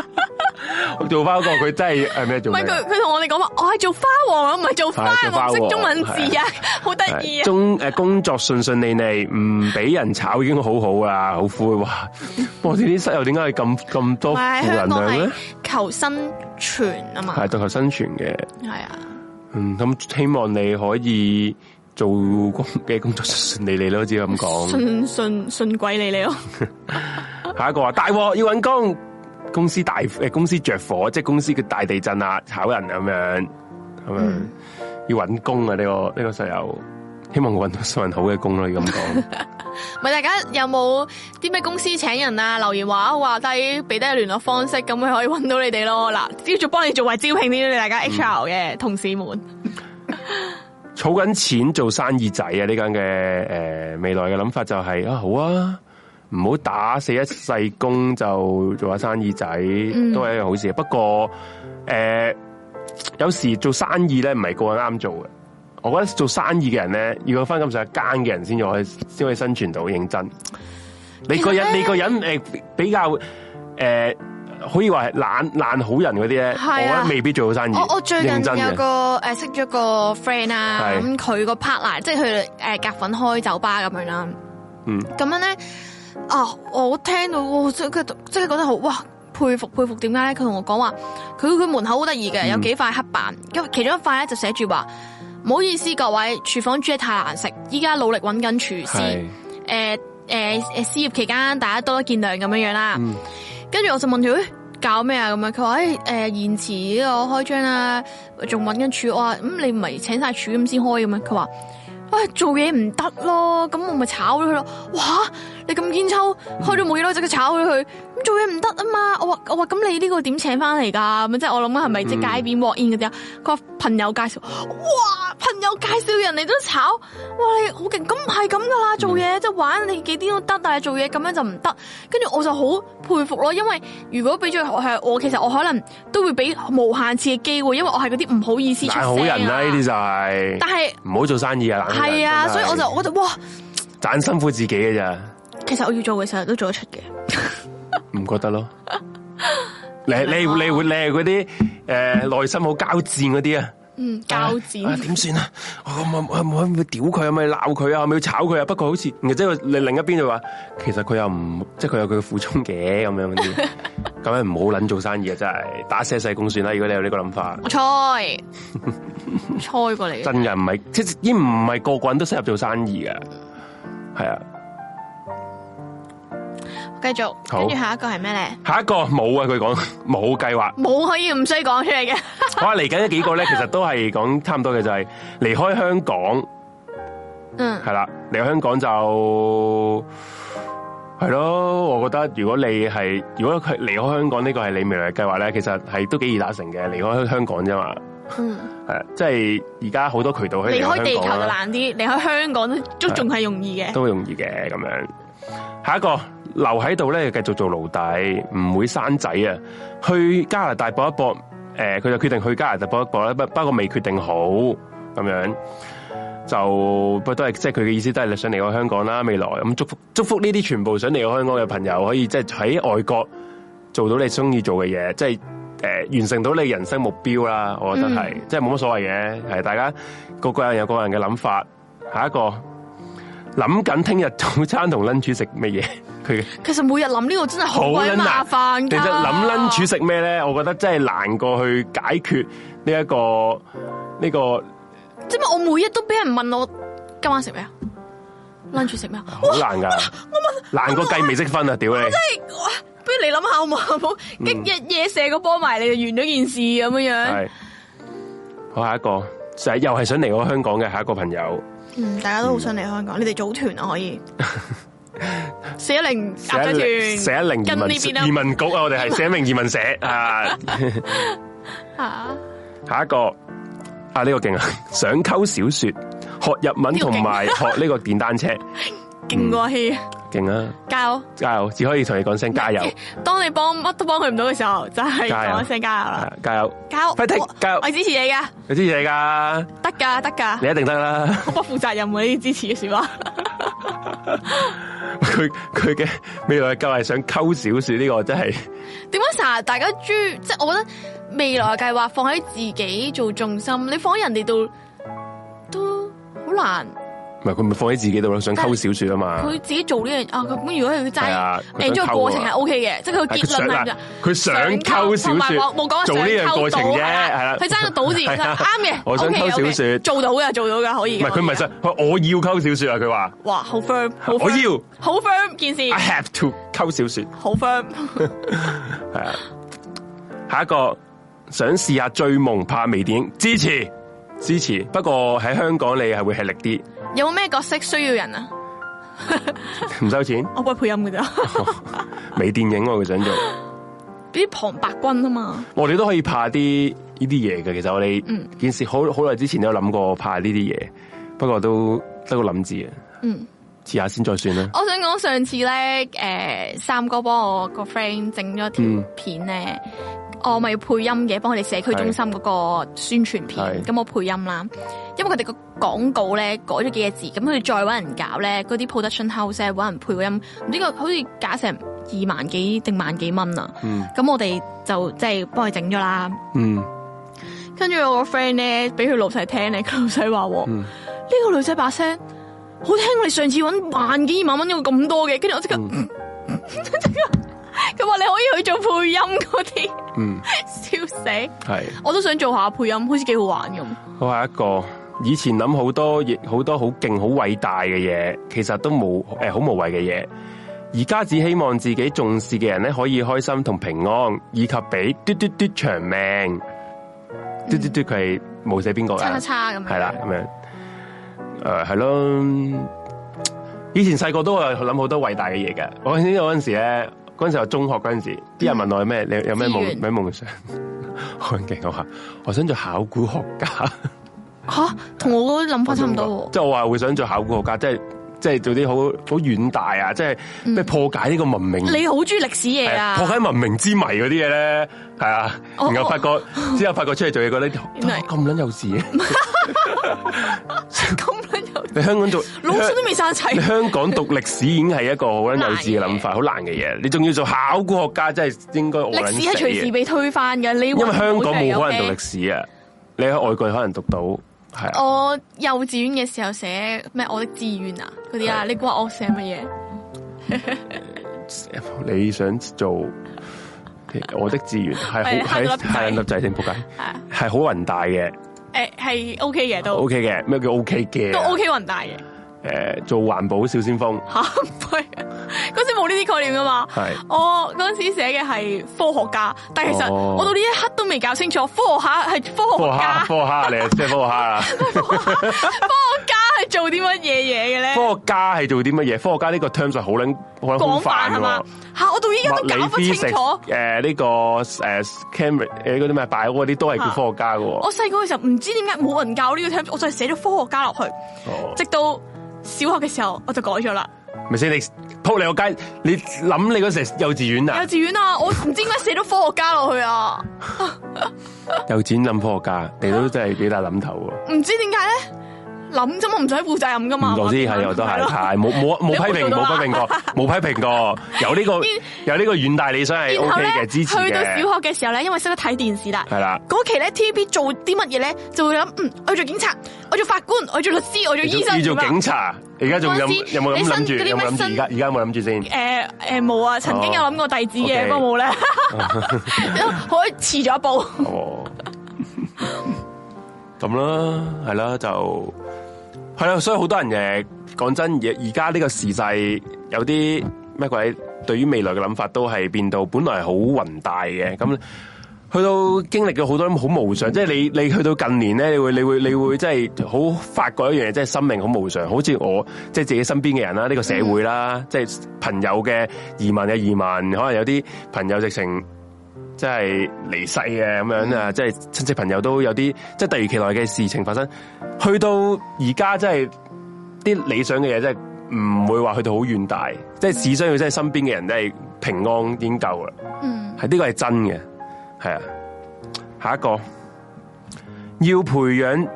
個，是做花嗰個佢真係係咩做？唔係佢佢同我哋講話，我係做花王，唔係做花。是做花我識中文字啊，好得意。中誒，工作順順利利，唔俾人炒已經好好啊，好灰啊。我哋啲室友點解咁咁多負能量呢？求生存啊嘛，係，都求，求生存嘅，係啊。嗯，咁希望你可以。做工嘅工作順利利咯，只係咁講。順順順鬼利利咯。 [LAUGHS] 下一個話， [LAUGHS] 大鑊要搵工，公司大誒，公司着火，即係公司嘅大地震啊，炒人咁樣，咁樣、嗯、要搵工啊！呢、這個呢、這個室友，希望我搵到份好嘅工咯。要咁講，咪 [LAUGHS] 大家有冇啲咩公司請人啊？留言話話低，俾低聯絡方式，咁我可以搵到你哋咯。嗱，繼續幫你做埋招聘啲，大家 H R 嘅同事們。 [LAUGHS] 儲緊錢做生意仔，呃就是，啊！呢間嘅誒未來嘅諗法就係啊好啊，唔好打死一世工就做下生意仔，嗯，都係一樣好事。不過誒，呃，有時做生意咧唔係個人啱做嘅。我覺得做生意嘅人咧，要翻咁上一間嘅人先可以先可以生存到認真。你個人你個人誒，呃，比較誒。呃可以話係爛爛好人嗰啲咧，我咧未必做好生意。啊、我最近有個誒識咗個 friend 啦，咁佢個 partner 即係佢誒夾份開酒吧咁樣啦。嗯、啊，咁樣咧，啊我聽到即係佢覺得好哇佩服佩服，點解咧？佢同我講話，佢佢門口好得意嘅，有幾塊黑板，咁、嗯、其中一塊咧就寫住話：唔好意思各位，廚房煮嘢太難食，依家努力揾緊廚師。誒誒誒，事、呃、業期間大家多多見諒咁樣樣啦。嗯跟住我就問佢：搞咩啊？咁佢話：誒、欸呃，延遲呢個開張啦，仲搵緊廚。我話：咁、嗯、你唔係請晒廚咁先開咩？佢話、欸：做嘢唔得咯，咁我咪炒咗佢咯。哇，你咁堅抽，開咗冇幾耐，即刻炒咗佢。做嘢唔得啊嘛！我話我話咁，你呢個點請翻嚟噶？咁即係我諗係咪即係街邊 walk in 嗰啲啊？佢話朋友介紹，哇！朋友介紹人嚟都炒，哇！你好勁！咁係咁噶啦，做嘢、嗯、即係玩，你幾癲都得，但係做嘢咁樣就唔得。跟住我就好佩服咯，因為如果俾咗係我，其實我可能都會俾無限次嘅機會，因為我係嗰啲唔好意思出聲，好人啦，呢啲就係，但係唔好、啊就是、做生意啊，係啊，所以我就我就哇，盞辛苦自己嘅咋？其實我要做嘅時候都做得出嘅。 [LAUGHS] 唔覺得咯你，你你你會你嗰啲誒內心好交戰嗰啲啊？嗯，交戰點算啊，啊，啊？我咪我咪屌佢，咪鬧佢啊，咪要炒佢啊！不過好似即係你另一邊就話，其實佢又唔即係佢有佢嘅苦衷嘅咁樣嗰啲，咁樣唔好捻做生意啊！真係打死細工算啦。如果你有呢個諗法，我猜 [LAUGHS] 猜過嚟，真人唔係即係已經唔係個個人都適合做生意嘅，係啊。繼續，跟住下一個係咩咧？下一個冇啊，佢講冇計劃，冇可以咁衰講出嚟嘅。我嚟緊呢幾個咧，其實都係講差唔多嘅，就係、是、離開香港。嗯，係啦，離開香港就係咯。我覺得如果你係如果佢離開香港呢個係你未來嘅計劃咧，其實係都幾易達成嘅。離開香港啫嘛，嗯，係即係而家好多渠道可以離開，地球就難啲，離開香港開都仲係容易嘅，都容易嘅咁樣。下一個。留喺度咧，繼續做奴隸，唔會生仔啊！去加拿大搏一搏，誒、呃，佢就決定去加拿大搏一搏啦，不不過未決定好咁樣，就不過都係即係佢嘅意思，都係想離開香港啦。未來咁祝祝福呢啲全部想離開香港嘅朋友，可以即係喺外國做到你中意做嘅嘢，即係誒、呃、完成到你人生目標啦。我覺得係，嗯、即係冇乜所謂嘅，係大家個個人有個人嘅諗法。下一個。諗緊聽日早餐同 lunch 食乜嘢佢？其實每日諗呢個真係好鬼麻煩。其實諗 lunch 食咩咧，我覺得真係難過去解決呢一個呢個。即係我每日都俾人問我今晚食咩啊，lunch 食咩好難噶。我問,我問難過計未積分啊，屌你！即係不如你諗下好唔好？一夜射個波埋你就完咗件事咁樣樣。好下一個就係又係想嚟我香港嘅下一個朋友。嗯，大家都好想嚟香港，嗯、你哋組團啊可以。四一零，跟住四一零跟呢邊啊，移民局啊，我哋係四一零移民社 [LAUGHS] 啊。吓，下一個啊呢個勁啊，這個、想溝小說，學日文同埋學呢個電單車。 [LAUGHS] 勁過佢，勁啊！加油，加油！只可以同你講聲加油。當你幫乜都幫佢唔到嘅時候，就係講一聲加油啦！加油，加油！快啲加油！我，油我，我支持你噶，我支持你噶，得噶，得噶，你一定得啦！我不負責任呢啲支持嘅說話。佢佢嘅未來計劃係想溝小樹，呢個真係點解成日大家豬，即係我覺得未來計劃放喺自己做重心，你放喺人哋度都好難。唔係佢咪放喺自己度咯？想溝小說啊嘛！佢自己做呢、這、樣、個、啊！咁如果佢爭誒，即係過程係 O K 嘅，即係佢結論係唔佢想溝小說，做呢樣過程啫，係啦。佢爭、okay, okay, 到倒字，啱嘅。想 K 小嘅。做到嘅，做到嘅，可以唔係佢唔係佢我要溝小說啊！佢話哇，好 firm, firm，我要好 firm 件事。I have to 溝小說，好 firm 係 [LAUGHS] 啊。下一個想試下《追夢》拍微電影，支持。支持，不過喺香港你係會吃力啲。有咩角色需要人啊？唔 [LAUGHS] 收錢？我播配音嘅咋 [LAUGHS] 、哦。美電影我會想做啲旁白君啊嘛。我哋都可以拍啲呢啲嘢嘅，其實我哋嗯件事好好耐之前都有諗過拍呢啲嘢，不過都得個諗字嘅。嗯，遲下先再算啦。我想講上次咧，誒、呃，三哥幫我個 friend 整咗條片咧。嗯哦、我咪要配音嘅，幫佢哋社區中心嗰個宣傳片，咁我配音啦。因為佢哋個廣告咧改咗幾個字，咁佢哋再搵人搞咧，嗰啲 production house 搵人配個音，呢個好似假成二萬幾定萬幾蚊啊。咁、嗯、我哋就即係幫佢整咗啦。嗯，跟住我個 friend 咧，俾佢老細聽咧，佢老細話呢個女仔把聲好聽。我哋上次搵萬幾、二萬蚊要咁多嘅，跟住我即刻。佢話你可以去做配音嗰啲，嗯，笑死，係，我都想做下配音，好似幾好玩咁。好下一個以前諗好多嘢，好多好勁好偉大嘅嘢，其實都冇，誒、欸、好無謂嘅嘢。而家只希望自己重視嘅人咧可以開心同平安，以及俾嘟，嘟嘟嘟長命，嗯、嘟嘟嘟佢冇死邊個呀？差差咁，係啦咁樣，誒、嗯、係、呃、咯。以前細個都係諗好多偉大嘅嘢嘅，我先我嗰陣時咧。嗰陣時我中學嗰陣時，啲人問我有咩，你有咩夢，咩夢想？韓杰我話，我想做考古學家。吓、啊，同我諗法差唔多。即係我話、就是、會想做考古學家，即係。即、就、係、是、做啲好好遠大啊！即係咩破解呢個文明？嗯、你好中意歷史嘢啊？破解文明之謎嗰啲嘢咧，係啊，然後發覺之後發覺出嚟做嘢嗰啲，咁撚幼稚嘅，咁撚幼稚。 [LAUGHS] 有 [LAUGHS] 你香港做，港老師都未生仔，你香港讀歷史已經係一個好撚幼稚嘅諗法，好難嘅嘢。你仲要做考古學家，真係應該歷史係隨時被推翻嘅。你因為香港冇可能讀歷史啊，你喺外國可能讀到。啊、我幼稚園嘅時候寫咩？我的志願啊，嗰啲啊，啊你估我寫乜嘢？嗯、 [LAUGHS] 你想做我的志願係好係係粒仔定仆街？係好宏大嘅？誒係 OK 嘅都 OK 嘅咩叫 OK 嘅？都 OK 宏，OK OK，大嘅。誒，做環保小先鋒吓，嗰陣冇呢啲概念噶嘛？係我嗰陣時寫嘅係科學家，但係其實我到呢一刻都未搞清楚，科學，下是科學家係科，科學家，科學家嚟嘅，、啊、科學家。 [LAUGHS] 科學家係做啲乜嘢嘢嘅咧？科學家係做啲乜嘢？科學家呢個 terms 好撚，好廣泛噶嘛？吓、啊，我到依家都搞不清楚。誒、呃、呢、這個誒、uh,，camera 誒、呃，嗰啲咩擺嗰啲都係叫科學家噶、啊。我細個嘅時候唔知點解冇人教呢個 terms，我就係寫咗科學家落去，哦、直到。小學嘅時候我就改咗啦，咪先你撲你個街，你諗你嗰時候幼稚園啊，幼稚園啊，我唔知點解寫到科學家落去啊， [LAUGHS] 幼稚園諗科學家，你都真係幾大諗頭喎，唔知點解咧。諗咁我唔使負責任噶嘛？唔同啲係，我都係，係冇冇冇批評，冇批評過，冇 [LAUGHS] 批評過。有呢、這個有呢個遠大理想係 O K 嘅，支持嘅。去到小學嘅時候咧，因為識得睇電視啦，係啦。嗰期咧 T V B 做啲乜嘢咧，就會諗、嗯，我做警察，我做法官，我做律師，我做醫生。要做，要做警察，而家仲有冇有冇諗住？而家而家冇諗住先。誒誒，冇啊，呃呃呃，曾經有諗過弟子嘅，不過冇咧，呢 [LAUGHS] [LAUGHS] 可以遲咗一步。哦，咁 [LAUGHS] 啦， [LAUGHS] 係啦，就。係啦，所以好多人誒，講真而家呢個時勢有啲咩鬼？對於未來嘅諗法都係變到本來係好宏大嘅，咁去到經歷咗好多好無常，即係你你去到近年咧，你會你會你會即係好發覺一樣嘢，即係生命好無常，好似我即係自己身邊嘅人啦，呢個社會啦，即係朋友嘅移民嘅移民，可能有啲朋友直情。即係離世嘅咁樣啊！嗯、即係親戚朋友都有啲即係突如其來嘅事情發生。去到而家，即係啲理想嘅嘢，即係唔會話去到好遠大。即係只想要即係身邊嘅人都係平安已經夠啦。嗯這是真的，係呢個係真嘅，係啊。下一個要培養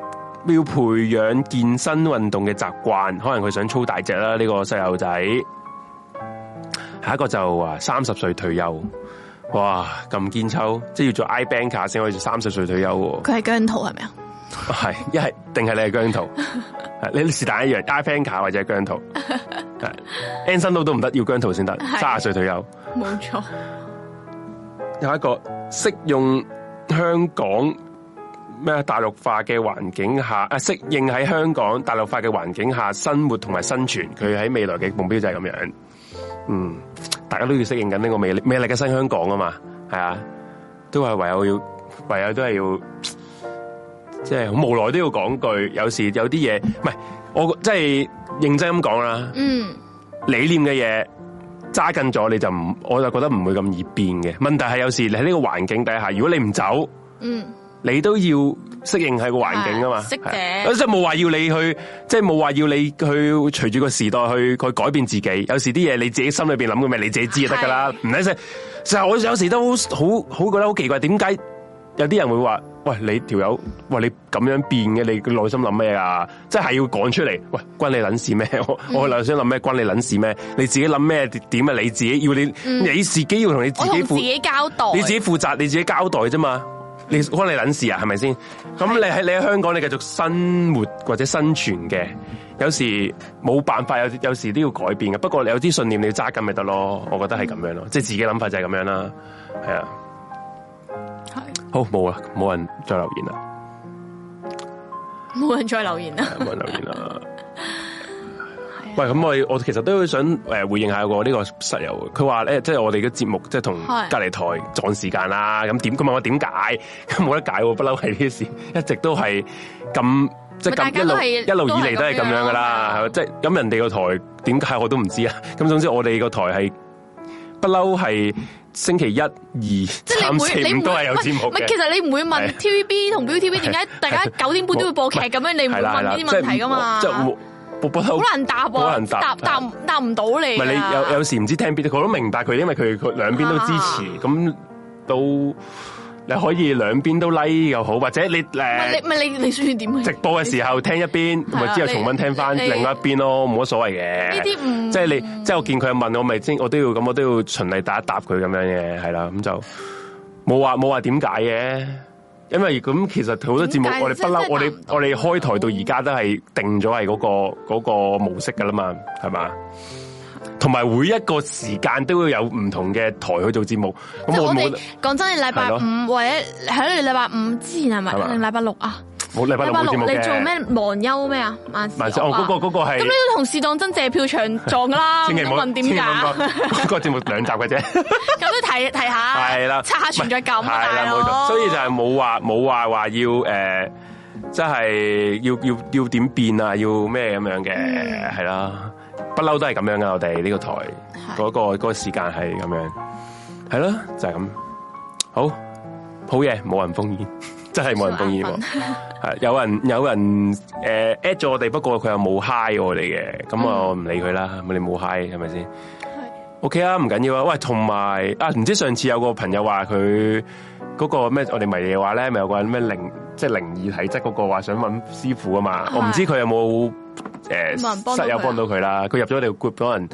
要培養健身運動嘅習慣。可能佢想操大隻啦呢個細路仔。下一個就話三十歲退休。哇，咁堅揪，即係要做 iBank 卡先可以做三十歲退休。佢係姜濤係咪啊？係一係，定係你係姜濤？你是但一樣 iBank 卡或者姜濤，係 Anson 都都唔得，要姜濤先得，三十歲退休。冇錯。有一個適用香港咩大陸化嘅環境下，啊適應喺香港大陸化嘅環境下生活同埋生存，佢喺未來嘅目標就係咁樣。嗯。大家都要適應緊呢個美美麗嘅新香港啊嘛，係啊，都係唯有要，唯有都係要，即係、就是、好無奈都要講句，有時有啲嘢，唔係我即係、就是、認真咁講啦，嗯，理念嘅嘢揸緊咗，了你就唔，我就覺得唔會咁易變嘅。問題係有時你喺呢個環境底下，如果你唔走，嗯。你都要適應係個環境啊嘛，即係冇話要你去，即係冇話要你去隨住個時代去去改變自己。有時啲嘢，你自己心裏邊諗嘅咩，你自己知就得噶啦。唔使即其就我有時都好好覺得好奇怪，點解有啲人會話喂你條友，喂你咁樣變嘅，你內心諗咩啊？即係要講出嚟，喂關你撚事咩？我、嗯、我內心諗咩關你撚事咩？你自己諗咩點啊？你自己要你你自己要同你自己負、嗯、自、自、自己交代，你自己負責，你自己交代啫嘛。你幫你諗事啊，係咪先？咁你喺你喺香港，你繼續生活或者生存嘅，有時冇辦法，有有時都要改變嘅。不過你有啲信念，你要揸緊咪得咯。我覺得係咁樣咯、嗯，即係自己諗法就係咁樣啦。係啊，係好冇啊，冇人再留言啦，冇人再留言啦，冇人留言啦。 [LAUGHS] 喂，咁我我其實都想誒回應下個石油、欸、我呢個室友，佢話咧，即係我哋嘅節目即係同隔籬台撞時間啦，咁點佢問我點解，咁冇得解，不嬲係呢件事，一直都係咁，即係咁一路一路以嚟都係咁樣噶啦，即係咁人哋個台點解我都唔知啊，咁總之我哋個台係不嬲係星期一二，即係你三四五都係有節目。其實你唔會問 T V B 同 ViuTV 點解大家九點半都會播劇咁樣，你唔會問呢啲問題噶嘛。好難答、啊、答，好難答答答唔到你。唔係你有有時唔知聽邊，佢都明白佢，因為佢佢兩邊都支持，咁、啊、都你可以兩邊都 like 又好，或者你誒、呃，你，唔係你，你算算點？直播嘅時候聽一邊，咪之後重溫聽翻另外一邊咯，冇乜所謂嘅。呢啲唔即係你，即係、就是就是、我見佢問，我咪先，我都要咁，我都要循例答一答佢咁樣嘅，係啦，咁就冇話冇話點解嘅。因為咁其實好多節目我哋不嬲，我哋我哋開台到而家都係定咗係嗰個嗰個模式噶啦嘛，係嘛？同埋每一個時間都會有唔同嘅台去做節目。即係我哋講真，你禮拜五或者喺你禮拜五之前係咪？定禮拜六啊？六，你做咩忘憂咩啊？萬事、啊、哦，嗰、那個嗰係。咁、那個、你都同事當真借票場撞啦？ [LAUGHS] 千祈唔好問點解。那個節目兩集嘅啫 [LAUGHS] 。咁都提提下。係啦。刷下存在感啊！所以就係冇話冇話話要誒，即、呃、係要要要點變啊？要咩咁樣嘅？係啦，不、嗯、嬲都係咁樣嘅。我哋呢個台嗰、那個那個時間係咁樣，係咯，就係、是、咁好。好嘢，冇人封煙。真係冇人中意喎，係有人有人誒 at 咗我哋，不過佢又冇 hi 我哋嘅，咁我唔理佢啦，嗯、我哋冇 hi，係咪先？OK 啊，唔緊要啊，喂，同埋啊，唔知上次有個朋友話佢嗰個咩，我哋咪話咧，咪有個人咩靈，即、就、係、是、靈異體質嗰個話想問師傅啊嘛，我唔知佢有冇誒室友幫到佢啦，佢入咗我哋 group 多人。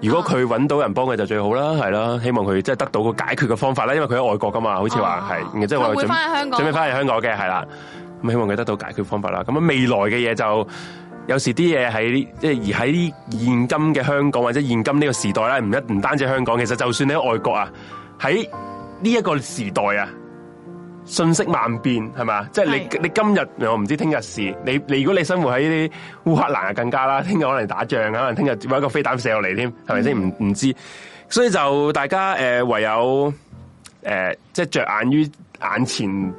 如果佢揾到人幫佢就最好啦，係啦，希望佢即係得到個解決嘅方法啦，因為佢喺外國噶嘛，好似話係，然後即係我準備翻嚟香港，準備翻嚟香港嘅，係啦，咁希望佢得到解決方法啦。咁啊，哦、未來嘅嘢就有時啲嘢喺即係而喺現今嘅香港或者現今呢個時代咧，唔一唔單止香港，其實就算你喺外國啊，喺呢一個時代啊。信息萬變係咪？即係、就是、你你，你今日我唔知聽日事。你你如果你生活喺呢啲烏克蘭啊，更加啦，聽日可能打仗，可能聽日揾一個飛彈射落嚟添，係咪先？唔、嗯、唔知，所以就大家、呃、唯有即係着眼於眼前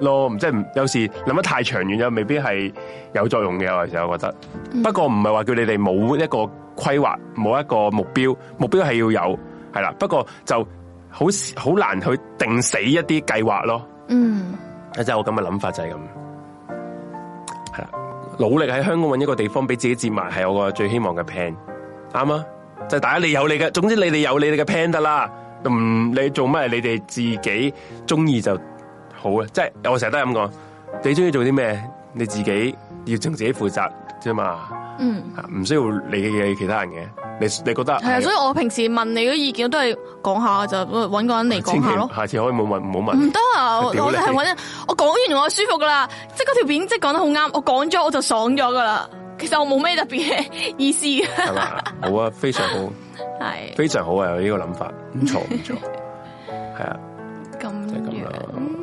咯，即、就、係、是、有時諗得太長遠又未必係有作用嘅，我其實我覺得。嗯、不過唔係話叫你哋冇一個規劃，冇一個目標，目標係要有係啦。不過就好好難去定死一啲計劃咯。嗯，即係我咁嘅諗法就係咁，係啦，努力喺香港搵一個地方俾自己接埋，係我個最希望嘅 plan，啱啊！就係、大家你有你嘅，總之你哋有你哋嘅 plan 得啦，唔、嗯、你做乜？你哋自己中意就好啊！即係我成日都係咁講，你中意做啲咩？你自己要從自己負責。啫、嗯、嘛，唔需要你嘅嘢，其他人嘅，你你覺得係啊？所以我平時問你嘅意見都係講下就搵個人嚟講下，下次可以冇問唔好問。唔得啊，我哋係搵，我講完我舒服噶啦， [LAUGHS] 即係嗰條片即係講得好啱，我講咗我就爽咗噶啦。其實我冇咩特別嘅意思嘅。係嘛，好啊，非常好，係非常好啊！呢個諗法唔錯唔錯，係啊，咁。 [LAUGHS] 就係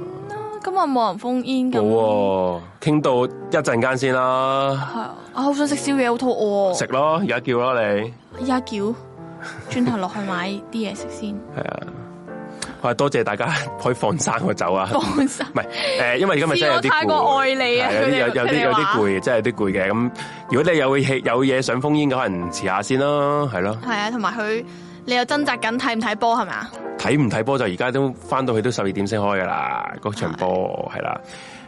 咁啊，冇人封煙嘅。好，傾到一陣間先啦。係啊，我，好想食宵夜，好肚餓。食咯，而家叫咯你。而家叫，轉 [LAUGHS] 頭落去買啲嘢食先。係啊，我係多謝大家可以放生我走啊。放生，唔係誒，因為而家咪真係有啲攰。太過愛你啊，有啲有啲有啲攰，真係有啲攰嘅。咁如果你有嘢有嘢想封煙嘅，可能遲下先咯，係咯、啊。係啊，同埋佢。你又掙扎緊睇唔睇波係咪？睇唔睇波就而家都翻到去都十二點先開噶啦，嗰場波係啦。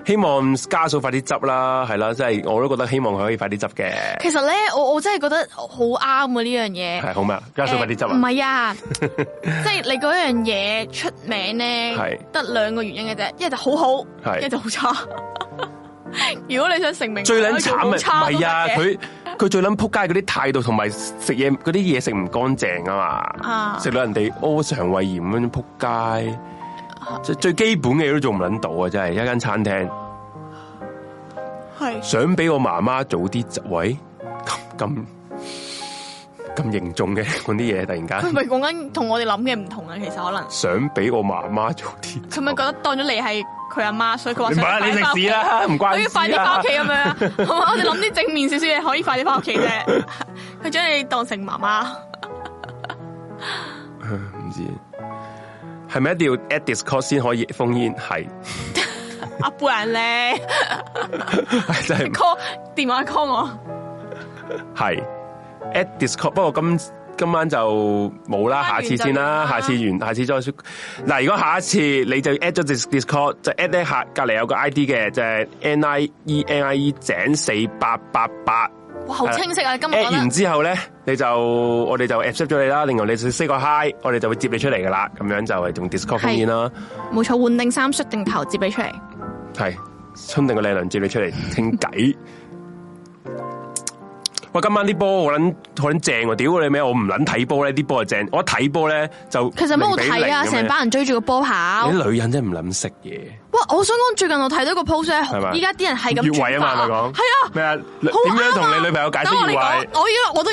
希望加嫂快啲執啦，係啦，即係我都覺得希望佢可以快啲執嘅。其實咧，我我真係覺得好啱啊呢樣嘢係好咩啊？加嫂快啲執啊！唔係啊，即係你嗰樣嘢出名咧，係得兩個原因嘅啫，一就好好，一就好差。 [LAUGHS] 如果你想成名，最捻慘啊，唔係呀，佢佢最捻撲街嗰啲態度和，同埋食嘢嗰啲嘢食唔乾淨啊嘛，食、啊、到人哋屙腸胃炎咁樣撲街，最、啊、最基本嘅嘢都做唔捻到啊！真係一間餐廳，係想俾我媽媽早啲執位咁。咁嚴重嘅嗰啲嘢，突然間佢咪講緊同我哋諗嘅唔同啊，其實可能想俾我媽媽做啲，佢咪覺得當咗你係佢阿媽，所以佢話唔係你食屎啦，唔關，要，啊關你啊要。 [LAUGHS] 可以快啲翻屋企咁樣，好嘛？我哋諗啲正面少少嘢，可以快啲翻屋企啫。佢將你當成媽媽，唔 [LAUGHS] 知係咪一定要 add Discord 先可以封煙？係 [LAUGHS] 阿蘭 [LAUGHS] 哎，不人呢？call 電話 call 我係。 [LAUGHS] at Discord，不過今今晚就冇啦，下次先啦，下次完，下次再。嗱，如果下一次你就 at 咗隻 Discord，就 at 呢下隔籬有個 I D 嘅，就係 N I E N I E 井四八八八。哇，好清晰啊！今日。at 完之後咧，你就我哋就 accept 咗你啦，另外你四個 Hi，我哋就會接你出嚟噶啦，咁樣就用 Discord 方便啦。冇錯，換定三率定頭接你出嚟。係，充定個靚女接你出嚟傾偈。我今晚啲波我諗我諗正喎，屌你咩？我唔捻睇波咧，啲波就正。我一睇波咧就0 0，其實冇乜好睇啊，成班人追住個波跑。啲女人真唔諗食嘢。哇！我想講，最近我睇到一個 post 咧，依家啲人係咁越位啊嘛，係咪講？係啊。咩啊？點樣同你女朋友解釋越位？我依家我都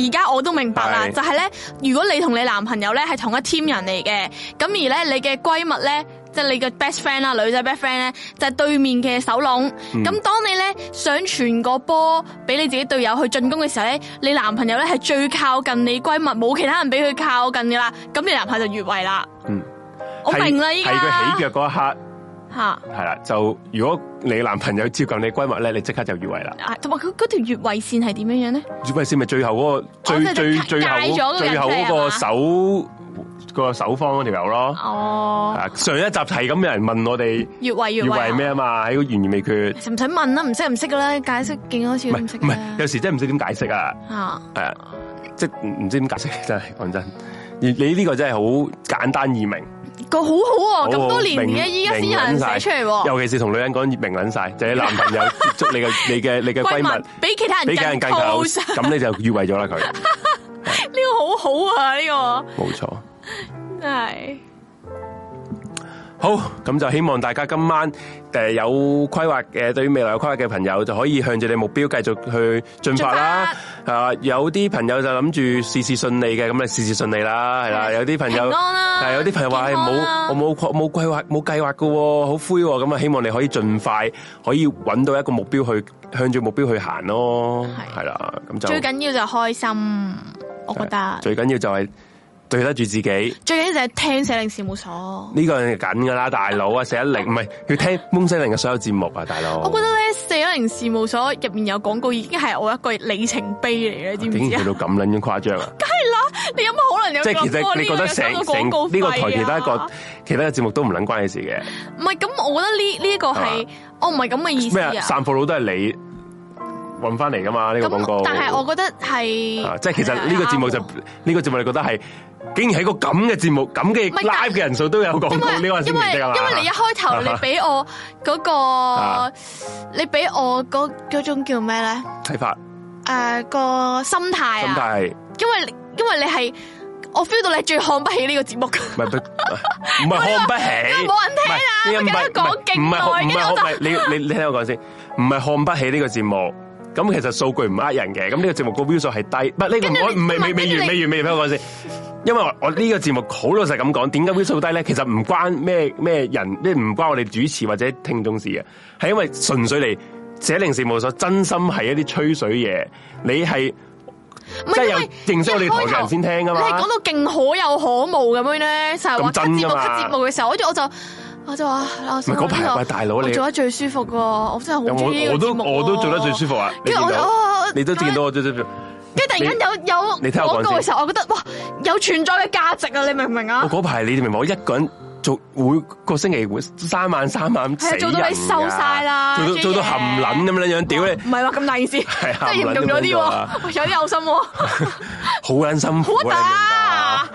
而家我都明白啦，就係咧，如果你同你男朋友咧係同一 team 人嚟嘅，咁而咧你嘅閨蜜咧。即、就、係、是、你個 best friend 啦，女仔 best friend 咧，就係對面嘅手籠。咁、嗯、當你咧想傳個波俾你自己隊友去進攻嘅時候咧，你男朋友咧係最靠近你閨蜜，冇其他人俾佢靠近噶啦，咁你男朋友就越位啦。嗯，我明啦，依家係佢起腳一刻。吓係啦，就如果你男朋友接近你閨蜜咧，你即刻就越位啦。同埋佢嗰條越位線係點樣樣咧？越位線咪最後嗰、那個最、啊、最最，最後最後嗰個手，手、那個手方嗰條友咯。哦、啊，上一集係咁有人問我哋越位越位咩啊嘛？喺、啊、個懸而未決，使唔使問啦唔識唔識噶啦，解釋勁多次唔識。唔係有時真係唔識點解釋啊，啊。即係唔知點解釋真係講真，你你呢個真係好簡單易明。個好，好好喎，咁多年嘅依家先有人寫出嚟喎，尤其是同女人講明撚晒，就喺、是、男朋友接觸你嘅你嘅你嘅閨蜜，俾其他人更加好晒，咁 [LAUGHS] 你就預為咗啦佢。呢、這個好好啊，呢、這個冇錯，係。好，咁就希望大家今晚誒有規劃嘅，對於未來有規劃嘅朋友就可以向住你目標繼續去進發啦。啊，有啲朋友就諗住事事順利嘅，咁啊事事順利啦，係啦。有啲朋友，啊、但有啲朋友話冇，啊哎，我冇冇規劃冇計劃嘅，好灰。咁啊，希望你可以儘快可以揾到一個目標去向住目標去行咯，係啦，咁就最緊要就開心，我覺得最緊要就係、是。對得住自己，最緊要就係聽社零事務所呢個係梗噶啦，大佬啊，社零，唔係，要聽 moon 社零嘅所有節目啊，大佬。我覺得咧社零事務所入面有廣告已經係我一個里程碑嚟嘅。點解？點解做到咁撚咁誇張啊？梗係啦，你有冇可能有咁多呢個廣告費、啊、台其他嘅節目都唔撚關你事嘅。唔係，咁我覺得呢呢一個係，我唔係咁嘅意思啊。散貨佬都係你。運翻嚟噶嘛？呢個廣告，但係我覺得係，即係其實呢個節目就呢個節目，你覺得係，竟然喺個咁嘅節目，咁嘅 live 嘅人數都有講呢個，因為因為因為你一開頭你俾我嗰個，你俾我嗰嗰種叫咩咧？睇法，誒個心態啊，因為因為你係，我 feel 到你最看不起呢個節目，唔係看不起，冇人聽呀，而家講勁多嘢都，你你你聽我講先，唔係看不起呢個節目。咁其實數據唔呃人嘅，咁呢個節目個 views 數係低，不呢、呢個唔唔未未未完未完未完俾我講先，因為我呢個節目好老實咁講，點解 views 數低咧？其實唔關咩咩人，咩唔關我哋主持或者聽眾事嘅，係因為純粹嚟寫零時無數，真心係一啲吹水嘢，你係即係有認識我哋台上人先聽㗎嘛？你係講到勁可有可無咁樣咧，成話節目嘅節目嘅時候，我即我就。我就話，唔係嗰排係大佬嚟，我做得最舒服嘅，我真係好我都我都做得最舒服啊！跟住我，我，你都見到我跟住突然間有有你睇嗰嘅時候，我覺得哇，有存在嘅價值啊！你明唔明啊？我嗰排你哋明唔明？我一個人做，每個星期會三晚三晚做到你瘦晒啦，做到，做到、嗯、做到含撚咁樣樣，屌你！唔係話咁大意思，即係嚴重咗啲，有啲嘔心。好 [LAUGHS] 卵、啊、心，核突啊！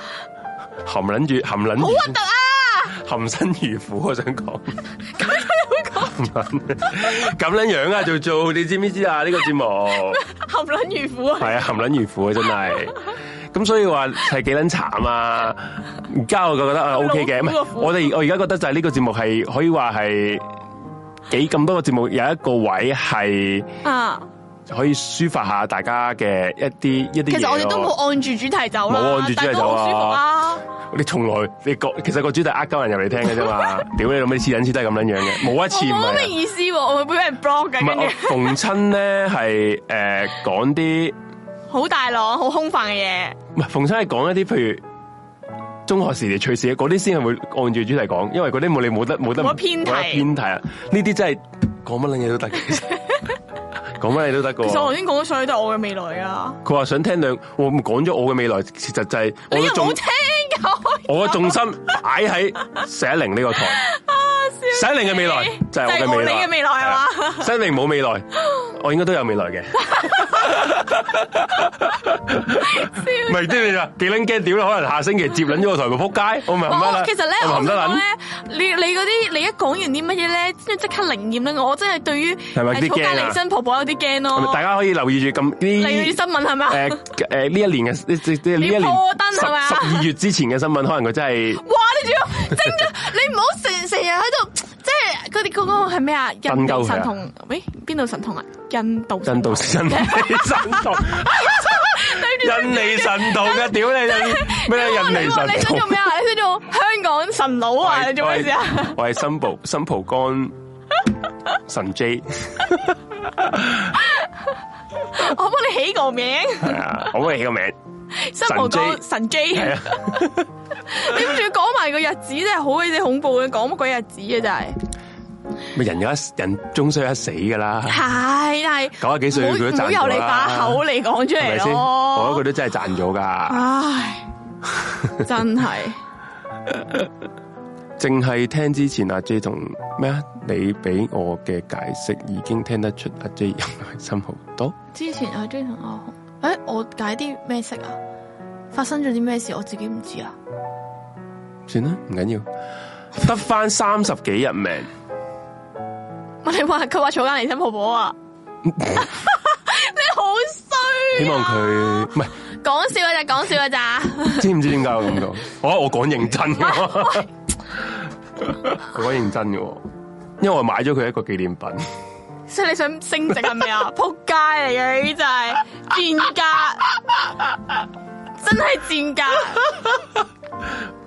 含撚住，含撚住，好核突啊！含辛茹苦，我想講，咁 [LAUGHS] 麼說 [LAUGHS] 樣樣啊，就做，你知唔知道這 [LAUGHS] 啊？呢個節目含撚茹苦，係 [LAUGHS] 啊，含撚茹苦啊，真、okay、係，咁所以話係幾撚慘啊！而家我就覺得啊，OK 嘅，我哋我而家覺得就係呢個節目係可以話係幾咁多個節目有一個位係啊。可以抒發下大家嘅一啲一啲其實我哋都冇按住主題走冇按住主題走啊，但係都好舒服啊。你從來你個其實個主題呃鳩人入嚟聽嘅啫嘛。屌你老味，次忍次都係咁捻樣嘅，冇一次唔。冇乜意思，啊、我會俾人 block 緊。逢親咧係誒講啲好大浪、好空泛嘅嘢。唔係逢親係講一啲譬如中學時嘅趣事，嗰啲先係會按住主題講，因為嗰啲冇你冇得冇得偏題偏題啊。呢啲真係講乜捻嘢都得。講乜嘢都得噶，其實我頭先講咗所有嘢都係我嘅未來啊！佢話想聽兩，我唔講咗我嘅未來，其實就係你又冇聽噶，我重心擺喺寫零呢個台，寫零嘅未來就係我嘅未來，你嘅未來係嘛？寫零冇未來，我應該都有未來嘅，咪知啦？跌零驚點咧？可能下星期接撚咗個台，我扑街，我咪唔得啦。其實咧，我唔得啦，你你嗰啲，你一講完啲乜嘢咧，即即刻靈驗咧，我真係對於係草芥離身婆婆。你驚咯，大家可以留意住咁啲新聞係咪？誒誒，呢一年嘅呢呢呢一年十二月之前嘅新聞，可能佢真係哇！你仲要真嘅？你唔好成成日喺度，即係佢哋嗰個係咩啊？印度神童，喂，邊度神童啊？印度神童，印度神童，印度神童啊！屌你，咩印度神童？你想做咩啊？你想做香港神佬啊？你做咩啫？我係 simple，simple 干神 J。 [LAUGHS] 我幫你起個名，啊，我幫你起個名 [LAUGHS] 神，神 J 神 [LAUGHS] 對、啊、 [LAUGHS] 你跟住講埋個日子真係好鬼死恐怖嘅，講乜鬼日子真係。咪人有一人終須一死噶啦，係係九啊幾歲佢都賺啦。唔好由你把口你講出嚟咯。我覺得佢都真係賺咗噶，唉，真係。 [LAUGHS] 淨係聽之前阿 J 同咩啊，你俾我嘅解釋已經聽得出阿 J 有耐心好多。之前阿 J 同我，誒、欸，我解啲咩色啊？發生咗啲咩事，我自己唔知啊。算啦，唔緊要，得翻三十幾日命 [LAUGHS] 你說。我哋話佢話坐間嚟聽婆婆啊！ [LAUGHS] 你好衰、啊。希望佢唔係講笑啊？咋講笑啊？咋知唔知點解我咁講？我我講認真嘅。 [LAUGHS] 佢好認真嘅，因為我買咗佢一個紀念品。所以你想升值係咪啊？撲 [LAUGHS] 街嚟嘅呢啲就係賤價， [LAUGHS] 真係賤價。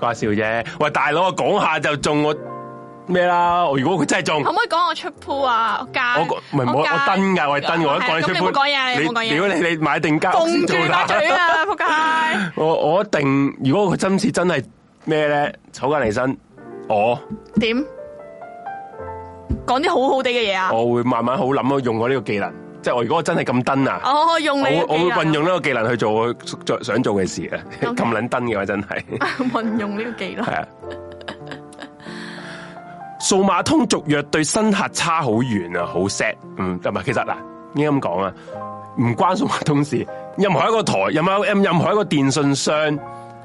掛笑啫！喂，大佬，我講下就中我咩啦？如果佢真係中，可唔可以講我出 pool 啊？我唔係我我登噶，我係登我，我，我，我，我。我講嘢，你屌你你，你買定家先做住的嘴啊！撲街！ [LAUGHS] 我我一定，如果佢真似真係咩咧？坐翻嚟身。我點講啲好好地嘅嘢啊？我會慢慢好諗咯，用我呢個技能，即係我如果真係咁登啊！哦，用你技能我，我會運用呢個技能去做我想做嘅事啊。咁捻登嘅話真係運 [LAUGHS] 用呢個技能。係 [LAUGHS] 啊，數碼通續約對新客差好遠啊，好 sad。嗯，唔係，其實嗱，應該咁講啊，唔關數碼通事，任何一個台，任何任何一個電信商，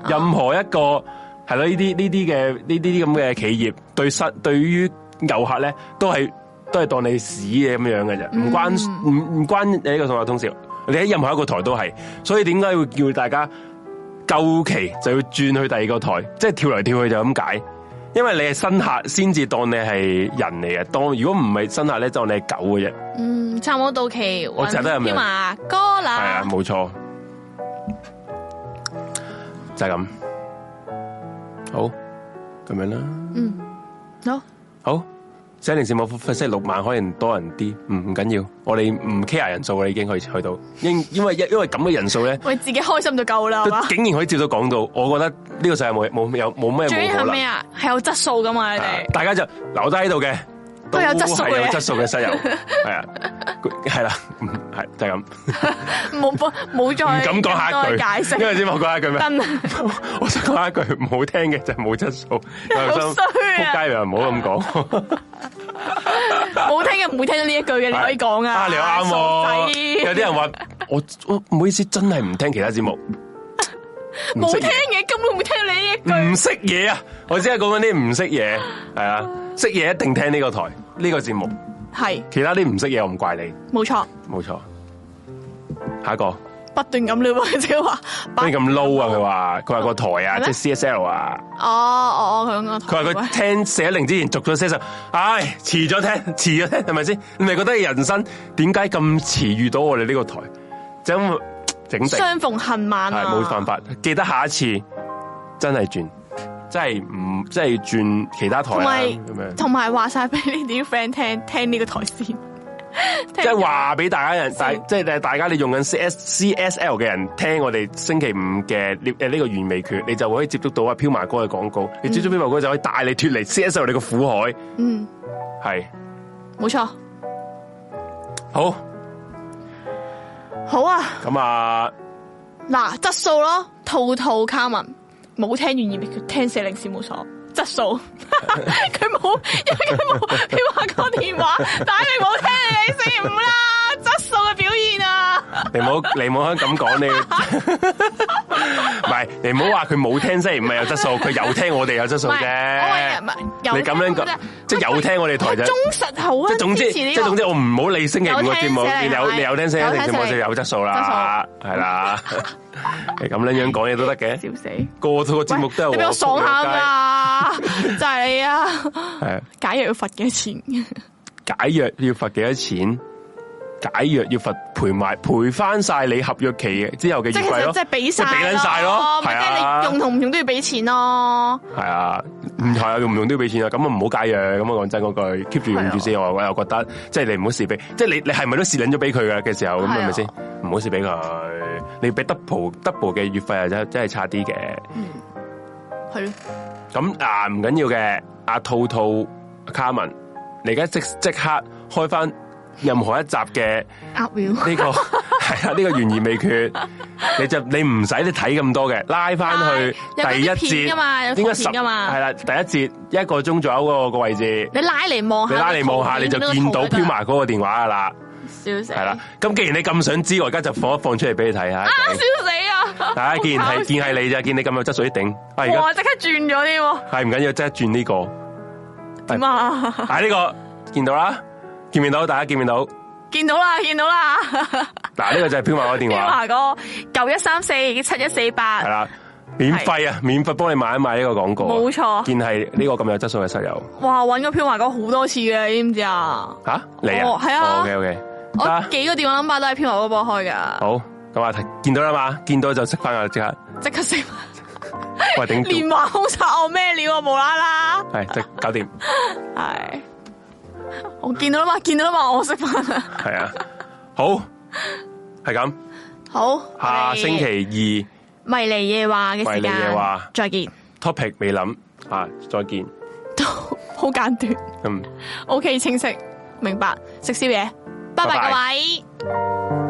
任何一個。啊。係咯，呢啲呢啲嘅呢啲咁嘅企業對，對失對於遊客咧，都係都係當你屎嘅咁樣嘅啫，唔、嗯、關唔唔關呢個數碼通宵，你喺任何一個台都係，所以點解會叫大家夠期就要轉去第二個台，即係跳來跳去就咁解，因為你係新客先至當你係人嚟嘅，當如果唔係新客咧，就當你係狗嘅啫。嗯，差唔多到期，我淨係得阿明哥啦，係啊，冇錯，就係、是、咁。好咁樣啦，嗯，好，好，即係平時我分析六萬可能多人啲，唔唔緊要，我哋唔 care 人數，我哋已經可以去到，因為因為因為咁嘅人數咧，我自己開心就夠啦，竟然可以照到講到， [LAUGHS] 我覺得呢個世界冇冇有冇咩最咩啦，係有質素噶嘛，你哋、啊、大家就留低喺度嘅。都有質素嘅西遊，係啊，係啦，係就係咁。冇冇再唔敢講下一句，因為先講一句咩，我想講下一句唔好聽嘅，就係冇質素。好衰啊！仆街人唔好咁講。冇聽嘅唔會聽到呢一句嘅，你可以講啊。你啱喎。有啲人話我，我唔好意思，真係唔聽其他節目。冇聽嘢，根本唔聽你嘅、啊 [LAUGHS] 唔識嘢啊！我只係講緊啲唔識嘢，係啊，識嘢一定聽呢個台呢、呢個節目。係、嗯、其他啲唔識嘢，我唔怪你。冇錯，冇錯。下一個不斷咁撩記者話，咩咁 low 啊？佢話佢話個台啊，即係、就是、C S L 啊。哦哦哦，佢講個台。佢話佢聽四一零之前續咗 C S L，唉，遲咗、哎、聽，遲咗聽，係咪先？你咪覺得人生點解咁遲遇到我哋呢個台？就咁整相逢恨晚啊！係冇辦法，記得下一次真係轉，真係唔即係轉其他台。同同埋話晒俾你哋啲 friend 聽聽呢個台先， [LAUGHS] 即係話俾大家人，即係大家你用緊 C S C L 嘅人聽我哋星期五嘅呢呢個完美劇，你就會可以接觸到阿飄埋哥嘅廣告。你接觸飄埋哥就可以帶你脫離 C S L 你個苦海。嗯，係，冇錯，好。好啊！咁啊，嗱，質素咯，套套卡文，冇聽願意聽死靈事務所質素，佢冇，因為佢冇，佢話過電話，但係你冇聽你四五啦，質素嘅表現啊！你冇，你冇可以咁講你，唔係，你冇話佢冇聽星期五係有質素，佢有聽我哋有質素啫。唔係，你咁樣講，即係有聽我哋台啫。忠實好，即係總之，即係總之，我唔好理你星期五嘅節目，你有你有聽星期，一定節目就有質素啦，係啦。咁 [LAUGHS] 樣樣講嘢都得嘅，笑死！個套個節目都係我你有爽下啦，就係啊！ [LAUGHS] 你啊 [LAUGHS] 解約要罰幾多錢？ [LAUGHS] 解約要罰幾多錢？解約要罰，賠埋賠翻晒你合約期嘅之後嘅月費，即係俾晒咯，係、哦、啊，啊，啊，啊，用同唔用都要俾錢咯。係啊，唔係啊，用唔用都要俾錢啊。咁啊，唔好解約。咁我講真嗰句，keep 住用住先。我又覺得，即係你唔好蝕俾，即係你你係咪都蝕捻咗俾佢嘅時候咁？係咪先？唔好蝕俾佢。你俾 double double 嘅月費啊，真真係差啲嘅。嗯，係咯。咁啊，唔緊要嘅。阿、啊、兔兔，卡文，你而家即即刻開翻。任何一集嘅呢、這個係啦，呢、 [LAUGHS] 這個懸而未決，你就你唔使你睇咁多嘅，拉翻去第一節啊嘛，嘛，應該十係啦，第一節一個鐘左右嗰個位置，你拉嚟望下，你拉嚟望下，你就見到飄埋嗰個電話噶啦，笑死係啦，咁既然你咁想知，我而家就放一放出嚟俾你睇下。啊，笑死啊！大家見係係見係你咋，見你咁有質素啲頂，我即刻轉咗呢個，係唔緊要，即刻轉呢個，係呢個見到啦。見面到，大家見面到，見到啦，見到啦。嗱、 [LAUGHS] 啊，呢個就係飄華哥電話。飄華哥，九一三四七一四八。係啦，免費啊，免費幫你買一買呢個廣告。冇錯，見係呢個咁有質素嘅室友。哇，搵咗飄華哥好多次嘅，知唔知啊？吓，你啊？係、哦、啊，好、哦、嘅、好、okay, 嘅、okay。我幾個電話 number 都係飄華哥幫開噶。好，咁、嗯、啊，見到啦嘛，見到就識翻啊，即刻，即刻識。喂，頂住。連環我咩料啊？無啦啦、啊。係， [LAUGHS] 即搞掂。係。 [LAUGHS] [LAUGHS] 我見到啦嘛，見到啦嘛，我食飯啦。係啊，好，係咁，好，下星期二迷離夜話嘅時間，夜話，再見。Topic 未諗啊，再見。都 [LAUGHS] 好簡短，嗯，OK，清晰，明白。食宵夜，拜拜，各位。